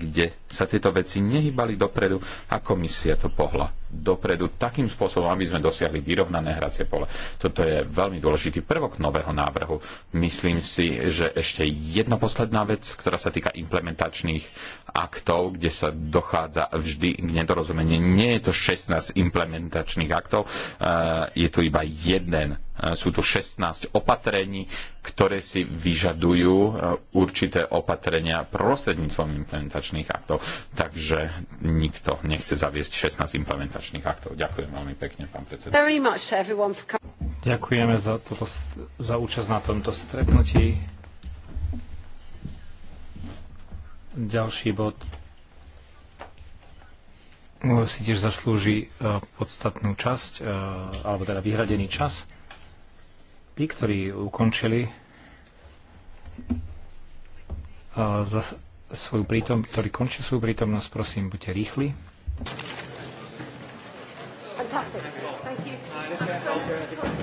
kde sa tieto veci nehybali dopredu a komisia to pohla dopredu takým spôsobom, aby sme dosiahli vyrovnané hracie pole. Toto je veľmi dôležitý prvok nového návrhu. Myslím si, že ešte jedna posledná vec, ktorá sa týka implementačných aktov, kde sa dochádza vždy k nedorozumeniu. Nie je to 16 implementačných aktov, eh, je tu iba jeden eh, sú tu 16 opatrení, ktoré si vyžadujú eh, určité opatrenia prostredníctvom implementačných aktov. Takže nikto nechce zaviesť 16 implementačných delegačných aktov. Ďakujem veľmi pekne, pán predseda. Ďakujeme za, toto, za účasť na tomto stretnutí. Ďalší bod si tiež zaslúži e, podstatnú časť, e, alebo teda vyhradený čas. Tí, ktorí ukončili e, za svoju prítom, ktorí končia svoju prítomnosť, prosím, buďte rýchli. Fantastic. Thank you.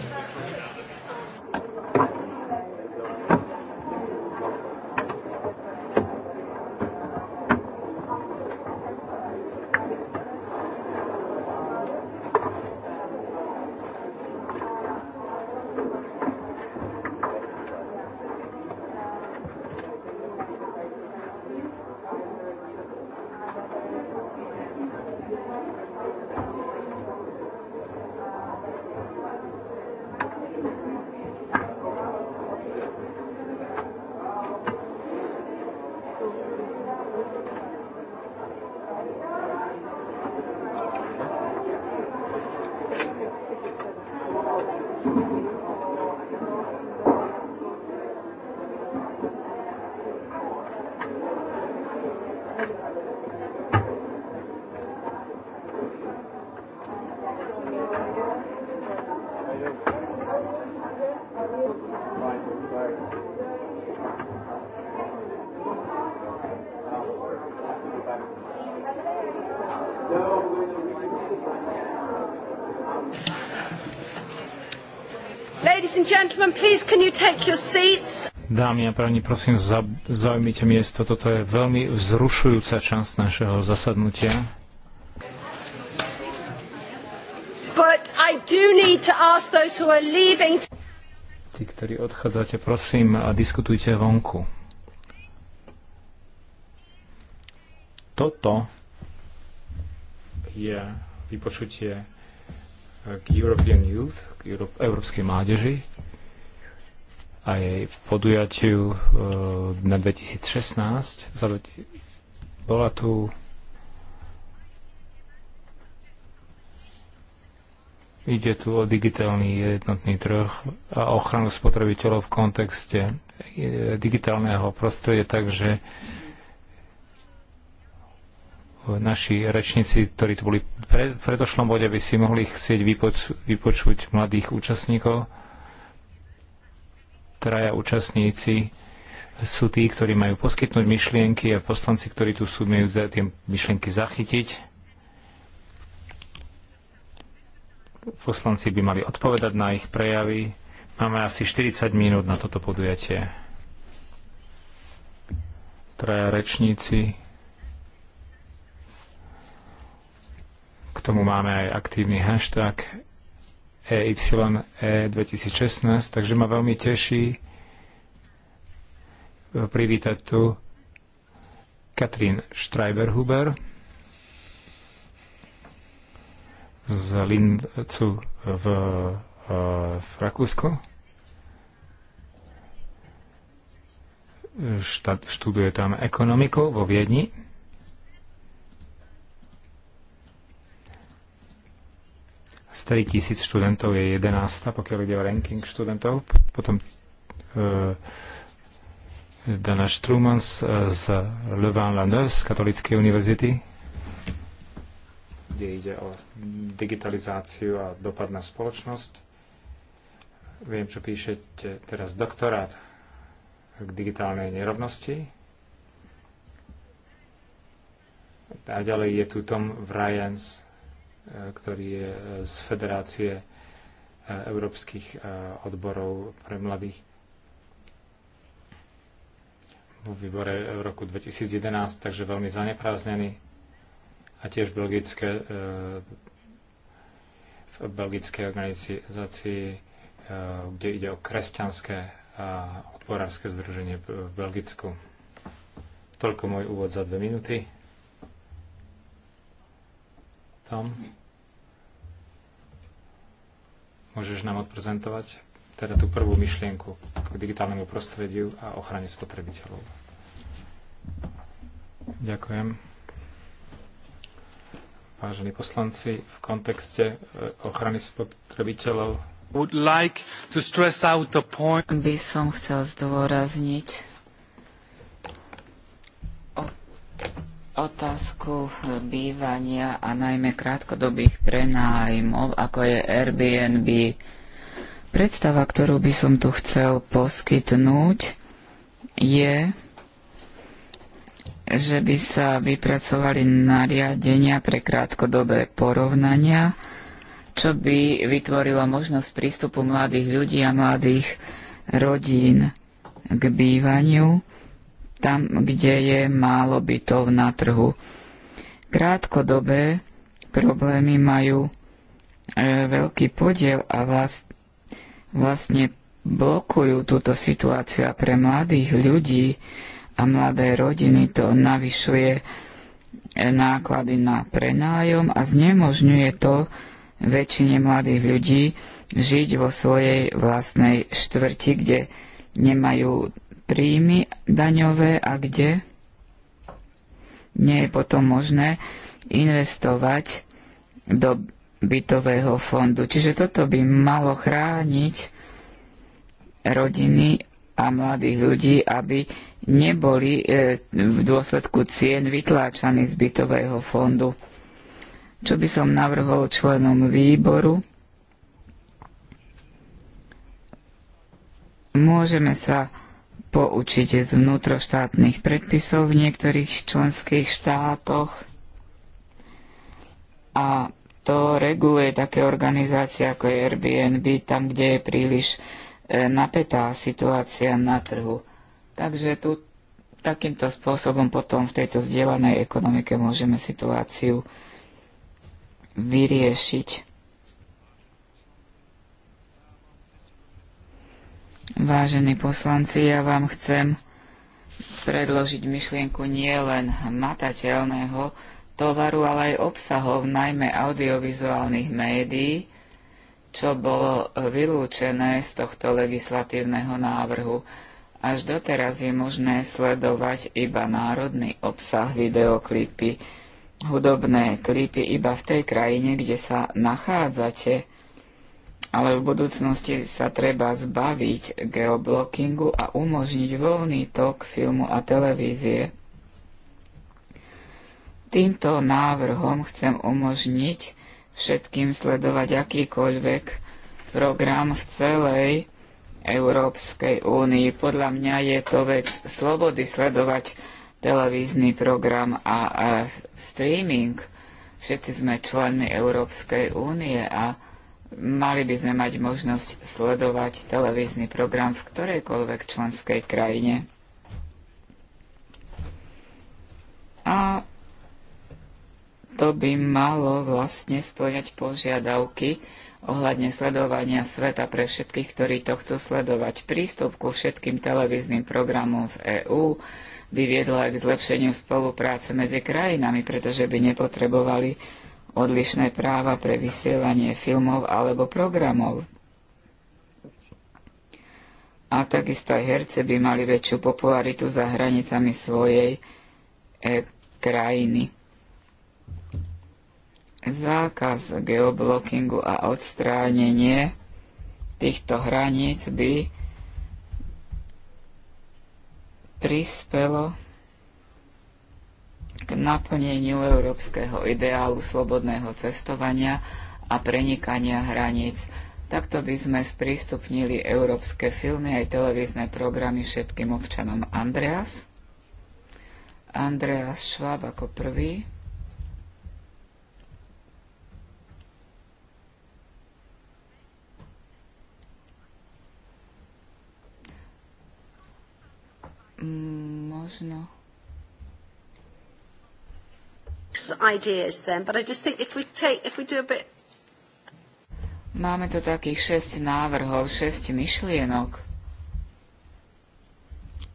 Dámy a páni, prosím, zaujmite miesto. Toto je veľmi vzrušujúca časť našeho zasadnutia. Tí, ktorí odchádzate, prosím, a diskutujte vonku. Toto je vypočutie k European Youth, k Európskej mládeži a jej podujatiu e, na 2016. Bola tu Ide tu o digitálny jednotný trh a ochranu spotrebiteľov v kontexte e, digitálneho prostredia, takže naši rečníci, ktorí tu boli pre, v predošlom bode, by si mohli chcieť vypoč, vypočuť mladých účastníkov. Traja účastníci sú tí, ktorí majú poskytnúť myšlienky a poslanci, ktorí tu sú, majú za tie myšlienky zachytiť. Poslanci by mali odpovedať na ich prejavy. Máme asi 40 minút na toto podujatie. Traja rečníci K tomu máme aj aktívny hashtag EYE 2016, e takže ma veľmi teší e, privítať tu Katrin Streiberhuber z Lindcu v, e, v Rakúsku. Štát, študuje tam ekonomiku vo Viedni. 3 tisíc študentov je 11, pokiaľ ide o ranking študentov. Potom uh, Dana Strumans e, z Levan la z Katolíckej univerzity, kde ide o digitalizáciu a dopad na spoločnosť. Viem, čo píšete teraz doktorát k digitálnej nerovnosti. A ďalej je tu Tom Vryans ktorý je z Federácie e, európskych e, odborov pre mladých. V výbore v roku 2011, takže veľmi zaneprázdnený. A tiež belgické, e, v belgickej organizácii, kde ide o kresťanské a odborárske združenie v Belgicku. Toľko môj úvod za dve minúty tom? Môžeš nám odprezentovať teda tú prvú myšlienku k digitálnemu prostrediu a ochrane spotrebiteľov. Ďakujem. Vážení poslanci, v kontexte e, ochrany spotrebiteľov would like to stress out the point. by som chcel zdôrazniť otázku bývania a najmä krátkodobých prenájmov, ako je Airbnb. Predstava, ktorú by som tu chcel poskytnúť, je, že by sa vypracovali nariadenia pre krátkodobé porovnania, čo by vytvorilo možnosť prístupu mladých ľudí a mladých rodín k bývaniu tam, kde je málo bytov na trhu. Krátkodobé problémy majú e, veľký podiel a vlast, vlastne blokujú túto situáciu a pre mladých ľudí a mladé rodiny to navyšuje e, náklady na prenájom a znemožňuje to väčšine mladých ľudí žiť vo svojej vlastnej štvrti, kde nemajú príjmy daňové a kde nie je potom možné investovať do bytového fondu. Čiže toto by malo chrániť rodiny a mladých ľudí, aby neboli e, v dôsledku cien vytláčaní z bytového fondu. Čo by som navrhol členom výboru? Môžeme sa poučiť z vnútroštátnych predpisov v niektorých členských štátoch a to reguluje také organizácie ako je Airbnb, tam, kde je príliš e, napätá situácia na trhu. Takže tu takýmto spôsobom potom v tejto zdieľanej ekonomike môžeme situáciu vyriešiť. Vážení poslanci, ja vám chcem predložiť myšlienku nielen matateľného tovaru, ale aj obsahov, najmä audiovizuálnych médií, čo bolo vylúčené z tohto legislatívneho návrhu. Až doteraz je možné sledovať iba národný obsah videoklipy, hudobné klipy iba v tej krajine, kde sa nachádzate ale v budúcnosti sa treba zbaviť geoblockingu a umožniť voľný tok filmu a televízie. Týmto návrhom chcem umožniť všetkým sledovať akýkoľvek program v celej Európskej únii. Podľa mňa je to vec slobody sledovať televízny program a, a streaming. Všetci sme členmi Európskej únie a Mali by sme mať možnosť sledovať televízny program v ktorejkoľvek členskej krajine. A to by malo vlastne spojať požiadavky ohľadne sledovania sveta pre všetkých, ktorí to chcú sledovať. Prístup ku všetkým televíznym programom v EÚ by viedla aj k zlepšeniu spolupráce medzi krajinami, pretože by nepotrebovali odlišné práva pre vysielanie filmov alebo programov. A takisto aj herce by mali väčšiu popularitu za hranicami svojej e, krajiny. Zákaz geoblockingu a odstránenie týchto hraníc by prispelo k naplneniu európskeho ideálu slobodného cestovania a prenikania hraníc. Takto by sme sprístupnili európske filmy aj televízne programy všetkým občanom. Andreas? Andreas Schwab ako prvý. Mm, možno ideas then, but I just think if we take, if we do a bit... Máme tu takých 6 návrhov, 6 myšlienok.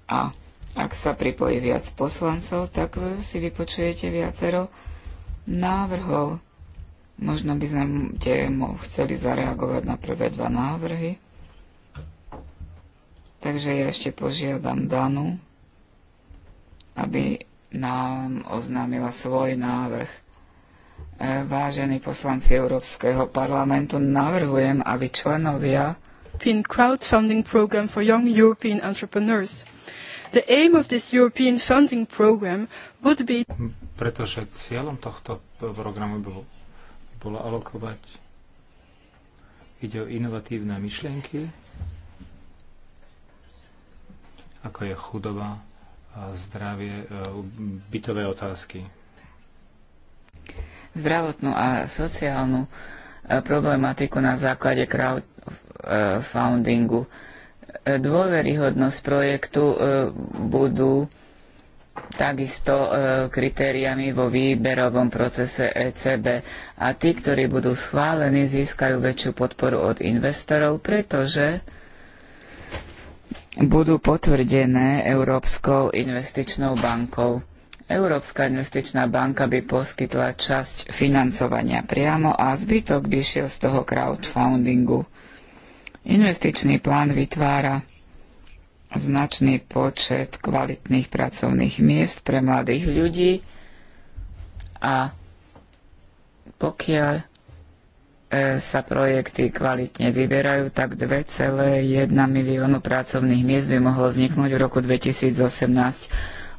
A ak sa pripojí viac poslancov, tak si vypočujete viacero návrhov. Možno by sme chceli zareagovať na prvé dva návrhy. Takže ja ešte požiadam Danu, aby nám oznámila svoj návrh. E, vážení poslanci Európskeho parlamentu, navrhujem, aby členovia European crowdfunding program for young European entrepreneurs. The aim of this European funding program would be pretože cieľom tohto programu bolo, bolo alokovať ide o inovatívne myšlienky, ako je chudoba, zdravie, e, bytové otázky. Zdravotnú a sociálnu e, problematiku na základe crowdfundingu. E, dôveryhodnosť projektu budú takisto kritériami vo výberovom procese ECB a tí, ktorí budú schválení, získajú väčšiu podporu od investorov, pretože budú potvrdené Európskou investičnou bankou. Európska investičná banka by poskytla časť financovania priamo a zbytok by šiel z toho crowdfundingu. Investičný plán vytvára značný počet kvalitných pracovných miest pre mladých ľudí a pokiaľ E, sa projekty kvalitne vyberajú, tak 2,1 miliónu pracovných miest by mohlo vzniknúť v roku 2018.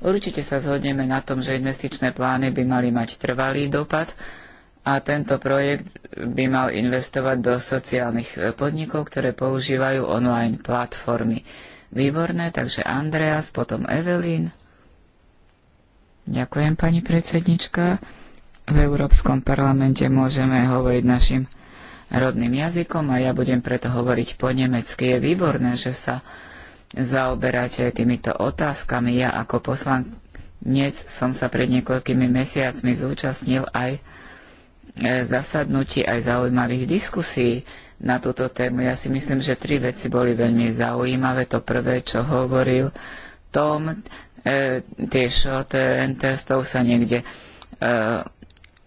Určite sa zhodneme na tom, že investičné plány by mali mať trvalý dopad a tento projekt by mal investovať do sociálnych podnikov, ktoré používajú online platformy. Výborné, takže Andreas, potom Evelyn. Ďakujem, pani predsednička. V Európskom parlamente môžeme hovoriť našim rodným jazykom a ja budem preto hovoriť po nemecky. Je výborné, že sa zaoberáte týmito otázkami. Ja ako poslanec som sa pred niekoľkými mesiacmi zúčastnil aj e, zasadnutí aj zaujímavých diskusí na túto tému. Ja si myslím, že tri veci boli veľmi zaujímavé. To prvé, čo hovoril Tom, e, tie short interstov e, sa niekde e,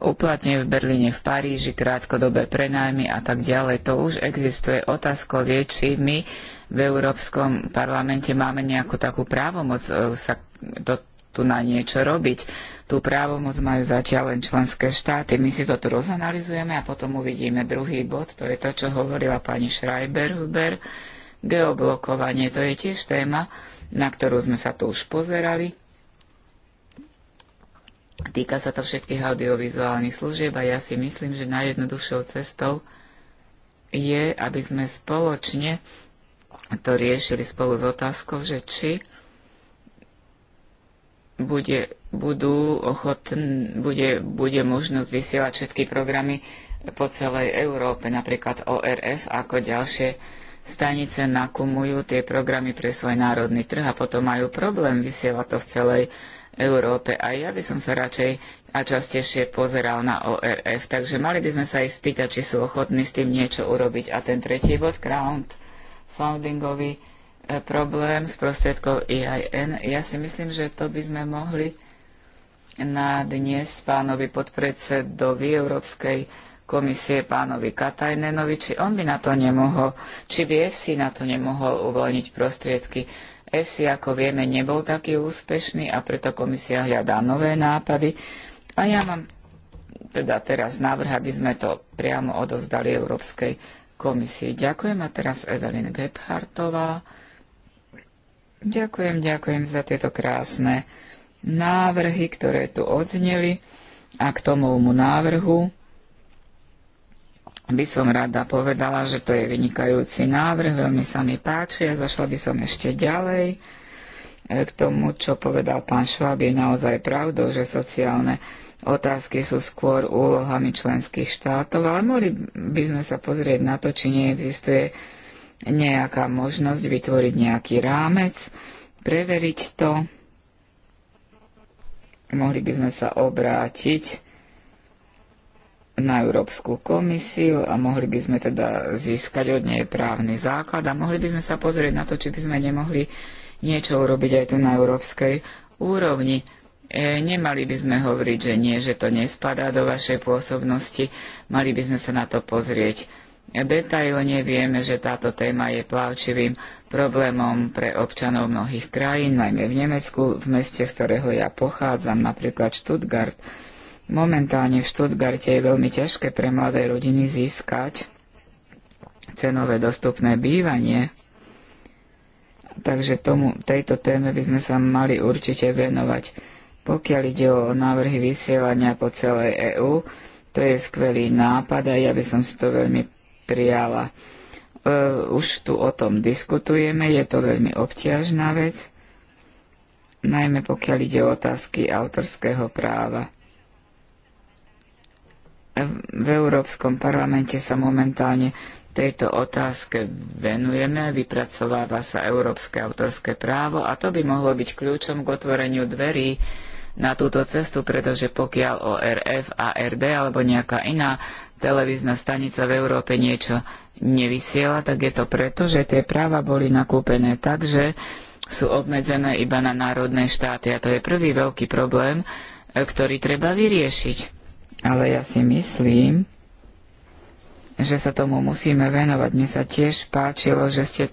uplatňuje v Berlíne, v Paríži, krátkodobé prenájmy a tak ďalej. To už existuje. Otázko vie, či my v Európskom parlamente máme nejakú takú právomoc e, sa do, tu na niečo robiť. Tú právomoc majú zatiaľ len členské štáty. My si to tu rozanalizujeme a potom uvidíme druhý bod. To je to, čo hovorila pani Schreiber-Huber. Geoblokovanie, to je tiež téma, na ktorú sme sa tu už pozerali Týka sa to všetkých audiovizuálnych služieb a ja si myslím, že najjednoduchšou cestou je, aby sme spoločne to riešili spolu s otázkou, že či bude, budú ochotn, bude, bude možnosť vysielať všetky programy po celej Európe, napríklad ORF, ako ďalšie stanice nakumujú tie programy pre svoj národný trh a potom majú problém vysielať to v celej Európe. A ja by som sa radšej a častejšie pozeral na ORF. Takže mali by sme sa aj spýtať, či sú ochotní s tým niečo urobiť. A ten tretí bod, crowdfundingový e, problém s prostriedkou EIN, ja si myslím, že to by sme mohli dnes pánovi podpredsedovi Európskej komisie pánovi Katajnenovi, či on by na to nemohol, či by na to nemohol uvoľniť prostriedky. EFSI, ako vieme, nebol taký úspešný a preto komisia hľadá nové nápady. A ja mám teda teraz návrh, aby sme to priamo odovzdali Európskej komisii. Ďakujem a teraz Evelyn Gebhartová. Ďakujem, ďakujem za tieto krásne návrhy, ktoré tu odzneli a k tomu návrhu by som rada povedala, že to je vynikajúci návrh, veľmi sa mi páči a zašla by som ešte ďalej e, k tomu, čo povedal pán Šváb, je naozaj pravdou, že sociálne otázky sú skôr úlohami členských štátov, ale mohli by sme sa pozrieť na to, či neexistuje nejaká možnosť vytvoriť nejaký rámec, preveriť to. Mohli by sme sa obrátiť na Európsku komisiu a mohli by sme teda získať od nej právny základ a mohli by sme sa pozrieť na to, či by sme nemohli niečo urobiť aj tu na európskej úrovni. E, nemali by sme hovoriť, že nie, že to nespadá do vašej pôsobnosti, mali by sme sa na to pozrieť. Detailne vieme, že táto téma je plavčivým problémom pre občanov mnohých krajín, najmä v Nemecku, v meste, z ktorého ja pochádzam, napríklad Stuttgart Momentálne v Stuttgarte je veľmi ťažké pre mladé rodiny získať cenové dostupné bývanie. Takže tomu, tejto téme by sme sa mali určite venovať. Pokiaľ ide o návrhy vysielania po celej EÚ, to je skvelý nápad a ja by som si to veľmi prijala. E, už tu o tom diskutujeme, je to veľmi obťažná vec, najmä pokiaľ ide o otázky autorského práva v Európskom parlamente sa momentálne tejto otázke venujeme, vypracováva sa európske autorské právo a to by mohlo byť kľúčom k otvoreniu dverí na túto cestu, pretože pokiaľ o RF a RD alebo nejaká iná televízna stanica v Európe niečo nevysiela, tak je to preto, že tie práva boli nakúpené tak, že sú obmedzené iba na národné štáty a to je prvý veľký problém, e, ktorý treba vyriešiť ale ja si myslím, že sa tomu musíme venovať. Mne sa tiež páčilo, že ste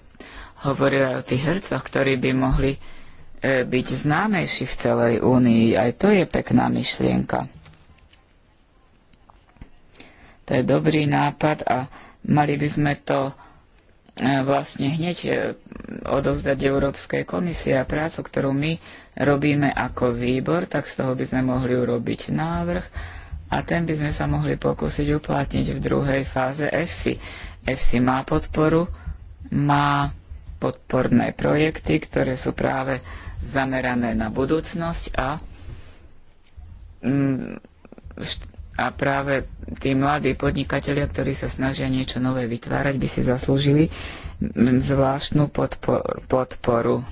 hovorili o tých hercoch, ktorí by mohli e, byť známejší v celej únii. Aj to je pekná myšlienka. To je dobrý nápad a mali by sme to e, vlastne hneď e, odovzdať Európskej komisie a prácu, ktorú my robíme ako výbor, tak z toho by sme mohli urobiť návrh a ten by sme sa mohli pokúsiť uplatniť v druhej fáze EFSI. FC má podporu, má podporné projekty, ktoré sú práve zamerané na budúcnosť a, mm, a práve tí mladí podnikatelia, ktorí sa snažia niečo nové vytvárať, by si zaslúžili mm, zvláštnu podporu.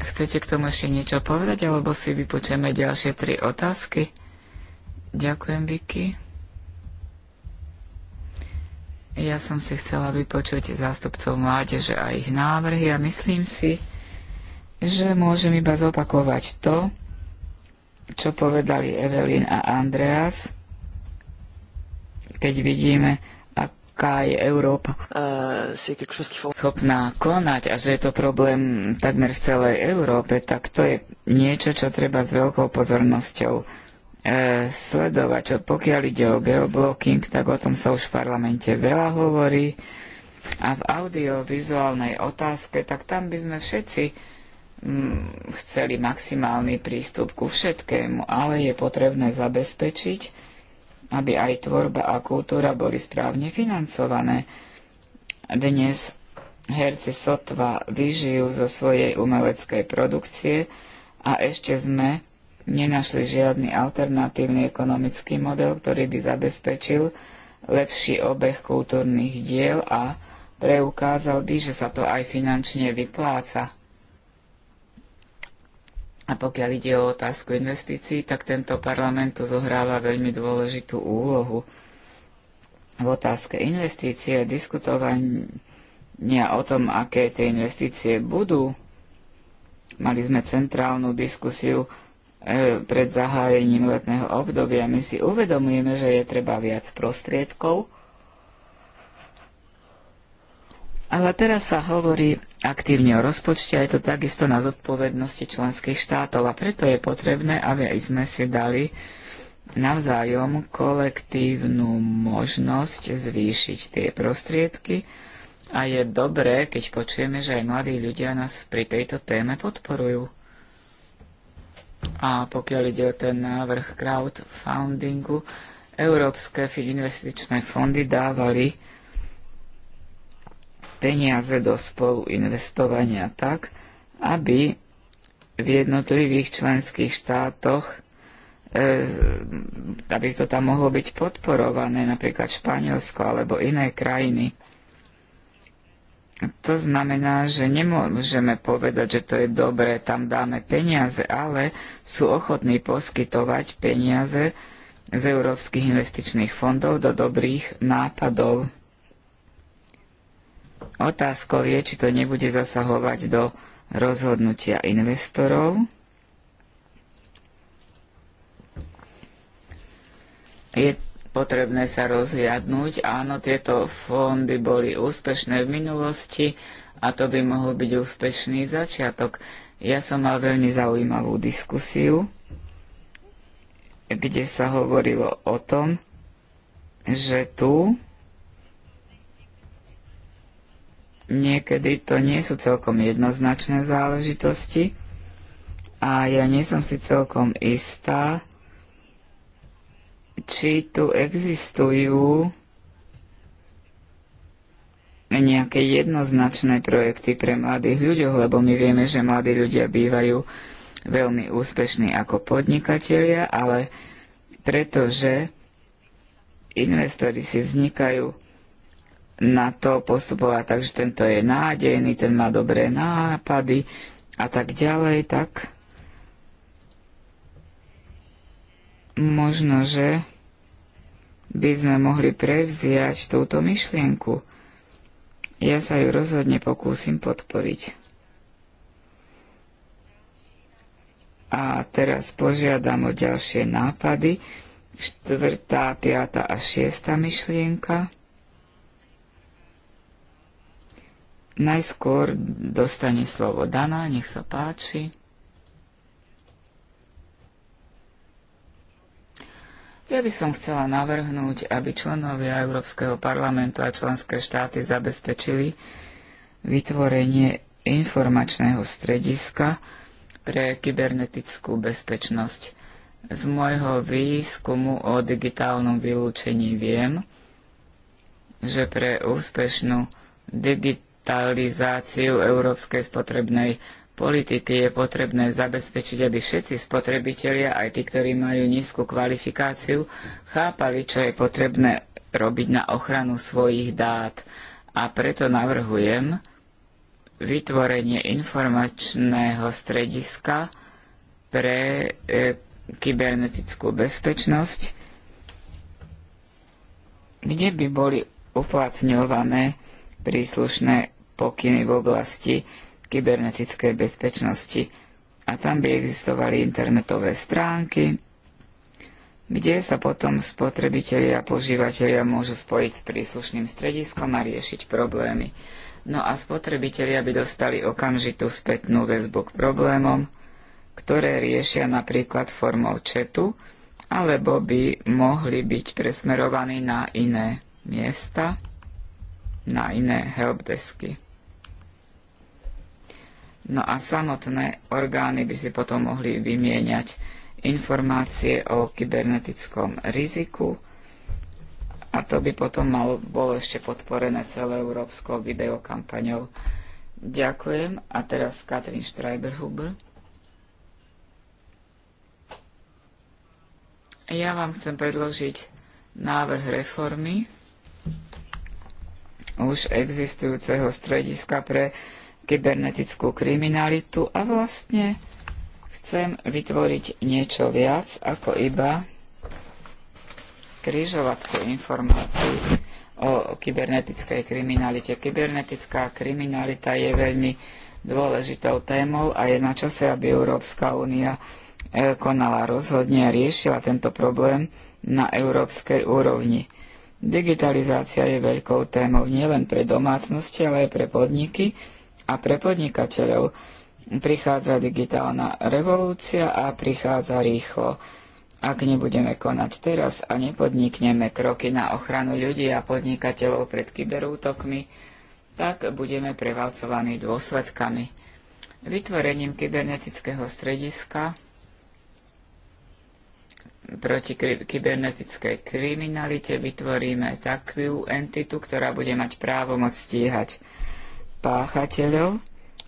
Chcete k tomu ešte niečo povedať, alebo si vypočujeme ďalšie tri otázky? Ďakujem, Vicky. Ja som si chcela vypočuť zástupcov mládeže a ich návrhy a myslím si, že môžem iba zopakovať to, čo povedali Evelyn a Andreas, keď vidíme, aká je Európa schopná konať a že je to problém takmer v celej Európe, tak to je niečo, čo treba s veľkou pozornosťou e, sledovať. Čo pokiaľ ide o geoblocking, tak o tom sa už v parlamente veľa hovorí a v audiovizuálnej otázke, tak tam by sme všetci mm, chceli maximálny prístup ku všetkému, ale je potrebné zabezpečiť, aby aj tvorba a kultúra boli správne financované. Dnes herci sotva vyžijú zo svojej umeleckej produkcie a ešte sme nenašli žiadny alternatívny ekonomický model, ktorý by zabezpečil lepší obeh kultúrnych diel a preukázal by, že sa to aj finančne vypláca. A pokiaľ ide o otázku investícií, tak tento parlament tu zohráva veľmi dôležitú úlohu. V otázke investície, diskutovania o tom, aké tie investície budú, mali sme centrálnu diskusiu e, pred zahájením letného obdobia. My si uvedomujeme, že je treba viac prostriedkov Ale teraz sa hovorí aktívne o rozpočte a je to takisto na zodpovednosti členských štátov a preto je potrebné, aby aj sme si dali navzájom kolektívnu možnosť zvýšiť tie prostriedky a je dobré, keď počujeme, že aj mladí ľudia nás pri tejto téme podporujú. A pokiaľ ide o ten návrh crowdfundingu, európske investičné fondy dávali peniaze do spoluinvestovania tak, aby v jednotlivých členských štátoch e, aby to tam mohlo byť podporované, napríklad Španielsko alebo iné krajiny. To znamená, že nemôžeme povedať, že to je dobré, tam dáme peniaze, ale sú ochotní poskytovať peniaze z európskych investičných fondov do dobrých nápadov. Otázkou je, či to nebude zasahovať do rozhodnutia investorov. Je potrebné sa rozhliadnúť. Áno, tieto fondy boli úspešné v minulosti a to by mohol byť úspešný začiatok. Ja som mal veľmi zaujímavú diskusiu, kde sa hovorilo o tom, že tu niekedy to nie sú celkom jednoznačné záležitosti a ja nie som si celkom istá, či tu existujú nejaké jednoznačné projekty pre mladých ľudí, lebo my vieme, že mladí ľudia bývajú veľmi úspešní ako podnikatelia, ale pretože investori si vznikajú na to postupovať. Takže tento je nádejný, ten má dobré nápady a tak ďalej, tak možno, že by sme mohli prevziať túto myšlienku. Ja sa ju rozhodne pokúsim podporiť. A teraz požiadam o ďalšie nápady. Štvrtá, piata a šiesta myšlienka. Najskôr dostane slovo Dana, nech sa páči. Ja by som chcela navrhnúť, aby členovia Európskeho parlamentu a členské štáty zabezpečili vytvorenie informačného strediska pre kybernetickú bezpečnosť. Z môjho výskumu o digitálnom vylúčení viem, že pre úspešnú digitálnu digitalizáciu európskej spotrebnej politiky je potrebné zabezpečiť, aby všetci spotrebitelia, aj tí, ktorí majú nízku kvalifikáciu, chápali, čo je potrebné robiť na ochranu svojich dát. A preto navrhujem vytvorenie informačného strediska pre e, kybernetickú bezpečnosť, kde by boli uplatňované príslušné pokyny v oblasti kybernetickej bezpečnosti. A tam by existovali internetové stránky, kde sa potom spotrebitelia a požívateľia môžu spojiť s príslušným strediskom a riešiť problémy. No a spotrebitelia by dostali okamžitú spätnú väzbu k problémom, ktoré riešia napríklad formou četu, alebo by mohli byť presmerovaní na iné miesta, na iné helpdesky. No a samotné orgány by si potom mohli vymieňať informácie o kybernetickom riziku a to by potom malo, bolo ešte podporené celou európskou videokampaňou. Ďakujem. A teraz Katrin Schreiberhuber. Ja vám chcem predložiť návrh reformy už existujúceho strediska pre kybernetickú kriminalitu a vlastne chcem vytvoriť niečo viac ako iba križovatku informácií o kybernetickej kriminalite. Kybernetická kriminalita je veľmi dôležitou témou a je na čase, aby Európska únia e, konala rozhodne a riešila tento problém na európskej úrovni. Digitalizácia je veľkou témou nielen pre domácnosti, ale aj pre podniky, a pre podnikateľov. Prichádza digitálna revolúcia a prichádza rýchlo. Ak nebudeme konať teraz a nepodnikneme kroky na ochranu ľudí a podnikateľov pred kyberútokmi, tak budeme prevalcovaní dôsledkami. Vytvorením kybernetického strediska proti kybernetickej kriminalite vytvoríme takú entitu, ktorá bude mať právo moc stíhať páchateľov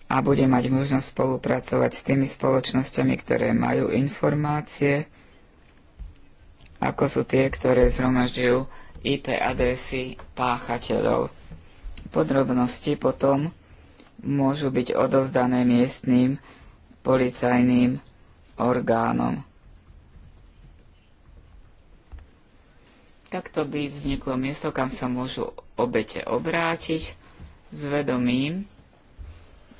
a bude mať možnosť spolupracovať s tými spoločnosťami, ktoré majú informácie, ako sú tie, ktoré zhromažďujú IP adresy páchateľov. Podrobnosti potom môžu byť odovzdané miestnym policajným orgánom. Takto by vzniklo miesto, kam sa môžu obete obrátiť s vedomím,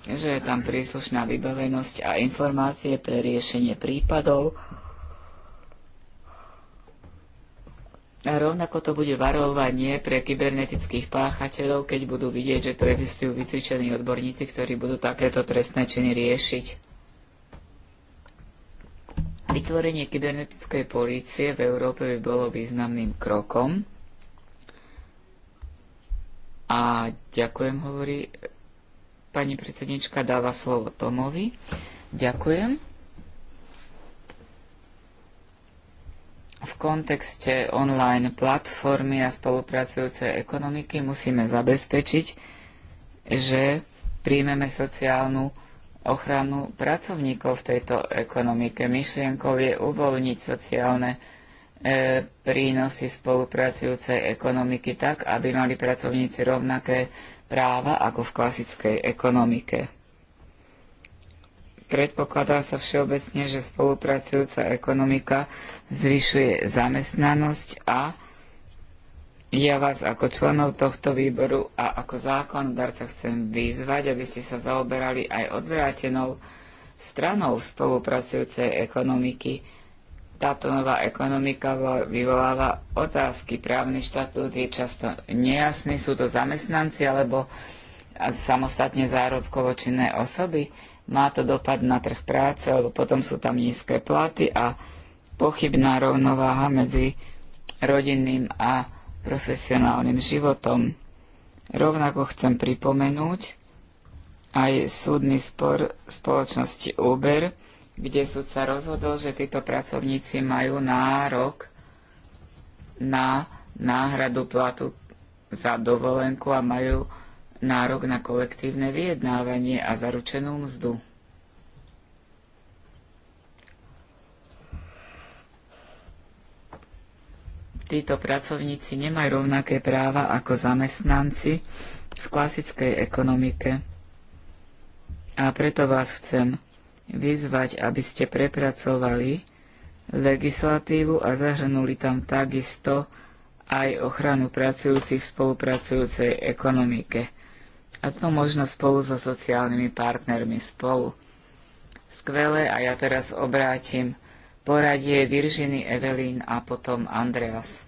že je tam príslušná vybavenosť a informácie pre riešenie prípadov. A rovnako to bude varovanie pre kybernetických páchateľov, keď budú vidieť, že tu existujú vycvičení odborníci, ktorí budú takéto trestné činy riešiť. Vytvorenie kybernetickej polície v Európe by bolo významným krokom a ďakujem, hovorí pani predsednička, dáva slovo Tomovi. Ďakujem. V kontexte online platformy a spolupracujúcej ekonomiky musíme zabezpečiť, že príjmeme sociálnu ochranu pracovníkov v tejto ekonomike. Myšlienkou je uvoľniť sociálne E, prínosy spolupracujúcej ekonomiky tak, aby mali pracovníci rovnaké práva ako v klasickej ekonomike. Predpokladá sa všeobecne, že spolupracujúca ekonomika zvyšuje zamestnanosť a ja vás ako členov tohto výboru a ako zákonodarca chcem vyzvať, aby ste sa zaoberali aj odvrátenou stranou spolupracujúcej ekonomiky, táto nová ekonomika vyvoláva otázky. Právny štatút je často nejasný. Sú to zamestnanci alebo samostatne zárobkovo činné osoby. Má to dopad na trh práce, alebo potom sú tam nízke platy a pochybná rovnováha medzi rodinným a profesionálnym životom. Rovnako chcem pripomenúť aj súdny spor spoločnosti Uber, kde súd sa rozhodol, že títo pracovníci majú nárok na náhradu platu za dovolenku a majú nárok na kolektívne vyjednávanie a zaručenú mzdu. Títo pracovníci nemajú rovnaké práva ako zamestnanci v klasickej ekonomike. A preto vás chcem vyzvať, aby ste prepracovali legislatívu a zahrnuli tam takisto aj ochranu pracujúcich v spolupracujúcej ekonomike. A to možno spolu so sociálnymi partnermi spolu. Skvelé, a ja teraz obrátim poradie Viržiny, Evelín a potom Andreas.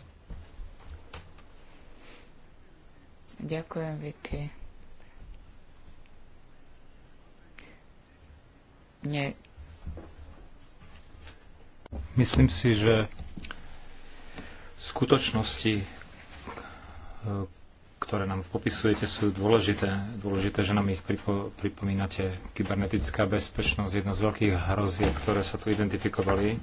Ďakujem, Vicky. Nie. Myslím si, že v skutočnosti, e, ktoré nám popisujete, sú dôležité. Dôležité, že nám ich pripo- pripomínate. Kybernetická bezpečnosť, jedna z veľkých hrozieb, ktoré sa tu identifikovali.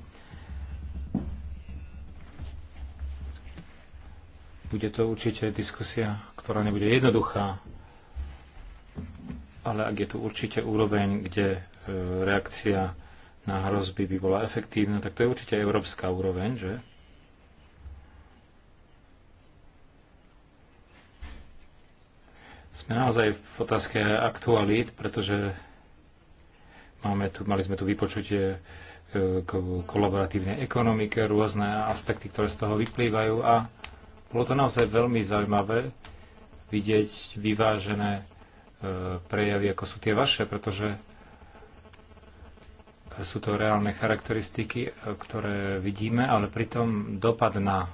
Bude to určite diskusia, ktorá nebude jednoduchá, ale ak je tu určite úroveň, kde E, reakcia na hrozby by bola efektívna, tak to je určite európska úroveň, že? Sme naozaj v otázke aktualít, pretože máme tu, mali sme tu vypočutie e, kolaboratívnej ekonomike, rôzne aspekty, ktoré z toho vyplývajú a bolo to naozaj veľmi zaujímavé vidieť vyvážené e, prejavy, ako sú tie vaše, pretože sú to reálne charakteristiky, e, ktoré vidíme, ale pritom dopad na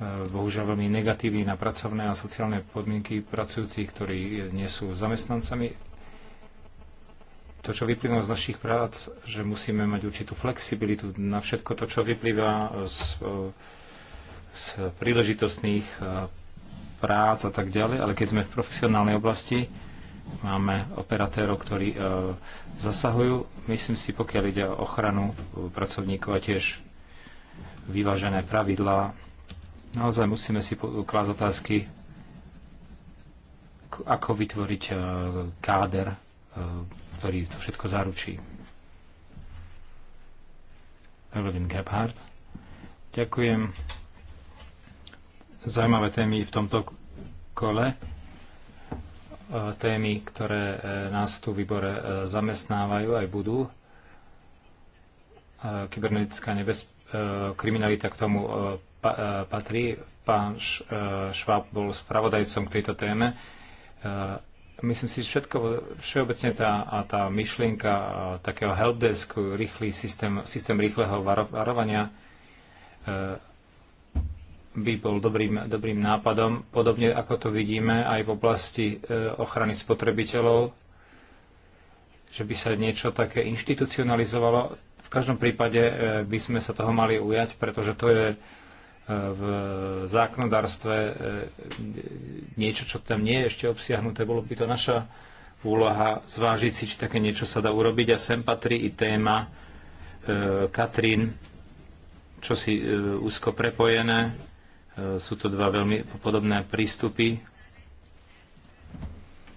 e, bohužiaľ veľmi negatívny na pracovné a sociálne podmienky pracujúcich, ktorí nie sú zamestnancami. To, čo vyplýva z našich prác, že musíme mať určitú flexibilitu na všetko to, čo vyplýva z, e, z príležitostných prác a tak ďalej, ale keď sme v profesionálnej oblasti, Máme operatérov, ktorí e, zasahujú. Myslím si, pokiaľ ide o ochranu e, pracovníkov a tiež vyvážené pravidlá, naozaj musíme si klásť otázky, ako vytvoriť e, káder, ktorý to všetko zaručí. Evelyn Gebhardt. Ďakujem. Zajímavé témy v tomto kole. E, témy, ktoré e, nás tu výbore e, zamestnávajú aj budú. Kybernetická nebez... kriminalita k tomu patrí. Pán Šváb bol spravodajcom k tejto téme. Myslím si, že všetko, všeobecne tá, tá myšlienka takého helpdesku, rýchly systém, systém rýchleho varovania, by bol dobrým, dobrým nápadom, podobne ako to vidíme aj v oblasti e, ochrany spotrebiteľov, že by sa niečo také inštitucionalizovalo. V každom prípade e, by sme sa toho mali ujať, pretože to je e, v zákonodárstve niečo, čo tam nie je ešte obsiahnuté. Bolo by to naša úloha zvážiť si, či také niečo sa dá urobiť. A sem patrí i téma Katrín, čo si úzko prepojené E, sú to dva veľmi podobné prístupy,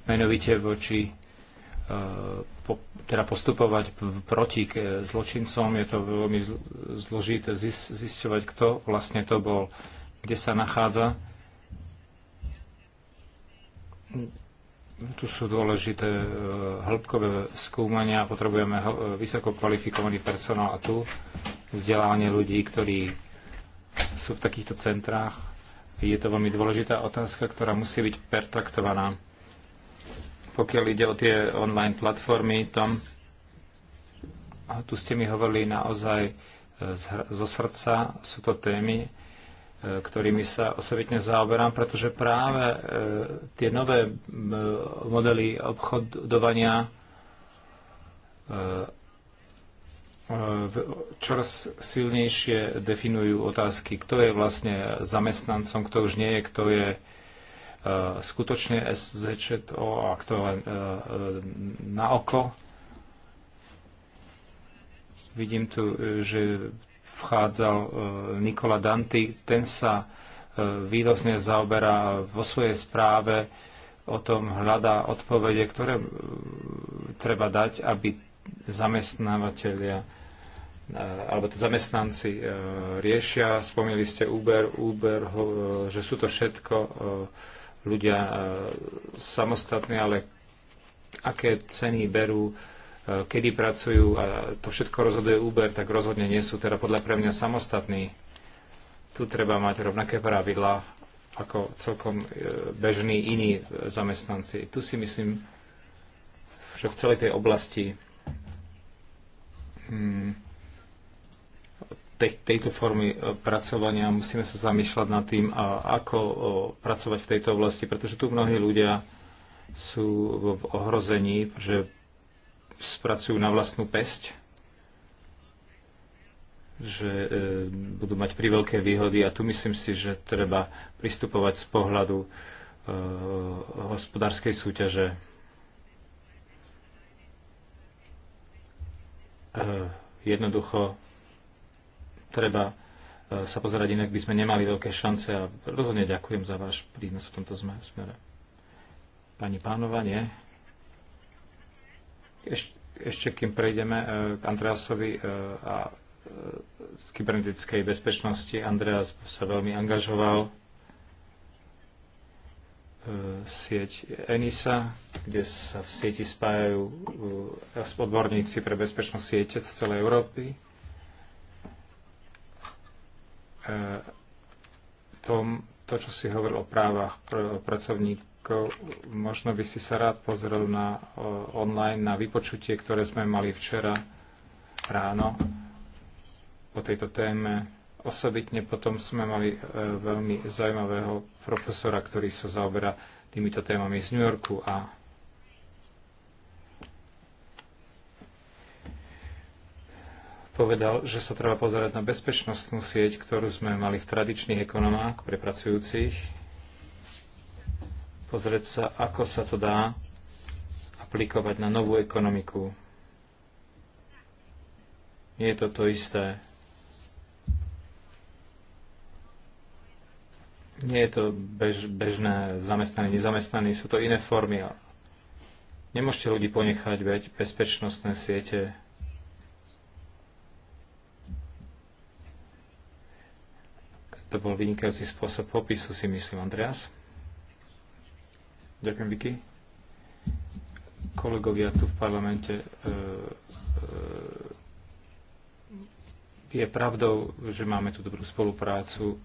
menovite voči e, teda postupovať proti e, zločincom. Je to veľmi zložité zisťovať, kto vlastne to bol, kde sa nachádza. Tu sú dôležité hĺbkové skúmania, potrebujeme vysoko kvalifikovaný personál a tu vzdelávanie ľudí, ktorí sú v takýchto centrách. Je to veľmi dôležitá otázka, ktorá musí byť pertraktovaná. Pokiaľ ide o tie online platformy, tam a tu ste mi hovorili naozaj e, zo srdca, sú to témy, e, ktorými sa osobitne zaoberám, pretože práve e, tie nové modely obchodovania čoraz silnejšie definujú otázky, kto je vlastne zamestnancom, kto už nie je, kto je e, skutočne SZČO a kto len e, e, na oko. Vidím tu, že vchádzal Nikola Danti, ten sa výrazne zaoberá vo svojej správe o tom hľadá odpovede, ktoré treba dať, aby zamestnávateľia e, alebo tí zamestnanci e, riešia. Spomínali ste Uber, Uber, e, že sú to všetko ľudia samostatní, ale aké ceny berú, kedy pracujú a to všetko rozhoduje Uber, tak rozhodne nie sú teda podľa pre mňa samostatní. Tu treba mať rovnaké pravidlá ako celkom bežní iní zamestnanci. Tu si myslím, že v celej tej oblasti Hmm. tejto formy e, pracovania musíme sa zamýšľať nad tým, ako e, pracovať v tejto oblasti, pretože tu mnohí ľudia sú v ohrození, že spracujú na vlastnú pesť, že e, budú mať veľké výhody a tu myslím si, že treba pristupovať z pohľadu hospodárskej súťaže Eh, jednoducho treba eh, sa pozerať, inak by sme nemali veľké šance a rozhodne ďakujem za váš prínos v tomto smere. Pani pánova, nie? Eš, ešte kým prejdeme eh, k Andreasovi a z kybernetickej bezpečnosti. Andreas sa veľmi angažoval E, sieť ENISA, kde sa v sieti spájajú e, odborníci pre bezpečnosť siete z celej Európy. E, tom, to, čo si hovoril o právach pracovníkov, možno by si sa rád pozrel na, online na vypočutie, ktoré sme mali včera ráno o tejto téme Osobitne potom sme mali e, veľmi zaujímavého profesora, ktorý sa zaoberá týmito témami z New Yorku a povedal, že sa treba pozerať na bezpečnostnú sieť, ktorú sme mali v tradičných ekonomách pre pracujúcich. Pozrieť sa, ako sa to dá aplikovať na novú ekonomiku. Nie je to to isté. Nie je to bež, bežné zamestnaní, nezamestnaní, sú to iné formy. Nemôžete ľudí ponechať, veď bezpečnostné siete. To bol vynikajúci spôsob popisu, si myslím, Andreas. Ďakujem, Vicky. Kolegovia tu v parlamente e, e, je pravdou, že máme tu dobrú spoluprácu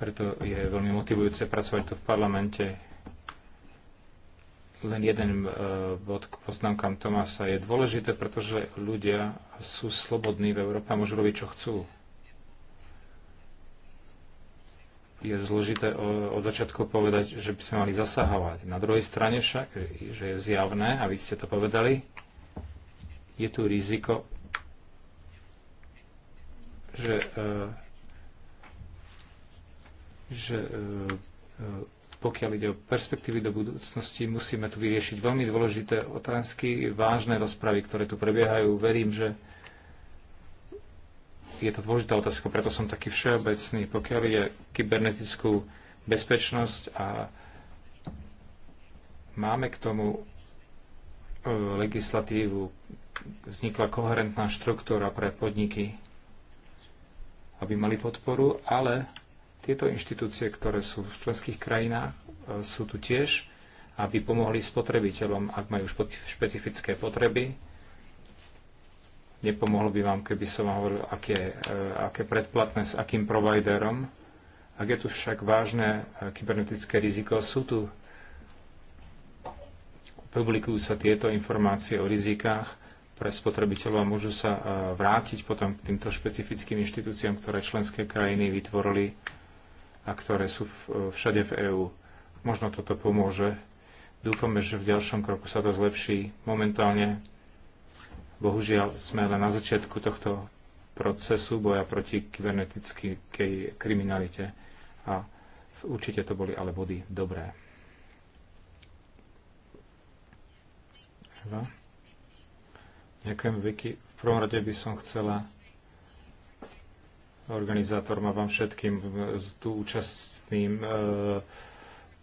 preto je veľmi motivujúce pracovať tu v parlamente. Len jeden e, bod k poznámkam Tomasa je dôležité, pretože ľudia sú slobodní v Európe a môžu robiť, čo chcú. je zložité od začiatku povedať, že by sme mali zasahovať. Na druhej strane však, že je zjavné, a vy ste to povedali, je tu riziko, že e, že e, e, pokiaľ ide o perspektívy do budúcnosti, musíme tu vyriešiť veľmi dôležité otázky, vážne rozpravy, ktoré tu prebiehajú. Verím, že je to dôležitá otázka, preto som taký všeobecný. Pokiaľ ide kybernetickú bezpečnosť a máme k tomu e, legislatívu, vznikla koherentná štruktúra pre podniky, aby mali podporu, ale tieto inštitúcie, ktoré sú v členských krajinách, e, sú tu tiež, aby pomohli spotrebiteľom, ak majú špecifické potreby. Nepomohlo by vám, keby som vám hovoril, aké, e, aké predplatné s akým providerom. Ak je tu však vážne e, kybernetické riziko, sú tu publikujú sa tieto informácie o rizikách pre spotrebiteľov a môžu sa vrátiť potom k týmto špecifickým inštitúciám, ktoré členské krajiny vytvorili a ktoré sú všade v EÚ. Možno toto pomôže. Dúfame, že v ďalšom kroku sa to zlepší. Momentálne, bohužiaľ, sme len na začiatku tohto procesu boja proti kybernetickej kriminalite a určite to boli ale body dobré. Eva? Ďakujem, Vicky. V prvom rade by som chcela organizátorom a vám všetkým e, tu účastným e,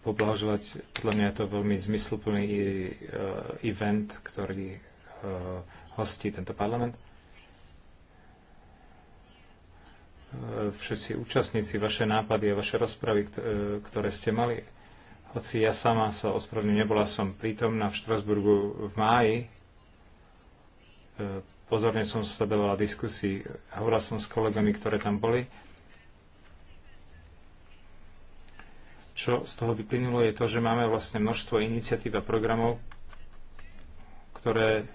poblahoželať. Podľa mňa je to veľmi zmysluplný e, event, ktorý hostí tento parlament. Všetci účastníci, vaše nápady a vaše rozpravy, ktoré ste mali, hoci ja sama sa ospravedlňujem, nebola som prítomná v Štrasburgu v máji, Pozorne som sledovala diskusii, hovorila som s kolegami, ktoré tam boli. Čo z toho vyplynulo je to, že máme vlastne množstvo iniciatív a programov, ktoré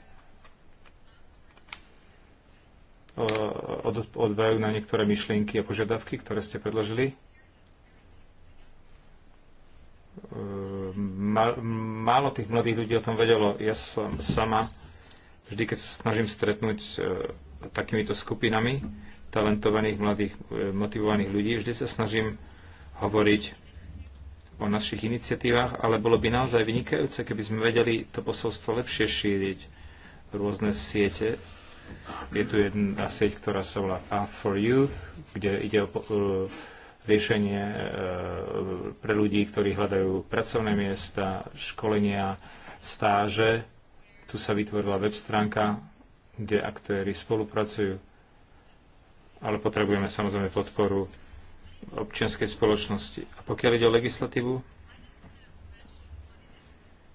odvajú na niektoré myšlienky a požiadavky, ktoré ste predložili. Ehm, málo tých mladých ľudí o tom vedelo. Ja som sama Vždy, keď sa snažím stretnúť s e, takýmito skupinami talentovaných, mladých, e, motivovaných ľudí, vždy sa snažím hovoriť o našich iniciatívach, ale bolo by naozaj vynikajúce, keby sme vedeli to posolstvo lepšie šíriť rôzne siete. Je tu jedna sieť, ktorá sa volá Path for Youth, kde ide o e, riešenie pre ľudí, ktorí hľadajú pracovné miesta, školenia, stáže, tu sa vytvorila web stránka, kde aktéry spolupracujú, ale potrebujeme samozrejme podporu občianskej spoločnosti. A pokiaľ ide o legislatívu,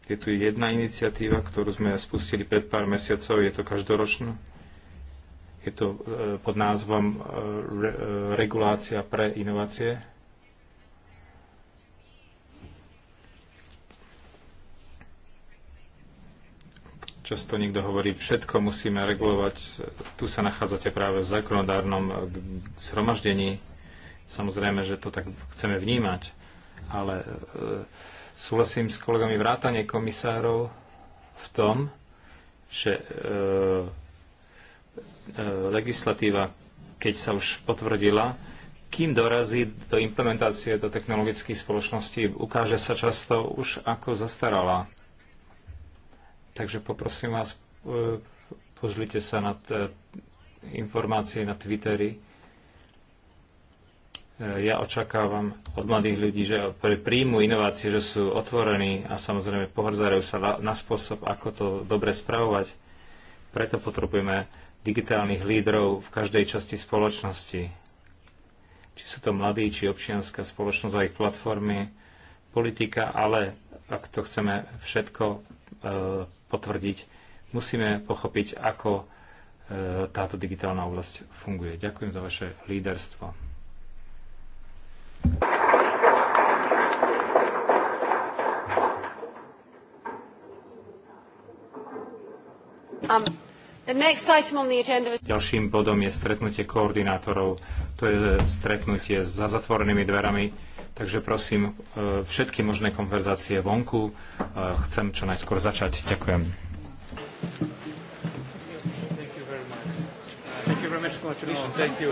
je tu jedna iniciatíva, ktorú sme spustili pred pár mesiacov, je to každoročná. Je to e, pod názvom e, e, Regulácia pre inovácie. Často niekto hovorí, všetko musíme regulovať. Tu sa nachádzate práve v zákonodárnom eh, zhromaždení. Samozrejme, že to tak chceme vnímať, ale eh, súhlasím s kolegami vrátane komisárov v tom, že e, e, legislatíva, keď sa už potvrdila, kým dorazí do implementácie do technologických spoločností, ukáže sa často už ako zastarala. Takže poprosím vás, e, pozrite sa na informácie na Twittery. E, ja očakávam od mladých ľudí, že pre príjmu inovácie, že sú otvorení a samozrejme pohrdzajú sa na, na spôsob, ako to dobre spravovať. Preto potrebujeme digitálnych lídrov v každej časti spoločnosti. Či sú to mladí, či občianská spoločnosť a ich platformy, politika, ale ak to chceme všetko e, potvrdiť. Musíme pochopiť, ako e, táto digitálna oblasť funguje. Ďakujem za vaše líderstvo. Um, agenda... Ďalším bodom je stretnutie koordinátorov. To je stretnutie za zatvorenými dverami. Takže prosím, e, všetky možné konverzácie vonku. E, chcem čo najskôr začať. Ďakujem. Thank you very much. Uh, thank you very Congratulations. Thank you.